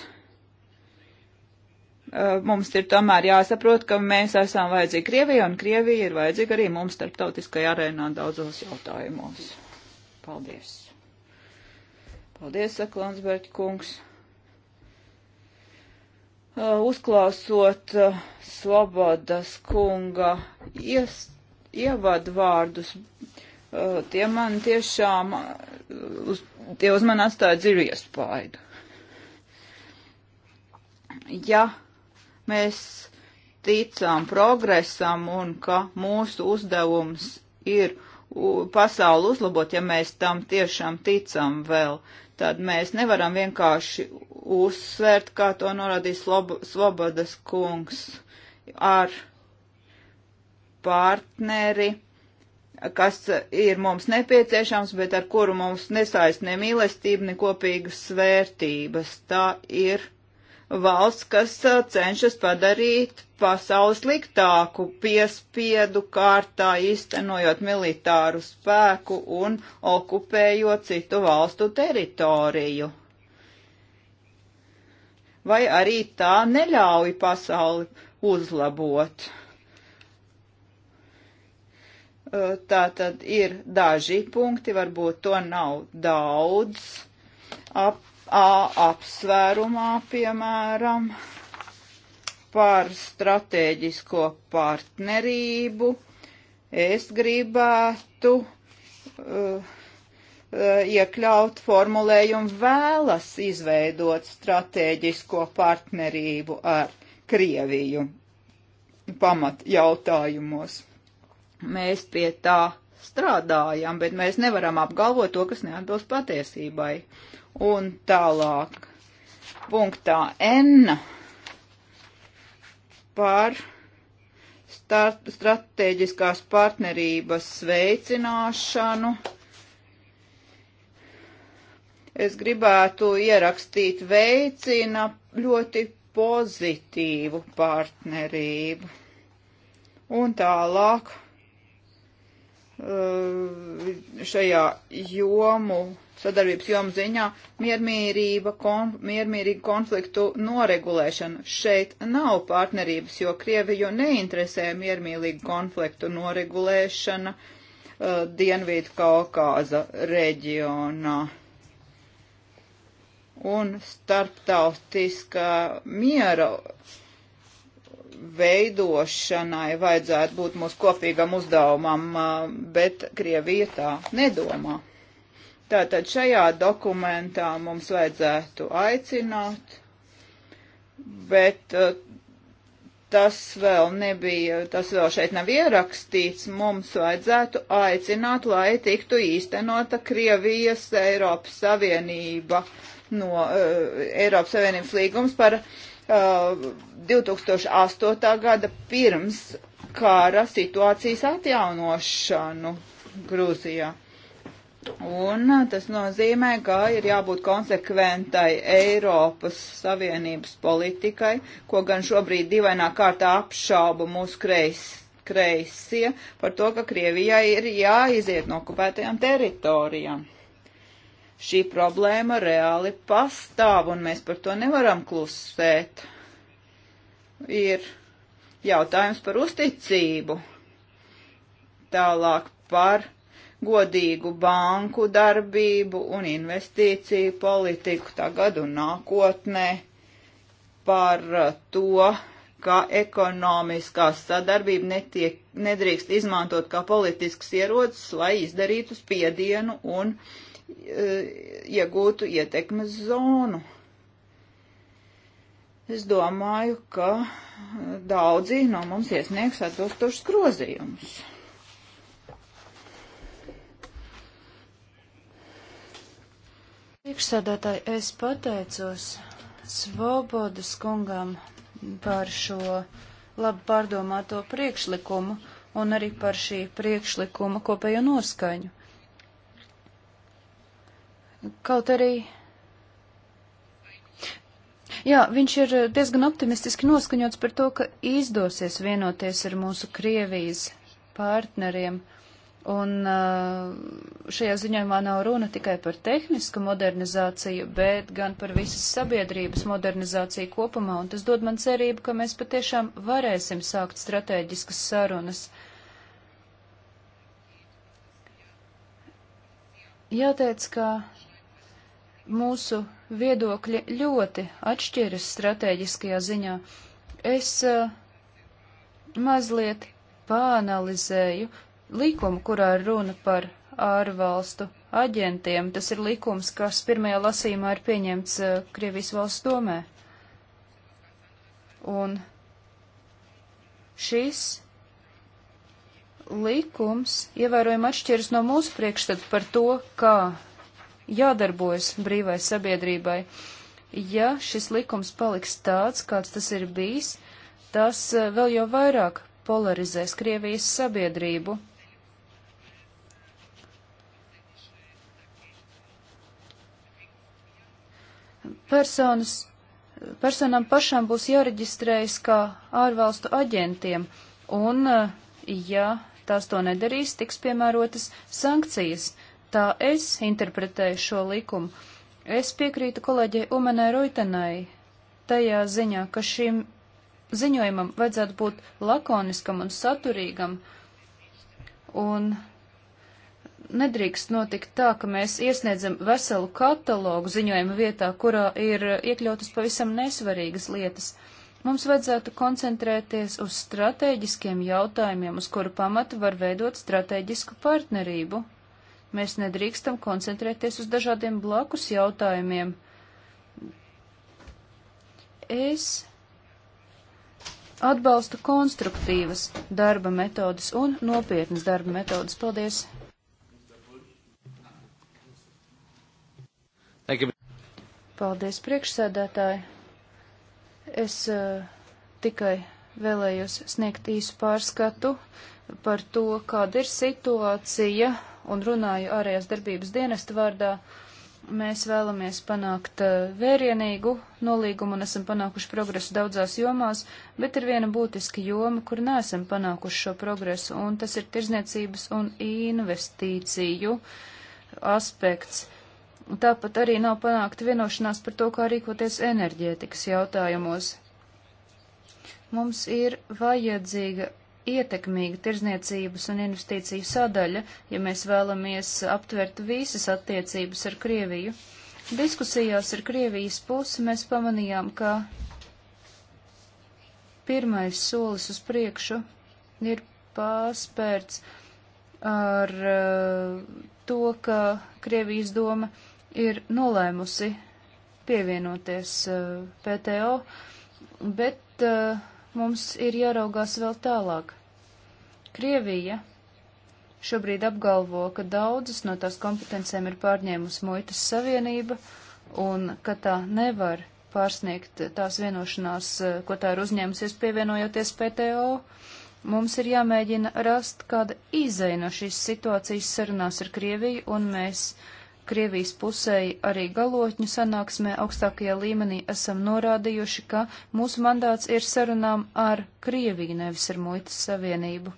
Eh, mums ir tomēr jāsaprot, ka mēs esam vajadzīgi Krievijai, un Krievija ir vajadzīga arī mums starptautiskajā arēnā daudzos jautājumos. Paldies! Paldies, saka Landsbergi kungs. Eh, uzklausot eh, Svobodas kunga ies, ievadvārdus, tie man tiešām, uz, tie uz man atstāja dziļu iespaidu. Ja Mēs ticām progresam un ka mūsu uzdevums ir pasauli uzlabot, ja mēs tam tiešām ticam vēl. Tad mēs nevaram vienkārši uzsvērt, kā to norādīja Svobodas kungs, ar partneri, kas ir mums nepieciešams, bet ar kuru mums nesaist ne mīlestība, ne kopīgas svērtības. Tā ir valsts, kas uh, cenšas padarīt pasauli sliktāku, piespiedu kārtā īstenojot militāru spēku un okupējot citu valstu teritoriju. Vai arī tā neļauj pasauli uzlabot? Uh, tā tad ir daži punkti, varbūt to nav daudz. Ap A apsvērumā, piemēram, par strateģisko partnerību, es gribētu uh, uh, iekļaut formulējumu vēlas izveidot strateģisko partnerību ar Krieviju pamat jautājumos. Mēs pie tā strādājam, bet mēs nevaram apgalvot to, kas neatbilst patiesībai. Uh, un tālāk. Punktā N par strateģiskās partnerības sveicināšanu. Es gribētu ierakstīt veicina ļoti pozitīvu partnerību. Un tālāk eh, šajā jomu sadarbības jomu ziņā miermīrība, kon, miermīrīga konfliktu noregulēšana. Šeit nav partnerības, jo Krieviju neinteresē miermīlīga konfliktu noregulēšana uh, Dienvīdu Kaukāza reģionā. Un starptautiskā miera veidošanai vajadzētu būt mūsu kopīgam uzdevumam, uh, bet Krievija tā nedomā. Tātad šajā dokumentā mums vajadzētu aicināt, bet uh, tas vēl nebija, tas vēl šeit nav ierakstīts, mums vajadzētu aicināt, lai tiktu īstenota Krievijas Eiropas Savienība no uh, Eiropas Savienības līgums par uh, 2008. gada pirms kara situācijas atjaunošanu Grūzijā. Uh, Un tas nozīmē, ka ir jābūt konsekventai Eiropas Savienības politikai, ko gan šobrīd divainā kārtā apšauba mūsu kreis, kreisie par to, ka Krievijai ir jāiziet no okupētajām teritorijām. Šī problēma reāli pastāv, un mēs par to nevaram klusēt. Ir jautājums par uzticību. Tālāk par godīgu banku darbību un investīciju politiku tagad un nākotnē, par uh, to, ka ekonomiskā sadarbība netiek, nedrīkst izmantot kā politisks ierocis, lai izdarītu spiedienu un uh, iegūtu ja ietekmes zonu. Es domāju, ka daudzi no mums iesniegs atbilstošus grozījumus. Priekšsēdētāji, es pateicos Svobodas kungam par šo labi pārdomāto priekšlikumu un arī par šī priekšlikuma kopējo noskaņu. Kaut arī. Jā, viņš ir diezgan optimistiski noskaņots par to, ka izdosies vienoties ar mūsu Krievijas partneriem. Uh, Un uh, šajā ziņojumā nav runa tikai par tehnisku modernizāciju, bet gan par visas sabiedrības modernizāciju kopumā, un tas dod man cerību, ka mēs patiešām varēsim sākt strateģiskas sarunas. Jāteic, ka mūsu viedokļi ļoti atšķiras strateģiskajā ziņā. Es uh, mazliet pāanalizēju likumu, kurā ir runa par ārvalstu aģentiem. Tas ir likums, kas pirmajā lasījumā ir pieņemts uh, Krievijas valsts domē. Un šis likums ievērojami atšķiras no mūsu priekšstata par to, kā jādarbojas brīvai sabiedrībai. Ja šis likums paliks tāds, kāds tas ir bijis, tas eh, vēl jau vairāk polarizēs Krievijas sabiedrību. personas, personām pašām būs jāreģistrējas kā ārvalstu aģentiem, un, eh, ja tās to nedarīs, tiks piemērotas sankcijas. Tā es interpretēju šo likumu. Es piekrītu kolēģei Umenai Roitenai tajā ziņā, ka šim ziņojumam vajadzētu būt lakoniskam un saturīgam, un nedrīkst notikt tā, ka mēs iesniedzam veselu katalogu ziņojumu vietā, kurā ir iekļautas pavisam nesvarīgas lietas. Mums vajadzētu koncentrēties uz strateģiskiem jautājumiem, uz kuru pamatu var veidot strateģisku partnerību. Mēs nedrīkstam koncentrēties uz dažādiem blakus jautājumiem. Es atbalstu konstruktīvas darba metodas un nopietnas darba metodas. Paldies! Paldies, priekšsēdētāji. Es uh, tikai vēlējos sniegt īsu pārskatu par to, kāda ir situācija, un runāju ārējās darbības dienesta vārdā. Mēs vēlamies panākt uh, vērienīgu nolīgumu un esam panākuši progresu daudzās jomās, bet ir viena būtiska joma, kur neesam panākuši šo progresu, un tas ir tirzniecības un investīciju aspekts. Uh, Tāpat arī nav panākta vienošanās par to, kā rīkoties enerģētikas jautājumos. Mums ir vajadzīga ietekmīga tirzniecības un investīciju sadaļa, ja mēs vēlamies aptvert visas attiecības ar Krieviju. Diskusijās ar Krievijas pusi mēs pamanījām, ka pirmais solis uz priekšu ir pārspērts ar uh, to, ka Krievijas doma uh, ir nolēmusi pievienoties eh, PTO, bet eh, mums ir jāraugās vēl tālāk. Krievija šobrīd apgalvo, ka daudzas no tās kompetencēm ir pārņēmusi muitas savienība un ka tā nevar pārsniegt tās vienošanās, eh, ko tā ir uzņēmusies pievienojoties PTO. Mums ir jāmēģina rast kāda izeja no šīs situācijas sarunās ar Krieviju, un mēs uh, Krievijas pusēji arī galotņu sanāksmē augstākajā līmenī esam norādījuši, ka mūsu mandāts ir sarunām ar Krieviju, nevis ar muitas savienību.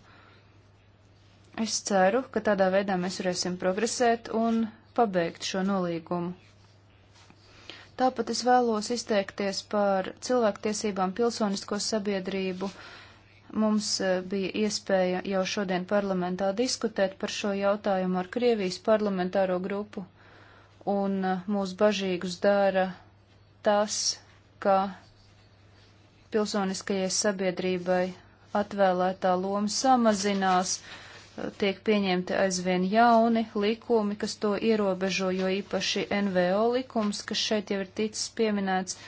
Es ceru, ka tādā veidā mēs varēsim progresēt un pabeigt šo nolīgumu. Tāpat es vēlos izteikties par cilvēktiesībām pilsonisko sabiedrību. Mums e, bija iespēja jau šodien parlamentā diskutēt par šo jautājumu ar Krievijas parlamentāro grupu un eh, mūs bažīgus dara tas, ka pilsoniskajai sabiedrībai atvēlētā loma samazinās, eh, tiek pieņemti aizvien jauni likumi, kas to ierobežo, jo īpaši NVO likums, kas šeit jau ir ticis pieminēts.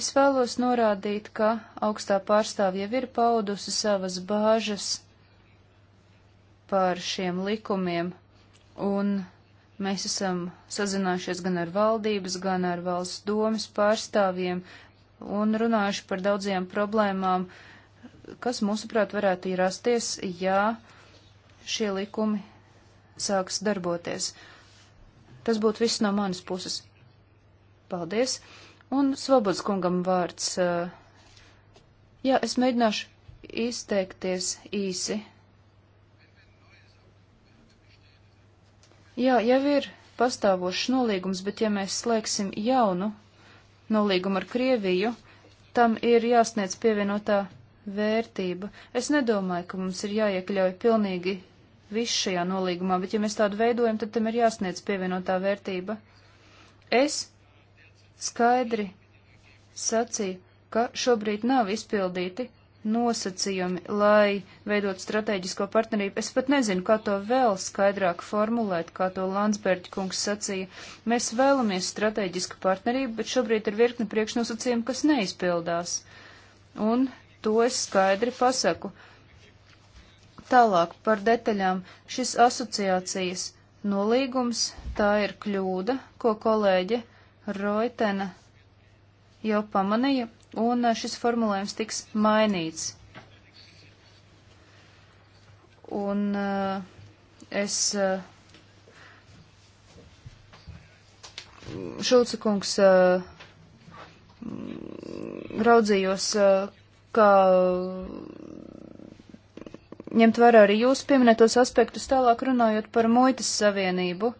Es vēlos norādīt, ka augstā pārstāvja jau ir paudusi savas bāžas par šiem likumiem, un Mēs esam sazinājušies gan ar valdības, gan ar valsts domas pārstāvjiem un runājuši par daudzajām problēmām, kas, mūsuprāt, varētu ierasties, ja šie likumi sāks darboties. Tas būtu viss no manas puses. Paldies! Un Svobods kungam vārds. Jā, es mēģināšu izteikties īsi. Jā, jau ir pastāvošs nolīgums, bet ja mēs slēgsim jaunu nolīgumu ar Krieviju, tam ir jāsniedz pievienotā vērtība. Es nedomāju, ka mums ir jāiekļauj pilnīgi viss šajā nolīgumā, bet ja mēs tādu veidojam, tad tam ir jāsniedz pievienotā vērtība. Es skaidri sacīju, ka šobrīd nav izpildīti nosacījumi, lai veidot strateģisko partnerību. Es pat nezinu, kā to vēl skaidrāk formulēt, kā to Landsbergi kungs sacīja. Mēs vēlamies strateģisku partnerību, bet šobrīd ir virkni priekšnosacījumi, kas neizpildās. Un to es skaidri pasaku. Tālāk par detaļām šis asociācijas nolīgums, tā ir kļūda, ko kolēģe Roitena jau pamanīja, un eh, šis formulējums tiks mainīts. Un eh, es eh, Šulca kungs raudzījos, kā ņemt vērā arī jūsu pieminētos aspektus tālāk runājot par muitas savienību.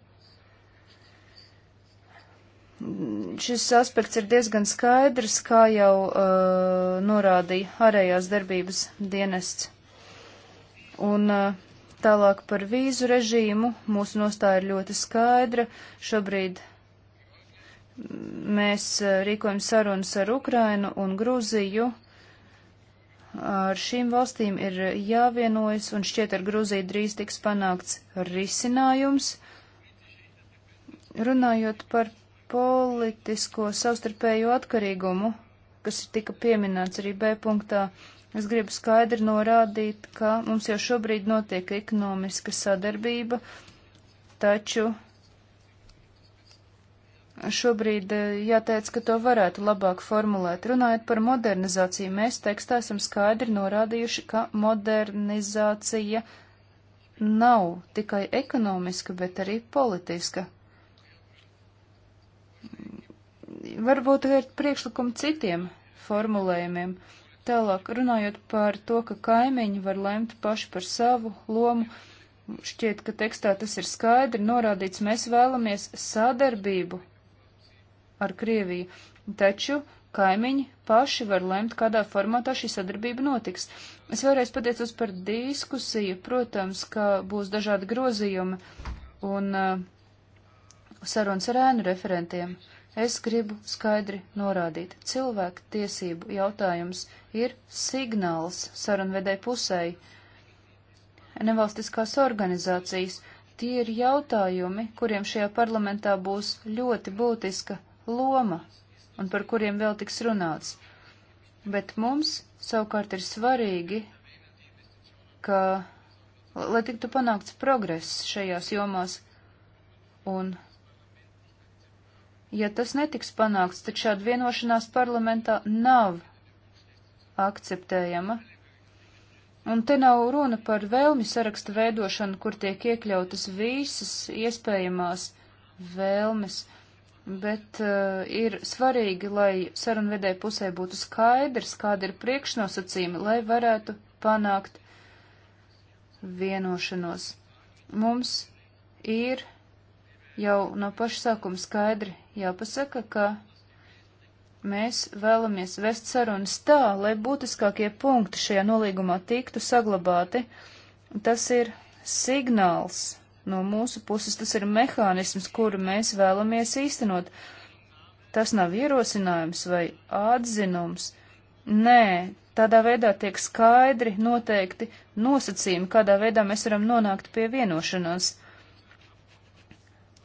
Šis aspekts ir diezgan skaidrs, kā jau uh, norādīja ārējās darbības dienests. Un uh, tālāk par vīzu režīmu mūsu nostāja ir ļoti skaidra. Šobrīd mm, mēs uh, rīkojam sarunas ar Ukrainu un Grūziju. Ar šīm valstīm ir jāvienojas un šķiet ar Grūziju drīz tiks panākts risinājums. Runājot par politisko savstarpējo atkarīgumu, kas ir tika pieminēts arī B punktā, es gribu skaidri norādīt, ka mums jau šobrīd notiek ekonomiska sadarbība, taču šobrīd eh, jāteic, ka to varētu labāk formulēt. Runājot par modernizāciju, mēs tekstā esam skaidri norādījuši, ka modernizācija nav tikai ekonomiska, bet arī politiska varbūt ir priekšlikumi citiem formulējumiem. Tālāk, runājot par to, ka kaimiņi var lemt paši par savu lomu, šķiet, ka tekstā tas ir skaidri norādīts, mēs vēlamies sadarbību ar Krieviju, taču kaimiņi paši var lemt, kādā formātā šī sadarbība notiks. Es vēlreiz pateicos par diskusiju, protams, ka būs dažādi grozījumi un uh, sarunas ar ēnu referentiem. Uh, Es gribu skaidri norādīt, cilvēku tiesību jautājums ir signāls sarunvedēji pusēji. Nevalstiskās organizācijas tie ir jautājumi, kuriem šajā parlamentā būs ļoti būtiska loma un par kuriem vēl tiks runāts. Bet mums savukārt ir svarīgi, ka, lai tiktu panākts progress šajās jomās, un ja tas netiks panākts, tad šāda vienošanās parlamentā nav akceptējama. Un te nav runa par vēlmi sarakstu veidošanu, kur tiek iekļautas visas iespējamās vēlmes, bet uh, ir svarīgi, lai sarunvedēji pusē būtu skaidrs, kāda ir priekšnosacījumi, lai varētu panākt vienošanos. Mums ir jau no paša sākuma skaidri jāpasaka, ka mēs vēlamies vest sarunas tā, lai būtiskākie punkti šajā nolīgumā tiktu saglabāti. Tas ir signāls no mūsu puses, tas ir mehānisms, kuru mēs vēlamies īstenot. Tas nav ierosinājums vai atzinums. Nē, tādā veidā tiek skaidri noteikti nosacījumi, kādā veidā mēs varam nonākt pie vienošanās.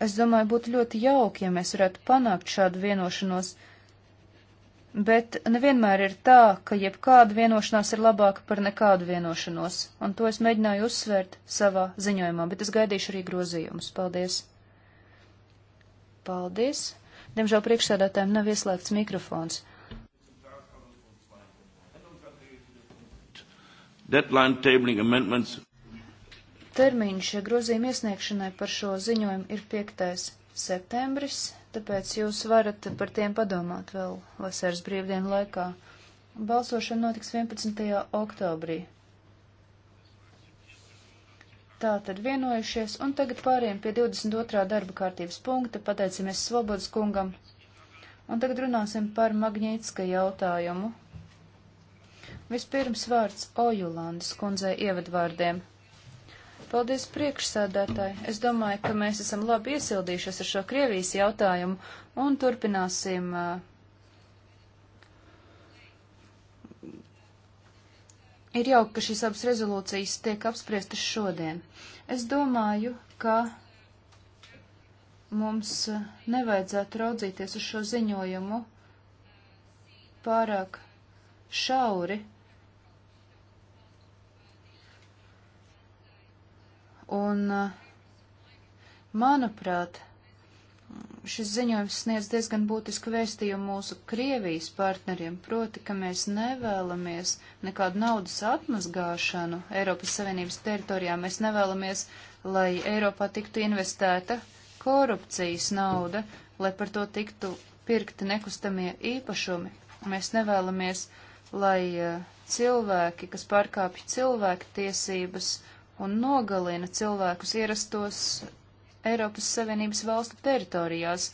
Es domāju, būtu ļoti jauki, ja mēs varētu panākt šādu vienošanos, bet nevienmēr ir tā, ka jebkāda vienošanās ir labāka par nekādu vienošanos, un to es mēģināju uzsvērt savā ziņojumā, bet es gaidīšu arī grozījumus. Paldies! Paldies! Diemžēl priekšsēdētājiem nav ieslēgts mikrofons. Deadline tabling amendments Termiņš grozījuma iesniegšanai par šo ziņojumu ir 5. septembris, tāpēc jūs varat par tiem padomāt vēl vasaras brīvdienu laikā. Balsošana notiks 11. oktobrī. Tā tad vienojušies, un tagad pāriem pie 22. darba kārtības punkta, pateicamies Svobodas kungam, un tagad runāsim par Magnītiska jautājumu. Vispirms vārds Ojulandes kundzei ievadvārdiem. Paldies priekšsēdētāji. Es domāju, ka mēs esam labi iesildījušies ar šo Krievijas jautājumu un turpināsim Ir jauki, ka šīs abas rezolūcijas tiek apspriestas šodien. Es domāju, ka mums nevajadzētu raudzīties uz šo ziņojumu pārāk šauri, Un, eh, manuprāt, šis ziņojums sniedz diezgan būtisku vēstījumu mūsu Krievijas partneriem, proti, ka mēs nevēlamies nekādu naudas atmazgāšanu Eiropas Savienības teritorijā. Mēs nevēlamies, lai Eiropā tiktu investēta korupcijas nauda, lai par to tiktu pirkti nekustamie īpašumi. Mēs nevēlamies, lai eh, cilvēki, kas pārkāpj cilvēku tiesības un nogalina cilvēkus ierastos Eiropas Savienības valstu teritorijās.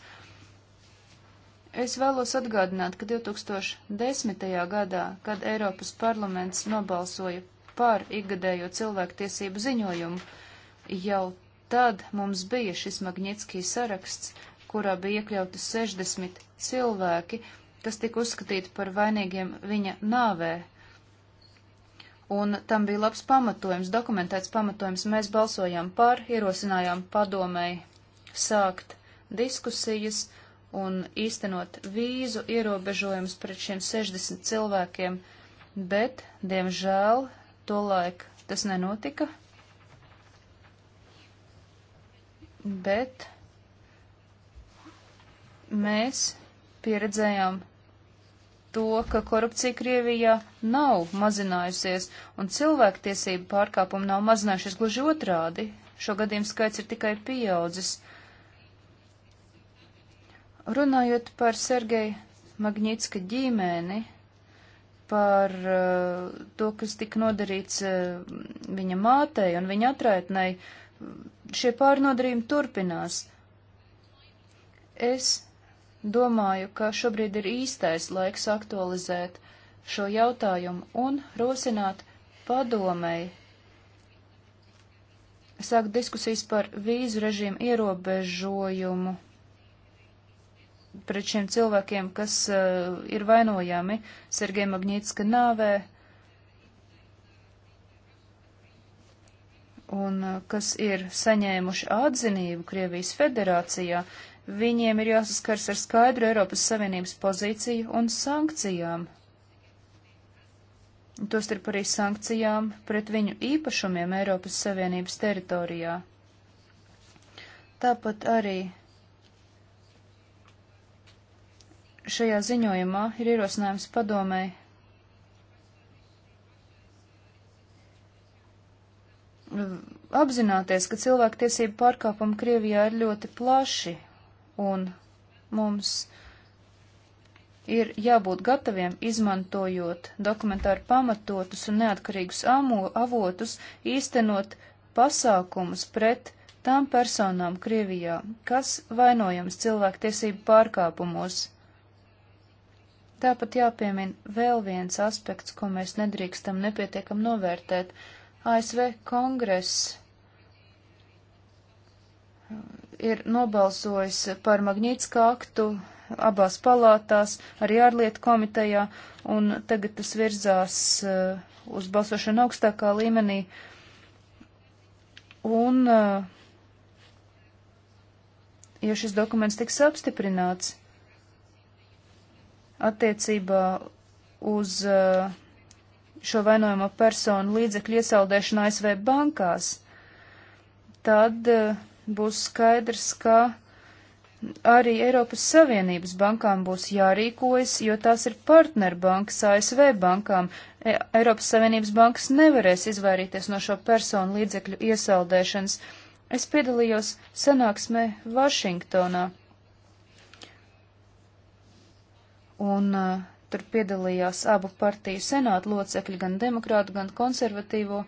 Es vēlos atgādināt, ka 2010. gadā, kad Eiropas parlaments nobalsoja par ikgadējo cilvēktiesību ziņojumu, jau tad mums bija šis Magnitskī saraksts, kurā bija iekļauti 60 cilvēki, kas tika uzskatīti par vainīgiem viņa nāvē un tam bija labs pamatojums, dokumentēts pamatojums. Mēs balsojām par, ierosinājām padomēji sākt diskusijas un īstenot vīzu ierobežojumus pret šiem 60 cilvēkiem, bet, diemžēl, tolaik tas nenotika. Bet mēs pieredzējām to, ka korupcija Krievijā nav mazinājusies un cilvēktiesību pārkāpumi nav mazinājušies gluži otrādi. Šo gadījumu skaits ir tikai pieaudzis. Runājot par Sergeju Magnitska ģimēni, par uh, to, kas tika nodarīts uh, viņa mātei un viņa atraitnei, šie pārnodarījumi turpinās. Es Domāju, ka šobrīd ir īstais laiks aktualizēt šo jautājumu un rosināt padomēji sākt diskusijas par vīzu režīmu ierobežojumu pret šiem cilvēkiem, kas uh, ir vainojami Sergei Magnītiska nāvē un uh, kas ir saņēmuši atzinību Krievijas federācijā. Viņiem ir jāsaskars ar skaidru Eiropas Savienības pozīciju un sankcijām. Tostarp arī sankcijām pret viņu īpašumiem Eiropas Savienības teritorijā. Tāpat arī šajā ziņojumā ir ierosinājums padomēji apzināties, ka cilvēktiesību pārkāpumi Krievijā ir ļoti plaši un mums ir jābūt gataviem, izmantojot dokumentāri pamatotus un neatkarīgus amo, avotus, īstenot pasākumus pret tām personām Krievijā, kas vainojams cilvēktiesību pārkāpumos. Tāpat jāpiemina vēl viens aspekts, ko mēs nedrīkstam nepietiekam novērtēt. ASV kongress ir nobalsojis par Magnītiskā aktu abās palātās, arī ārlietu komitejā, un tagad tas virzās eh, uz balsošanu augstākā līmenī. Un, eh, ja šis dokuments tiks apstiprināts attiecībā uz eh, šo vainojamo personu līdzekļu iesaldēšanu ASV bankās, tad uh, būs skaidrs, ka arī Eiropas Savienības bankām būs jārīkojas, jo tās ir partnerbankas ASV bankām. E Eiropas Savienības bankas nevarēs izvairīties no šo personu līdzekļu iesaldēšanas. Es piedalījos sanāksmē Vašingtonā. Un uh, tur piedalījās abu partiju senātu locekļi, gan demokrātu, gan konservatīvo,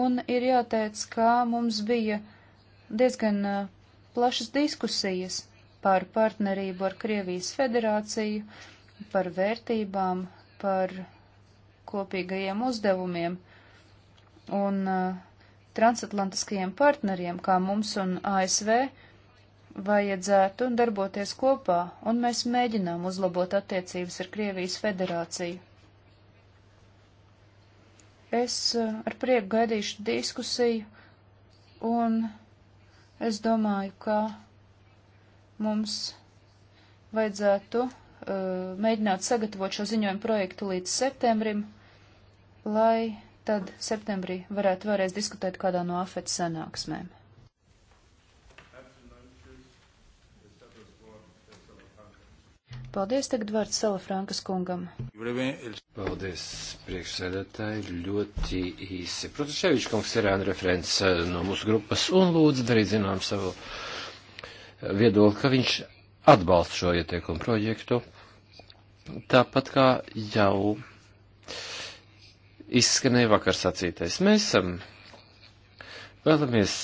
un ir jāteic, kā mums bija uh, diezgan plašas diskusijas par partnerību ar Krievijas federāciju, par vērtībām, par kopīgajiem uzdevumiem un uh, transatlantiskajiem partneriem, kā mums un ASV, vajadzētu darboties kopā, un mēs mēģinām uzlabot attiecības ar Krievijas federāciju. Es uh, ar prieku gaidīšu diskusiju un Es domāju, ka mums vajadzētu uh, mēģināt sagatavot šo ziņojumu projektu līdz septembrim, lai tad septembrī varētu vēlreiz diskutēt kādā no afet sanāksmēm. Paldies, tagad vārds Sala Frankas kungam. Paldies, priekšsēdētāji, ļoti īsi. Protams, Ševičs kungs ir ēna referents eh, no mūsu grupas un lūdzu darīt zinām savu eh, viedokli, ka viņš atbalsta šo ieteikumu projektu. Tāpat kā jau izskanēja vakar sacītais. Mēs esam um, vēlamies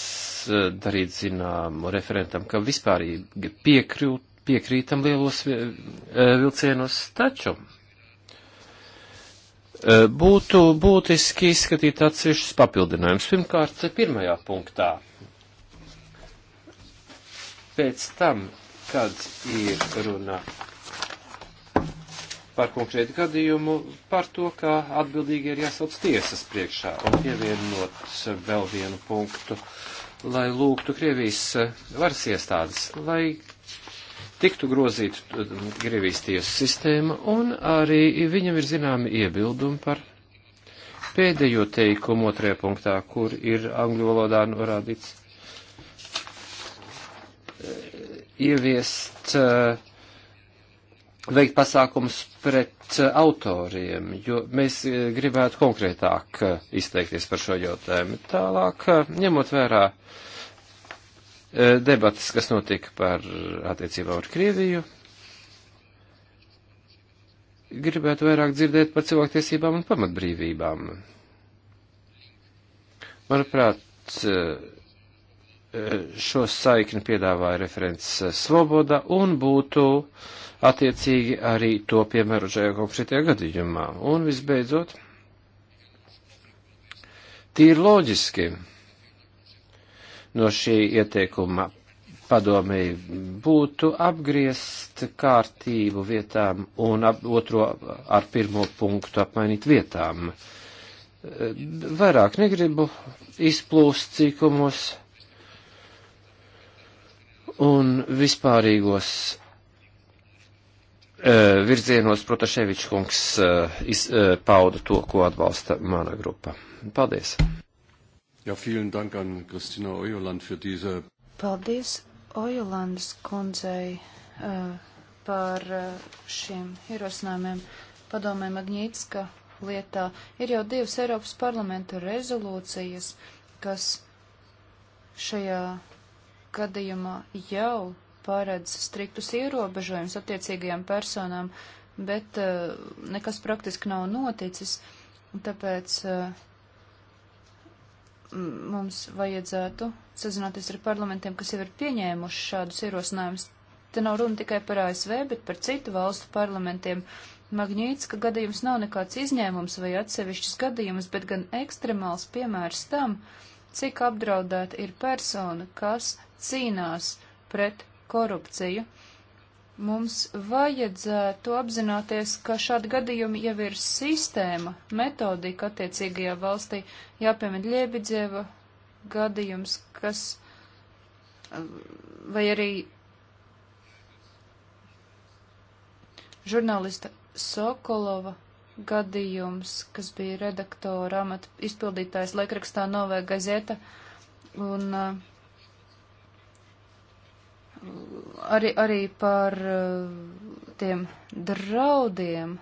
eh, darīt zināmu referentam, ka vispārīgi piekļūt piekrītam lielos e, vilcienos, taču e, būtu būtiski izskatīt atsevišķus papildinājumus. Pirmkārt, pirmajā punktā. Pēc tam, kad ir runa par konkrētu gadījumu, par to, kā atbildīgi ir jāsauc tiesas priekšā un pievienot vēl vienu punktu, lai lūgtu Krievijas varas iestādes, lai tiktu grozīta Krievijas um, tiesu sistēma, un arī viņam ir zināmi iebildumi par pēdējo teikumu otrajā punktā, kur ir angļu valodā norādīts eh, ieviest, eh, veikt pasākums pret eh, autoriem, jo mēs gribētu konkrētāk izteikties par šo jautājumu. Tālāk, ņemot vērā uh, Eh, debatas, kas notika par attiecībā ar Krieviju. Gribētu vairāk dzirdēt par cilvēktiesībām un pamatbrīvībām. Manuprāt, eh, šo saikni piedāvāja referents Svoboda un būtu attiecīgi arī to piemēru šajā konkrētajā gadījumā. Un visbeidzot, tīri loģiski no šī ieteikuma padomēji būtu apgriezt kārtību vietām un ap, otro ar pirmo punktu apmainīt vietām. Vairāk negribu izplūst cīkumos un vispārīgos uh, virzienos Protaševičs kungs uh, iz, uh, pauda to, ko atbalsta mana grupa. Paldies! Ja, vielen Dank an Kristina Ojoland für diese. Paldies Ojolandas kundzei uh, par uh, šiem ierosinājumiem padomē Magnītska lietā. Ir jau divas Eiropas parlamenta rezolūcijas, kas šajā gadījumā jau paredz striktus ierobežojumus attiecīgajām personām, bet uh, nekas praktiski nav noticis, tāpēc uh, mums vajadzētu sazināties ar parlamentiem, kas jau ir pieņēmuši šādus ierosinājumus. Te nav runa tikai par ASV, bet par citu valstu parlamentiem. Magnītiska gadījums nav nekāds izņēmums vai atsevišķs gadījums, bet gan ekstremāls piemērs tam, cik apdraudēta ir persona, kas cīnās pret korupciju. Mums vajadzētu apzināties, ka šādi gadījumi jau ir sistēma, metodika attiecīgajā valstī. Jāpiemina Ļiebidzieva gadījums, kas vai arī žurnālista Sokolova gadījums, kas bija redaktora amata izpildītājs laikrakstā Novē Gazeta. Un uh, arī, arī par eh, tiem draudiem, eh,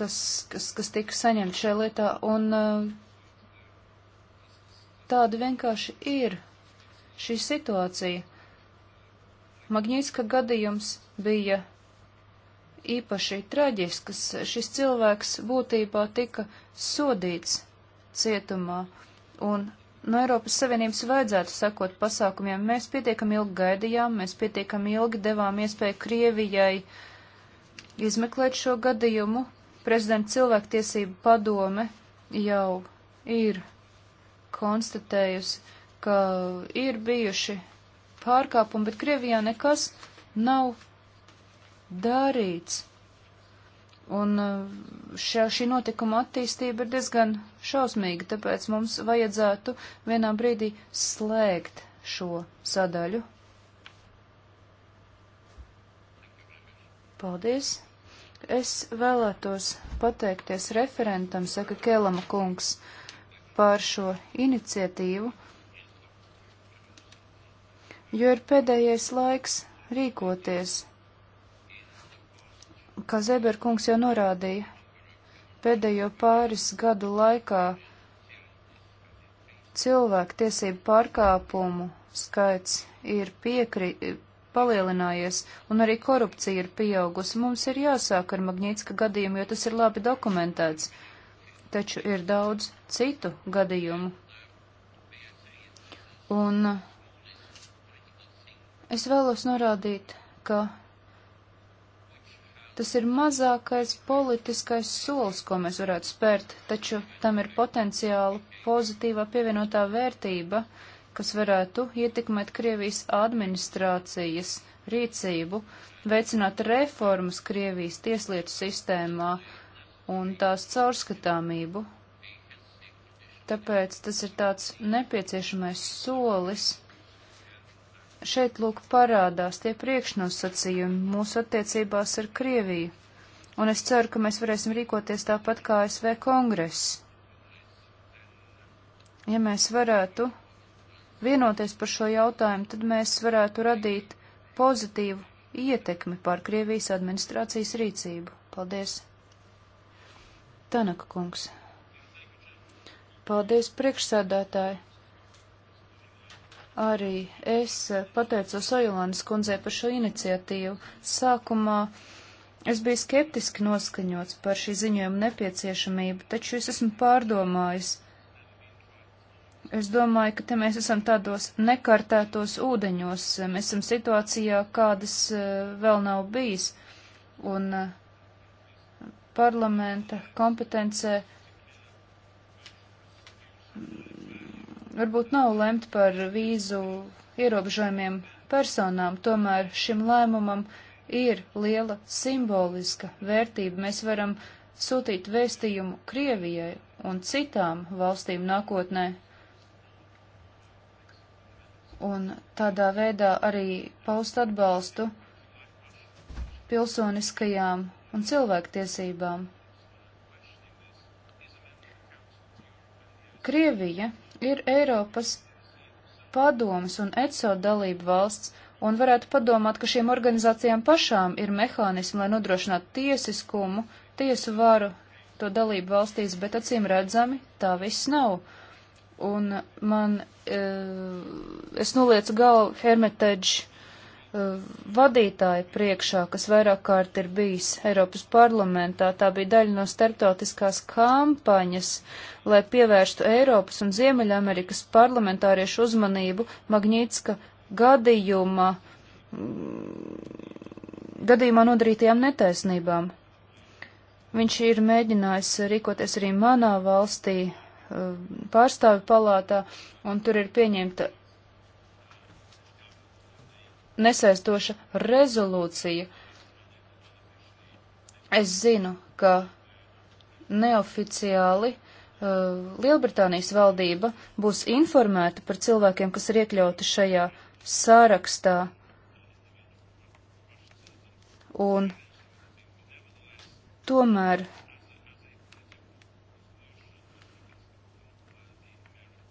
kas, kas, kas tika saņemti šajā lietā, un eh, tāda vienkārši ir šī situācija. Magnīska gadījums bija īpaši traģisks. Šis cilvēks būtībā tika sodīts cietumā, un no Eiropas Savienības vajadzētu sakot pasākumiem. Mēs pietiekami ilgi gaidījām, mēs pietiekami ilgi devām iespēju Krievijai izmeklēt šo gadījumu. Prezidenta cilvēktiesība padome jau ir konstatējusi, ka ir bijuši pārkāpumi, bet Krievijā nekas nav darīts. Un eh, šā, šī notikuma attīstība ir diezgan šausmīga, tāpēc mums vajadzētu vienā brīdī slēgt šo sadaļu. Paldies! Es vēlētos pateikties referentam, saka Kēlama kungs, par šo iniciatīvu, jo ir pēdējais laiks rīkoties kā Zeberkungs jau norādīja, pēdējo pāris gadu laikā cilvēku tiesību pārkāpumu skaits ir piekri, palielinājies, un arī korupcija ir pieaugusi. Mums ir jāsāk ar Magnītiska gadījumu, jo tas ir labi dokumentēts, taču ir daudz citu gadījumu. Un es vēlos norādīt, ka Tas ir mazākais politiskais solis, ko mēs varētu spērt, taču tam ir potenciāli pozitīvā pievienotā vērtība, kas varētu ietekmēt Krievijas administrācijas rīcību, veicināt reformas Krievijas tieslietu sistēmā un tās caurskatāmību. Tāpēc tas ir tāds nepieciešamais solis šeit lūk parādās tie priekšnosacījumi mūsu attiecībās ar Krieviju, un es ceru, ka mēs varēsim rīkoties tāpat kā ASV kongress. Ja mēs varētu vienoties par šo jautājumu, tad mēs varētu radīt pozitīvu ietekmi pār Krievijas administrācijas rīcību. Paldies! Tanaka kungs. Paldies, priekšsādātāji! Arī es pateicu Sojolandas kundzē par šo iniciatīvu. Sākumā es biju skeptiski noskaņots par šī ziņojuma nepieciešamību, taču es esmu pārdomājis. Es domāju, ka te mēs esam tādos nekartētos ūdeņos, mēs esam situācijā, kādas eh, vēl nav bijis, un eh, parlamenta kompetencē varbūt nav lemt par vīzu ierobežojumiem personām, tomēr šim lēmumam ir liela simboliska vērtība. Mēs varam sūtīt vēstījumu Krievijai un citām valstīm nākotnē. Un tādā veidā arī paust atbalstu pilsoniskajām un cilvēktiesībām. Krievija ir Eiropas padomas un ECO dalība valsts, un varētu padomāt, ka šīm organizācijām pašām ir mehānismi, lai nodrošinātu tiesiskumu, tiesu varu to dalību valstīs, bet acīm redzami tā viss nav. Un man, e, es noliecu galvu Hermitage Eh, vadītāju priekšā, kas vairāk kārt ir bijis Eiropas parlamentā. Tā bija daļa no starptautiskās kampaņas, lai pievērstu Eiropas un Ziemeļamerikas parlamentāriešu uzmanību Magnītska gadījuma, mm, gadījumā nodarītajām netaisnībām. Viņš ir mēģinājis rīkoties arī manā valstī, eh, pārstāvi palātā, un tur ir pieņemta nesaistoša rezolūcija. Es zinu, ka neoficiāli uh, Lielbritānijas valdība būs informēta par cilvēkiem, kas ir iekļauti šajā sārakstā. Un tomēr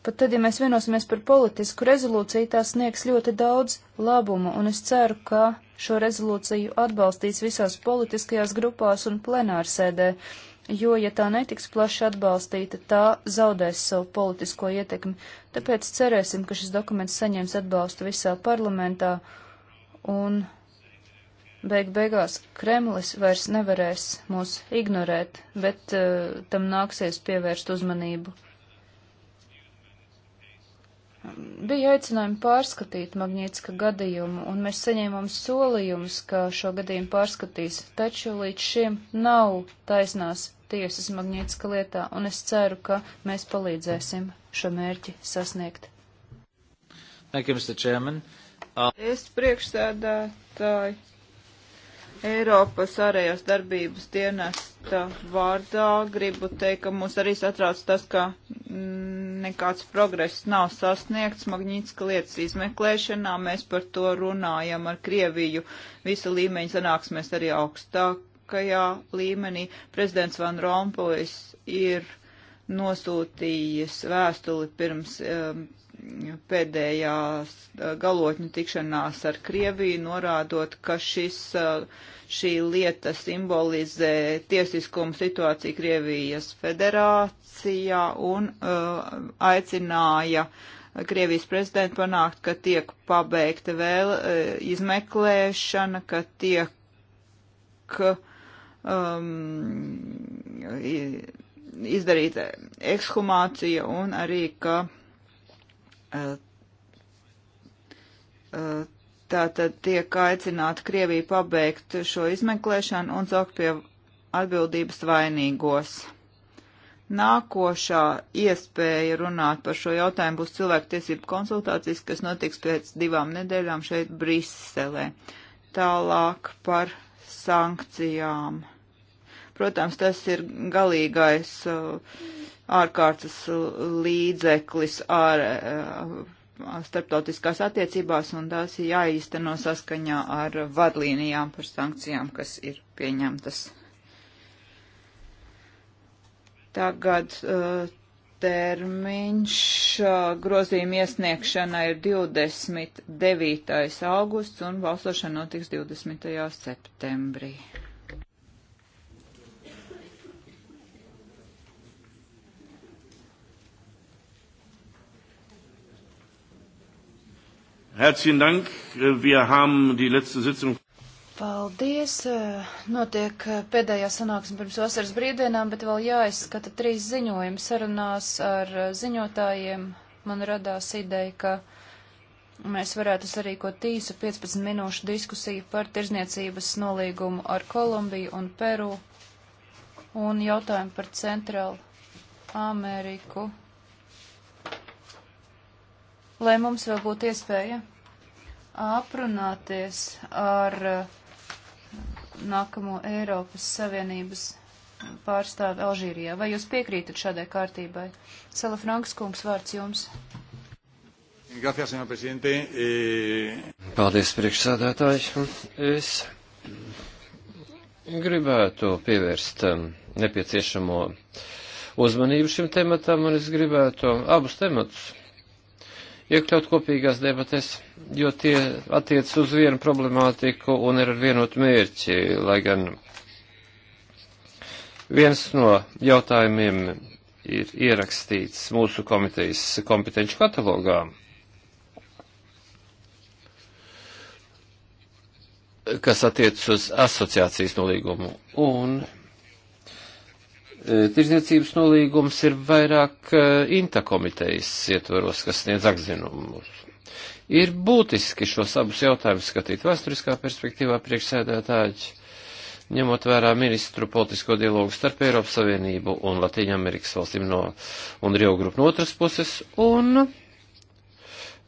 Pat tad, ja mēs vienosimies par politisku rezolūciju, tā sniegs ļoti daudz labumu, un es ceru, ka šo rezolūciju atbalstīs visās politiskajās grupās un plenārsēdē, jo, ja tā netiks plaši atbalstīta, tā zaudēs savu politisko ietekmi. Tāpēc cerēsim, ka šis dokuments saņems atbalstu visā parlamentā, un beig beigās Kremlis vairs nevarēs mūs ignorēt, bet uh, tam nāksies pievērst uzmanību. Bija aicinājumi pārskatīt Magnītiska gadījumu, un mēs saņēmām solījumus, ka šo gadījumu pārskatīs, taču līdz šim nav taisnās tiesas Magnītiska lietā, un es ceru, ka mēs palīdzēsim šo mērķi sasniegt. Thank you, Mr. Chairman. Uh... Es priekšsēdētāji Eiropas ārējās darbības dienesta vārdā gribu teikt, ka mūs arī satrauc tas, ka mm, nekāds progress nav sasniegts Magnītiska lietas izmeklēšanā. Mēs par to runājam ar Krieviju. Visa līmeņa sanāksmēs arī augstākajā līmenī. Prezidents Van Rompuis ir nosūtījis vēstuli pirms um, pēdējā galotņu tikšanās ar Krieviju, norādot, ka šis, šī lieta simbolizē tiesiskumu situāciju Krievijas federācijā un uh, aicināja Krievijas prezidentu panākt, ka tiek pabeigta vēl uh, izmeklēšana, ka tiek. Um, izdarīta ekshumācija un arī, ka uh, Tātad tiek aicināta Krievija pabeigt šo izmeklēšanu un zaukt pie atbildības vainīgos. Nākošā iespēja runāt par šo jautājumu būs cilvēktiesību konsultācijas, kas notiks pēc divām nedēļām šeit Briselē. Tālāk par sankcijām. Protams, tas ir galīgais uh, ārkārtas uh, līdzeklis ar uh, starptautiskās attiecībās, un tās ir jāīsteno saskaņā ar vadlīnijām par sankcijām, kas ir pieņemtas. Tagad uh, termiņš grozījuma iesniegšana ir 29. augusts, un balsošana notiks 20. septembrī. Herzlichen Dank. Wir haben die letzte Sitzung. Paldies! Notiek pēdējā sanāksme pirms vasaras brīvdienām, bet vēl jāizskata trīs ziņojumi. Sarunās ar ziņotājiem man radās ideja, ka mēs varētu sarīkot īsu 15 minūšu diskusiju par tirzniecības nolīgumu ar Kolumbiju un Peru un jautājumu par Centrālu Ameriku lai mums vēl būtu iespēja aprunāties ar uh, nākamo Eiropas Savienības pārstāvi Alžīrijā. Vai jūs piekrītat šādai kārtībai? Sala Franks kungs, vārds jums. Gracias, señor presidente. Eh, Paldies, priekšsādātāji. Es gribētu pievērst um, nepieciešamo uzmanību šim tematam, un es gribētu abus tematus iekļaut kopīgās debatēs, jo tie attiec uz vienu problemātiku un ir ar vienotu mērķi, lai gan viens no jautājumiem ir ierakstīts mūsu komitejas kompetenci katalogā. kas attiec uz asociācijas nolīgumu. Un E, tirzniecības nolīgums ir vairāk e, intakomitejas ietvaros, kas sniedz atzinumus. Ir būtiski šos abus jautājumus skatīt vēsturiskā perspektīvā priekšsēdētāji, ņemot vērā ministru politisko dialogu starp Eiropas Savienību un Latīņamerikas valstīm no un Rio grupu no otras puses, un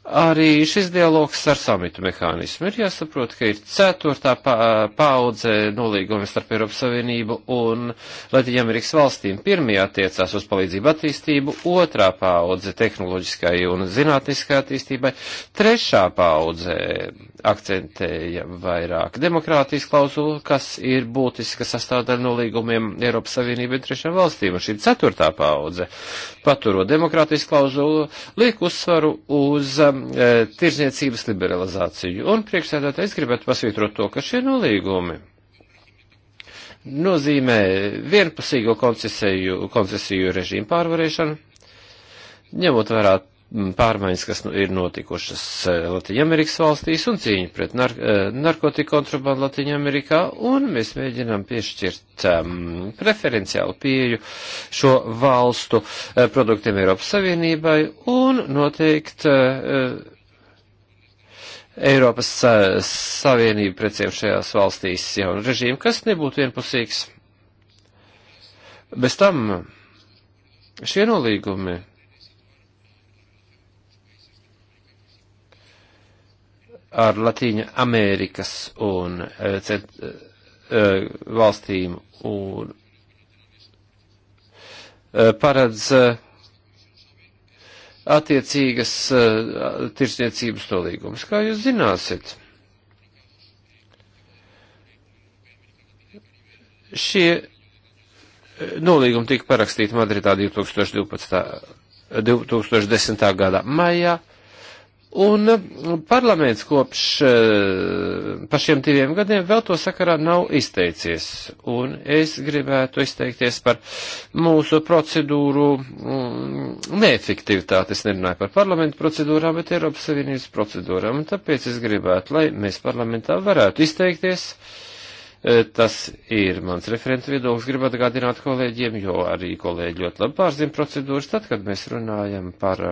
Arī šis dialogs ar samitu mehānismu ir jāsaprot, ka ir ceturtā pa paudze nolīgumi starp Eiropas Savienību un Latviju Amerikas valstīm. Pirmajā attiecās uz palīdzību attīstību, otrā paudze tehnoloģiskai un zinātniskai attīstībai, trešā paudze akcentēja vairāk demokrātijas klauzulu, kas ir būtiska sastāvdaļa no līgumiem Eiropas Savienība un trešām valstīm, un šī ceturtā paudze, paturot demokrātijas klauzulu, liek uzsvaru uz um, e, tirzniecības liberalizāciju. Un priekšsēdētājs gribētu pasvītrot to, ka šie nolīgumi nozīmē vienpusīgo koncesiju, koncesiju režīmu pārvarēšanu, ņemot vērā Mm, pārmaiņas, kas nu ir notikušas e, Latvijas-Amerikas valstīs un cīņa pret nar e, narkotiku kontrabandu Latvijas-Amerikā, un mēs mēģinām piešķirt um, preferenciālu pieju šo valstu uh, produktiem Eiropas Savienībai un noteikt uh, Eiropas uh, Savienību preciem šajās valstīs jaunu režīmu, kas nebūtu vienpusīgs. Bez tam šie nolīgumi ar Latīņa Amerikas un eh, cet, eh, eh, valstīm un paredz attiecīgas tirsniecības nolīgumus. Kā jūs zināsiet, šie nolīgumi tika parakstīti Madridā 2012. 2010. gada maijā Un eh, parlaments kopš eh, pa šiem diviem gadiem vēl to sakarā nav izteicies. Un es gribētu izteikties par mūsu procedūru mm, neefektivitāti. Es nerunāju par parlamentu procedūrām, bet Eiropas Savienības procedūrām. Un tāpēc es gribētu, lai mēs parlamentā varētu izteikties. Eh, tas ir mans referenta viedoklis. Gribu atgādināt kolēģiem, jo arī kolēģi ļoti labi pārzina procedūras, tad, kad mēs runājam par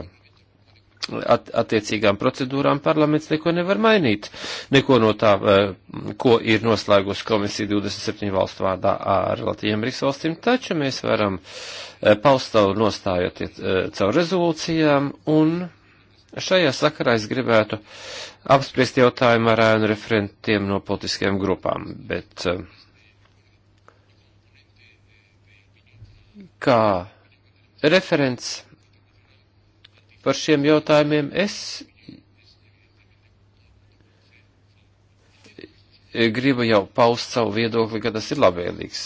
at, attiecīgām procedūrām parlaments neko nevar mainīt. Neko no tā, eh, ko ir noslēgusi komisija 27 valstu vārdā ar Latviju Amerikas valstīm, taču mēs varam eh, paust savu nostājoties eh, caur rezolūcijām un šajā sakarā es gribētu apspriest jautājumu ar ēnu referentiem no politiskajām grupām, bet kā referents par šiem jautājumiem. Es gribu jau paust savu viedokli, ka tas ir labvēlīgs.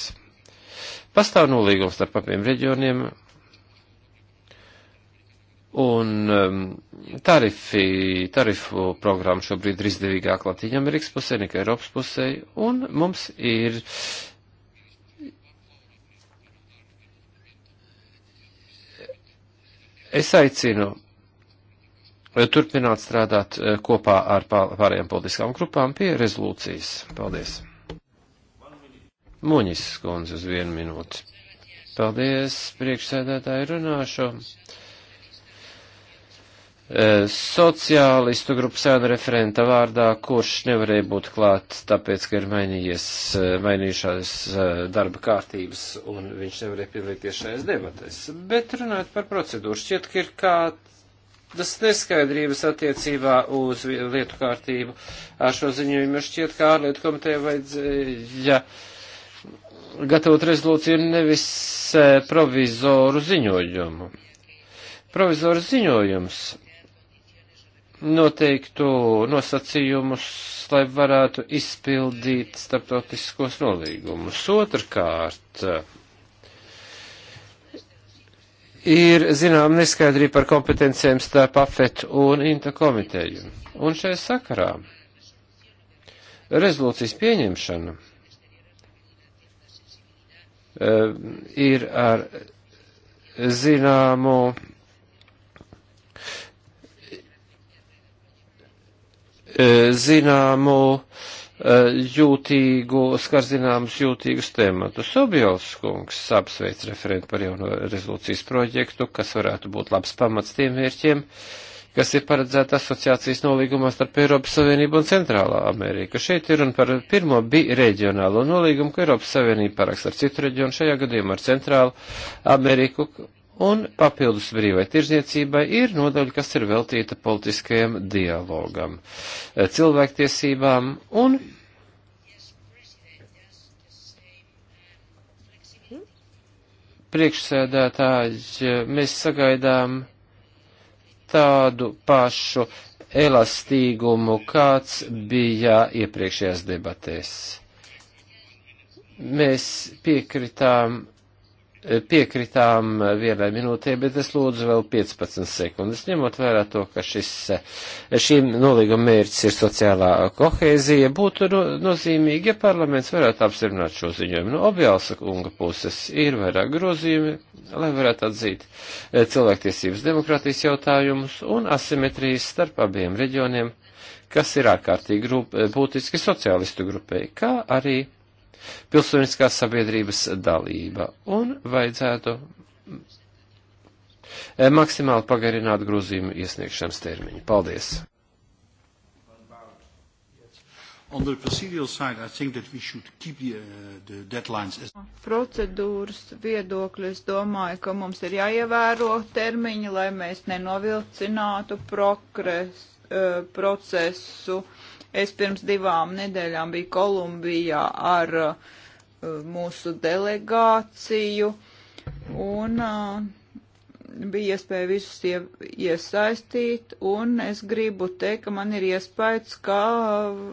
Pastāv nolīgums starp abiem reģioniem, Un um, tarifi, tarifu programma šobrīd ir izdevīgāk Latvijas pusē nekā Eiropas pusē, un mums ir Es aicinu turpināt strādāt eh, kopā ar pārējām politiskām grupām pie rezolūcijas. Paldies. Muņis skundze uz vienu minūti. Paldies, priekšsēdētāji runāšu eh, sociālistu grupas sēna referenta vārdā, kurš nevarēja būt klāt, tāpēc, ka ir mainījies, eh, mainījušās darba kārtības, un viņš nevarēja piedalīties šajās debatēs. Bet runājot par procedūru, šķiet, ka ir kāds Tas neskaidrības attiecībā uz lietu kārtību ar šo ziņojumu šķiet, ka ārlietu komiteja vajadzēja gatavot rezolūciju nevis e, provizoru ziņojumu. Provizoru ziņojums noteiktu nosacījumus, lai varētu izpildīt starptautiskos nolīgumus. Otrkārt, ir, zinām, neskaidrība par kompetencijām starp AFET un INTA komiteju. Un šajā sakarā rezolūcijas pieņemšana uh, ir ar zināmu uh, zināmu uh, Eh, jūtīgu, skar zināmus jūtīgus tematus. Objovs kungs apsveic referentu par jauno rezolūcijas projektu, kas varētu būt labs pamats tiem mērķiem, kas ir paredzēta asociācijas nolīgumā starp Eiropas Savienību un Centrālā Ameriku. Šeit ir un par pirmo bi-reģionālo nolīgumu, ko Eiropas Savienība parakst ar citu reģionu, šajā gadījumā ar Centrālu Ameriku, un papildus brīvai tirzniecībai ir nodaļa, kas ir veltīta politiskajam dialogam, eh, cilvēktiesībām un priekšsēdētāji, eh, mēs sagaidām tādu pašu elastīgumu, kāds bija iepriekšējās debatēs. Mēs piekritām piekritām vienai minūtē, bet es lūdzu vēl 15 sekundes, ņemot vērā to, ka šis, šīm nolīguma mērķis ir sociālā kohēzija, būtu no, nozīmīgi, ja parlaments varētu apstiprināt šo ziņojumu. No objālsa kunga puses ir vairāk grozījumi, lai varētu atzīt eh, cilvēktiesības demokrātijas jautājumus un asimetrijas starp abiem reģioniem, kas ir ārkārtīgi grup, eh, būtiski sociālistu grupai, kā arī pilsoniskās sabiedrības dalība. Un vajadzētu eh, maksimāli pagarināt grozījumu iesniegšanas termiņu. Paldies! On the procedural side, I think that we should keep the, uh, the deadlines as... Procedūras viedokļi, es domāju, ka mums ir jāievēro termiņi, lai mēs nenovilcinātu progres, uh, procesu. Uh, Es pirms divām nedēļām biju Kolumbijā ar uh, mūsu delegāciju un uh, bija iespēja visus ie, iesaistīt, un es gribu teikt, ka man ir iespējas, ka uh,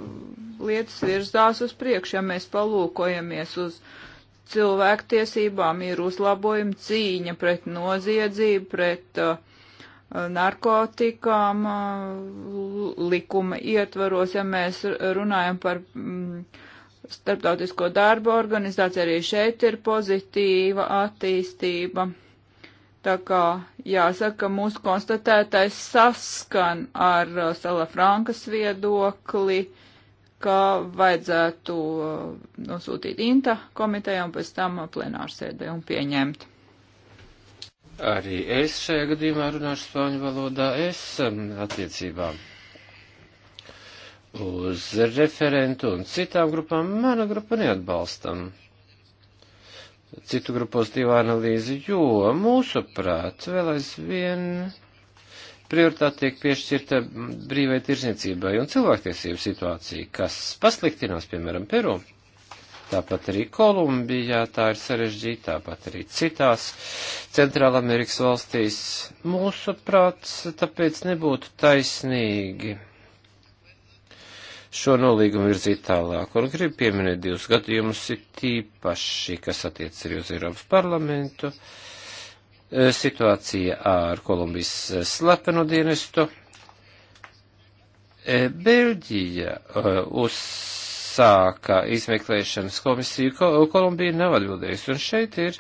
lietas virzās uz priekšu, ja mēs palūkojamies uz cilvēktiesībām, ir uzlabojumi cīņa pret noziedzību, pret uh, Eh, narkotikām eh, likuma ietvaros, ja mēs runājam par mm, starptautisko darbu organizāciju, arī šeit ir pozitīva attīstība. Tā kā jāsaka, mūsu konstatētais saskan ar eh, Sala Frankas viedokli, ka vajadzētu nosūtīt Inta komitejai un pēc tam plenārsēdē un pieņemt. Arī es šajā gadījumā runāšu spāņu valodā. Es um, attiecībā uz referentu un citām grupām mana grupa neatbalstam citu grupu pozitīvu analīzi, jo mūsuprāt vēl aizvien prioritāte tiek piešķirta brīvai tirzniecībai un cilvēktiesību situācija, kas pasliktinās, piemēram, Peru tāpat arī Kolumbijā, tā ir sarežģīta, tāpat arī citās Centrālamerikas valstīs. Mūsuprāt, tāpēc nebūtu taisnīgi šo nolīgumu virzīt tālāk, un gribu pieminēt divus gadījumus, ir tīpaši, kas attiec arī uz Eiropas parlamentu, e, situācija ar Kolumbijas slepenu dienestu. E, Beļģija e, uz uzsāka izmeklēšanas komisiju, Kolumbija nav atbildējusi. Un šeit ir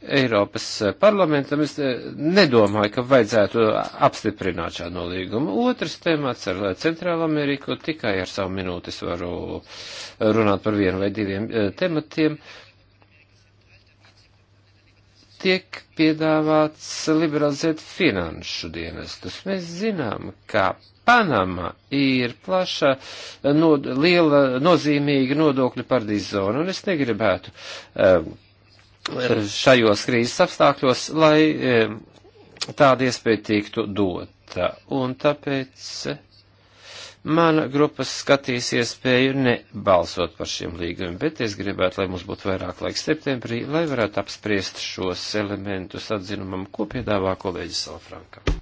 Eiropas parlamentam, es eh, nedomāju, ka vajadzētu apstiprināt šādu nolīgumu. Otrs temats ar eh, Centrālu Ameriku, tikai ar savu minūtes varu runāt par vienu vai diviem eh, tematiem tiek piedāvāts liberalizēt finanšu dienestus. Mēs zinām, ka Panama ir plaša, no, liela, nozīmīga nodokļu paradīzes zona, un es negribētu um, šajos krīzes apstākļos, lai um, tāda iespēja tiktu dota. Un tāpēc mana grupa skatīs iespēju nebalsot par šiem līgumiem, bet es gribētu, lai mums būtu vairāk laika septembrī, lai varētu apspriest šos elementus atzinumam, ko piedāvā kolēģis Salfrankam.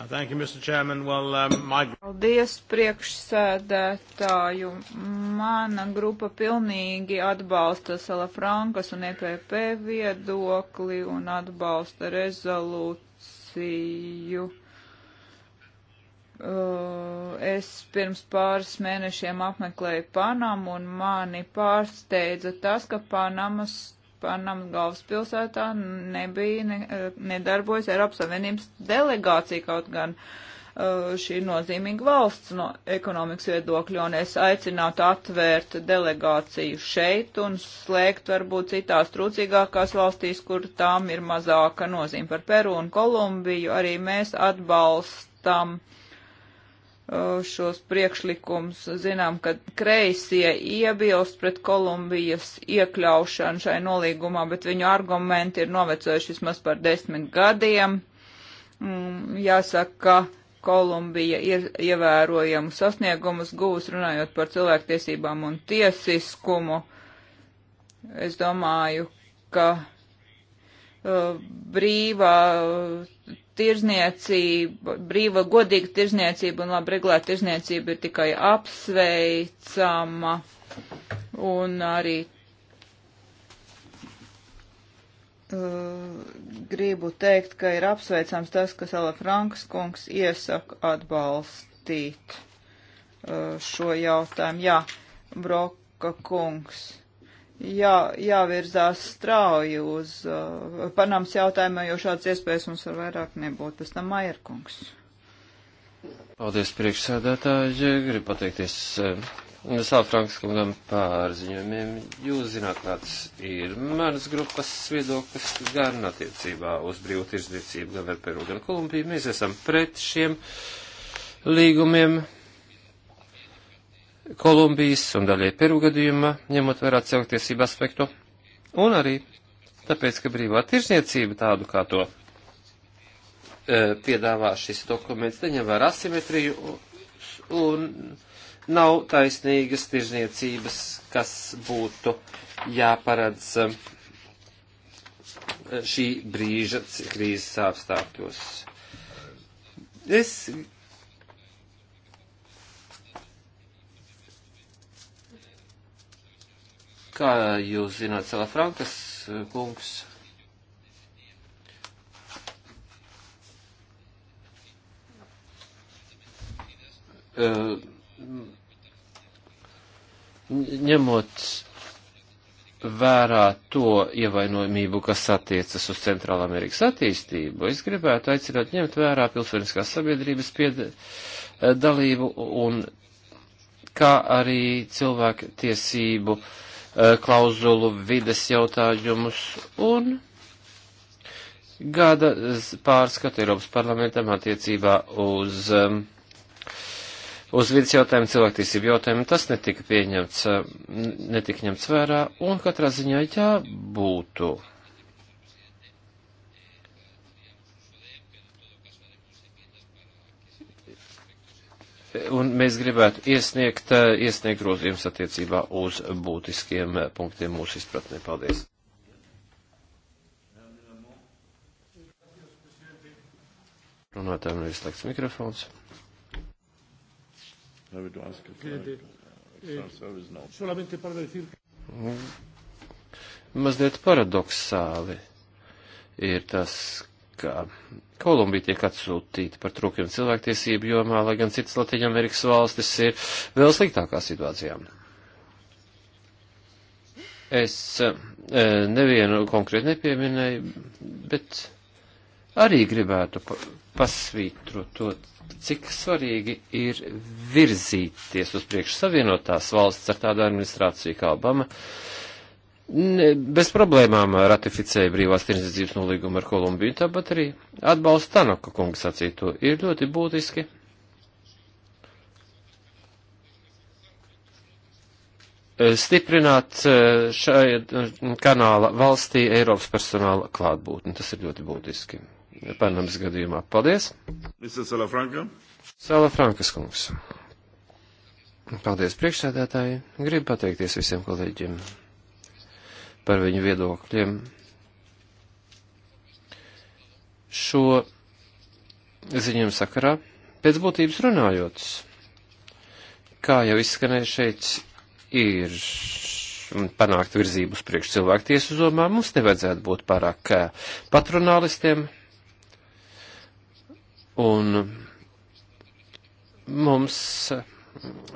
Uh, thank you, Mr. Chairman. Well, um, my... Paldies priekšsēdētāju. Mana grupa pilnīgi atbalsta Salafrankas un EPP viedokli un atbalsta rezolūciju. Uh, es pirms pāris mēnešiem apmeklēju Panamu un mani pārsteidza tas, ka Panamas Panamas galvaspilsētā nebija, ne, eh, nedarbojas Eiropas Savienības delegācija kaut gan eh, šī ir nozīmīga valsts no ekonomikas viedokļa, un es aicinātu atvērt delegāciju šeit un slēgt varbūt citās trūcīgākās valstīs, kur tām ir mazāka nozīme par Peru un Kolumbiju. Arī mēs atbalstam uh, Uh, šos priekšlikumus. Zinām, ka kreisie iebilst pret Kolumbijas iekļaušanu šai nolīgumā, bet viņu argumenti ir novecojuši vismaz par desmit gadiem. Mm, jāsaka, ka Kolumbija ir ievērojamu sasniegumus gūs runājot par cilvēktiesībām un tiesiskumu. Es domāju, ka Uh, brīvā tirzniecība, brīva godīga tirzniecība un labi regulēta tirzniecība ir tikai apsveicama un arī uh, gribu teikt, ka ir apsveicams tas, ka Sala Franks kungs iesaka atbalstīt uh, šo jautājumu. Jā, Broka kungs jā, jāvirzās strauji uz uh, Panamas jautājumā, jo šāds iespējas mums var vairāk nebūt. Pēc tam Mairkungs. Paldies, priekšsēdētāji. Gribu pateikties uh, Sāfrankas kungam par ziņojumiem. Jūs zināt, kāds ir manas grupas viedoklis gan attiecībā uz brīvotirdzniecību, gan ar Peru, gan Kolumbiju. Mēs esam pret šiem līgumiem. Kolumbijas un daļai Peru gadījumā, ņemot vērā cilvēktiesību aspektu, un arī tāpēc, ka brīvā tirzniecība tādu kā to e, piedāvā šis dokuments, neņem vērā asimetriju un nav taisnīgas tirzniecības, kas būtu jāparedz e, šī brīža krīzes apstākļos. Es Kā jūs zināt, Sala Frankas eh, kungs eh, ņemot vērā to ievainojumību, kas attiecas uz Centrāla Amerikas attīstību, es gribētu aicināt ņemt vērā pilsoniskās sabiedrības piedalību eh, un kā arī cilvēku tiesību uh, Uh, klauzulu vides jautājumus un gada pārskatu Eiropas parlamentam attiecībā uz, um, uz vidas jautājumu, cilvēktiesību jautājumu. Tas netika pieņemts, uh, netika ņemts vērā un katrā ziņā jābūtu. Ja un mēs gribētu iesniegt, eh, iesniegt grozījums attiecībā uz būtiskiem eh, punktiem mūsu izpratnē. Paldies! Runātājiem ir izslēgts mikrofons. Eh, mm. Mazliet paradoxāli ir tas, ka Kolumbija tiek atsūtīta par trūkiem cilvēktiesību jomā, lai gan citas Latvijas valstis ir vēl sliktākā situācijā. Es e, nevienu konkrēti nepieminēju, bet arī gribētu pasvītrot to, cik svarīgi ir virzīties uz priekšu savienotās valsts ar tādu administrāciju kā Obama. Uh, bez problēmām ratificēja brīvās tirdzniecības nolīgumu ar Kolumbiju, tāpat arī atbalsta Tanaka kunga sacīto. Ir ļoti būtiski. Eh, stiprināt eh, šai eh, kanāla valstī Eiropas personāla klātbūtni. Tas ir ļoti būtiski. Panamas gadījumā. Paldies. Mr. Salafranka. Salafrankas kungs. Paldies priekšsēdētāji. Gribu pateikties visiem kolēģiem par viņu viedokļiem. Šo ziņojumu sakarā, pēc būtības runājot, kā jau izskanēja šeit, ir panākt virzību uz priekšu cilvēktiesu zomā, mums nevajadzētu būt pārāk eh, patronālistiem, un mums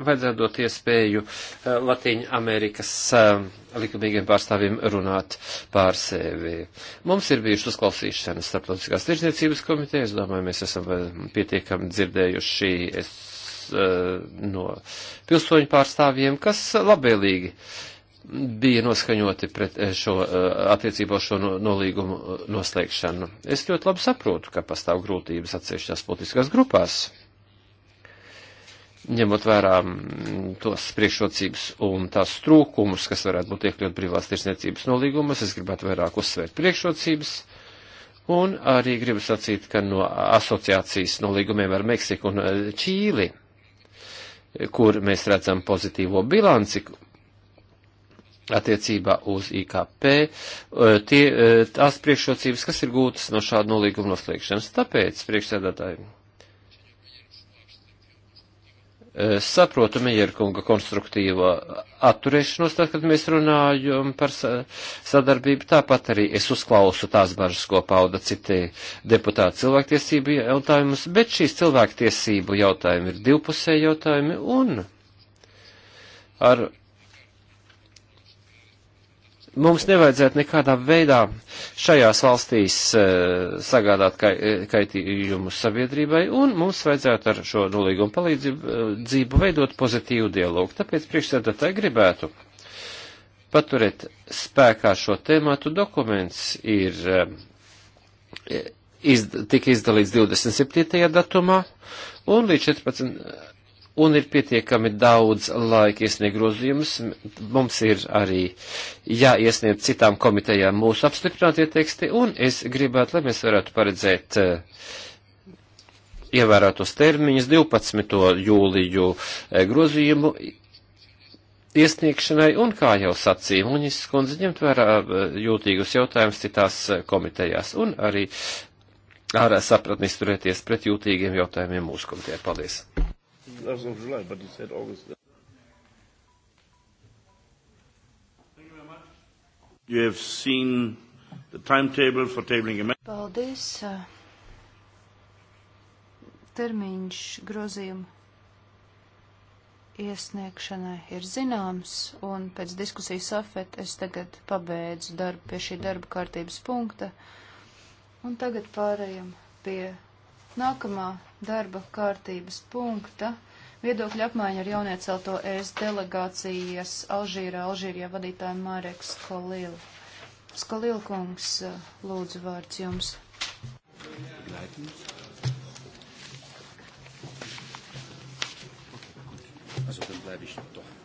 vajadzētu dot iespēju eh, Latīņu Amerikas eh, likumīgiem pārstāvjiem runāt pār sevi. Mums ir bijušas uzklausīšanas starptautiskās tirzniecības komitejas, domāju, mēs esam eh, pietiekami dzirdējuši es, no pilsoņu pārstāvjiem, kas labēlīgi bija noskaņoti pret šo attiecībā šo nolīgumu noslēgšanu. Es ļoti labi saprotu, ka pastāv grūtības atsevišķās politiskās grupās ņemot vērā mm, tos priekšrocības un tās trūkumus, kas varētu būt iekļaut privās tirsniecības nolīgumus, es gribētu vairāk uzsvērt priekšrocības. Un arī gribu sacīt, ka no asociācijas nolīgumiem ar Meksiku un eh, Čīli, kur mēs redzam pozitīvo bilanci attiecībā uz IKP, eh, tie, eh, tās priekšrocības, kas ir gūtas no šāda nolīguma noslēgšanas. Tāpēc, priekšsēdētāji, Eh, saprotu Mejerkunga konstruktīvo atturēšanos, tad, kad mēs runājam par sadarbību, tāpat arī es uzklausu tās bažas, ko pauda citi deputāti cilvēktiesību jautājumus, bet šīs cilvēktiesību jautājumi ir divpusē jautājumi un ar mums nevajadzētu nekādā veidā šajās valstīs eh, sagādāt eh, kaitījumu sabiedrībai, un mums vajadzētu ar šo nolīgumu palīdzību veidot pozitīvu dialogu. Tāpēc priekšsēdētāji gribētu paturēt spēkā šo tēmātu. Dokuments ir eh, iz, tika izdalīts 27. datumā, un līdz 14 un ir pietiekami daudz laika iesniegt grozījumus. Mums ir arī jāiesniedz citām komitejām mūsu apstiprinātie teksti, un es gribētu, lai mēs varētu paredzēt eh, ievērotos termiņus 12. jūliju eh, grozījumu iesniegšanai, un kā jau sacīja Muņas skundze, ņemt vērā eh, jūtīgus jautājumus citās komitejās, un arī ārā sapratni izturēties pret jūtīgiem jautājumiem mūsu komitejā. Paldies! 1st of July, but he said August. Thank you very much. You have seen the timetable for tabling amendments. Paldies. Termiņš grozījuma iesniegšanai ir zināms, un pēc diskusijas afet es tagad pabeidzu darbu pie šī darba kārtības punkta. Un tagad pārējam pie nākamā darba kārtības punkta. Viedokļu apmaiņa ar jauniecelto ES delegācijas Alžīra, Alžīrijā vadītāju Marek Skolilu. Skolilu kungs, lūdzu vārds jums. Leitens. Also dann bleibe ich doch.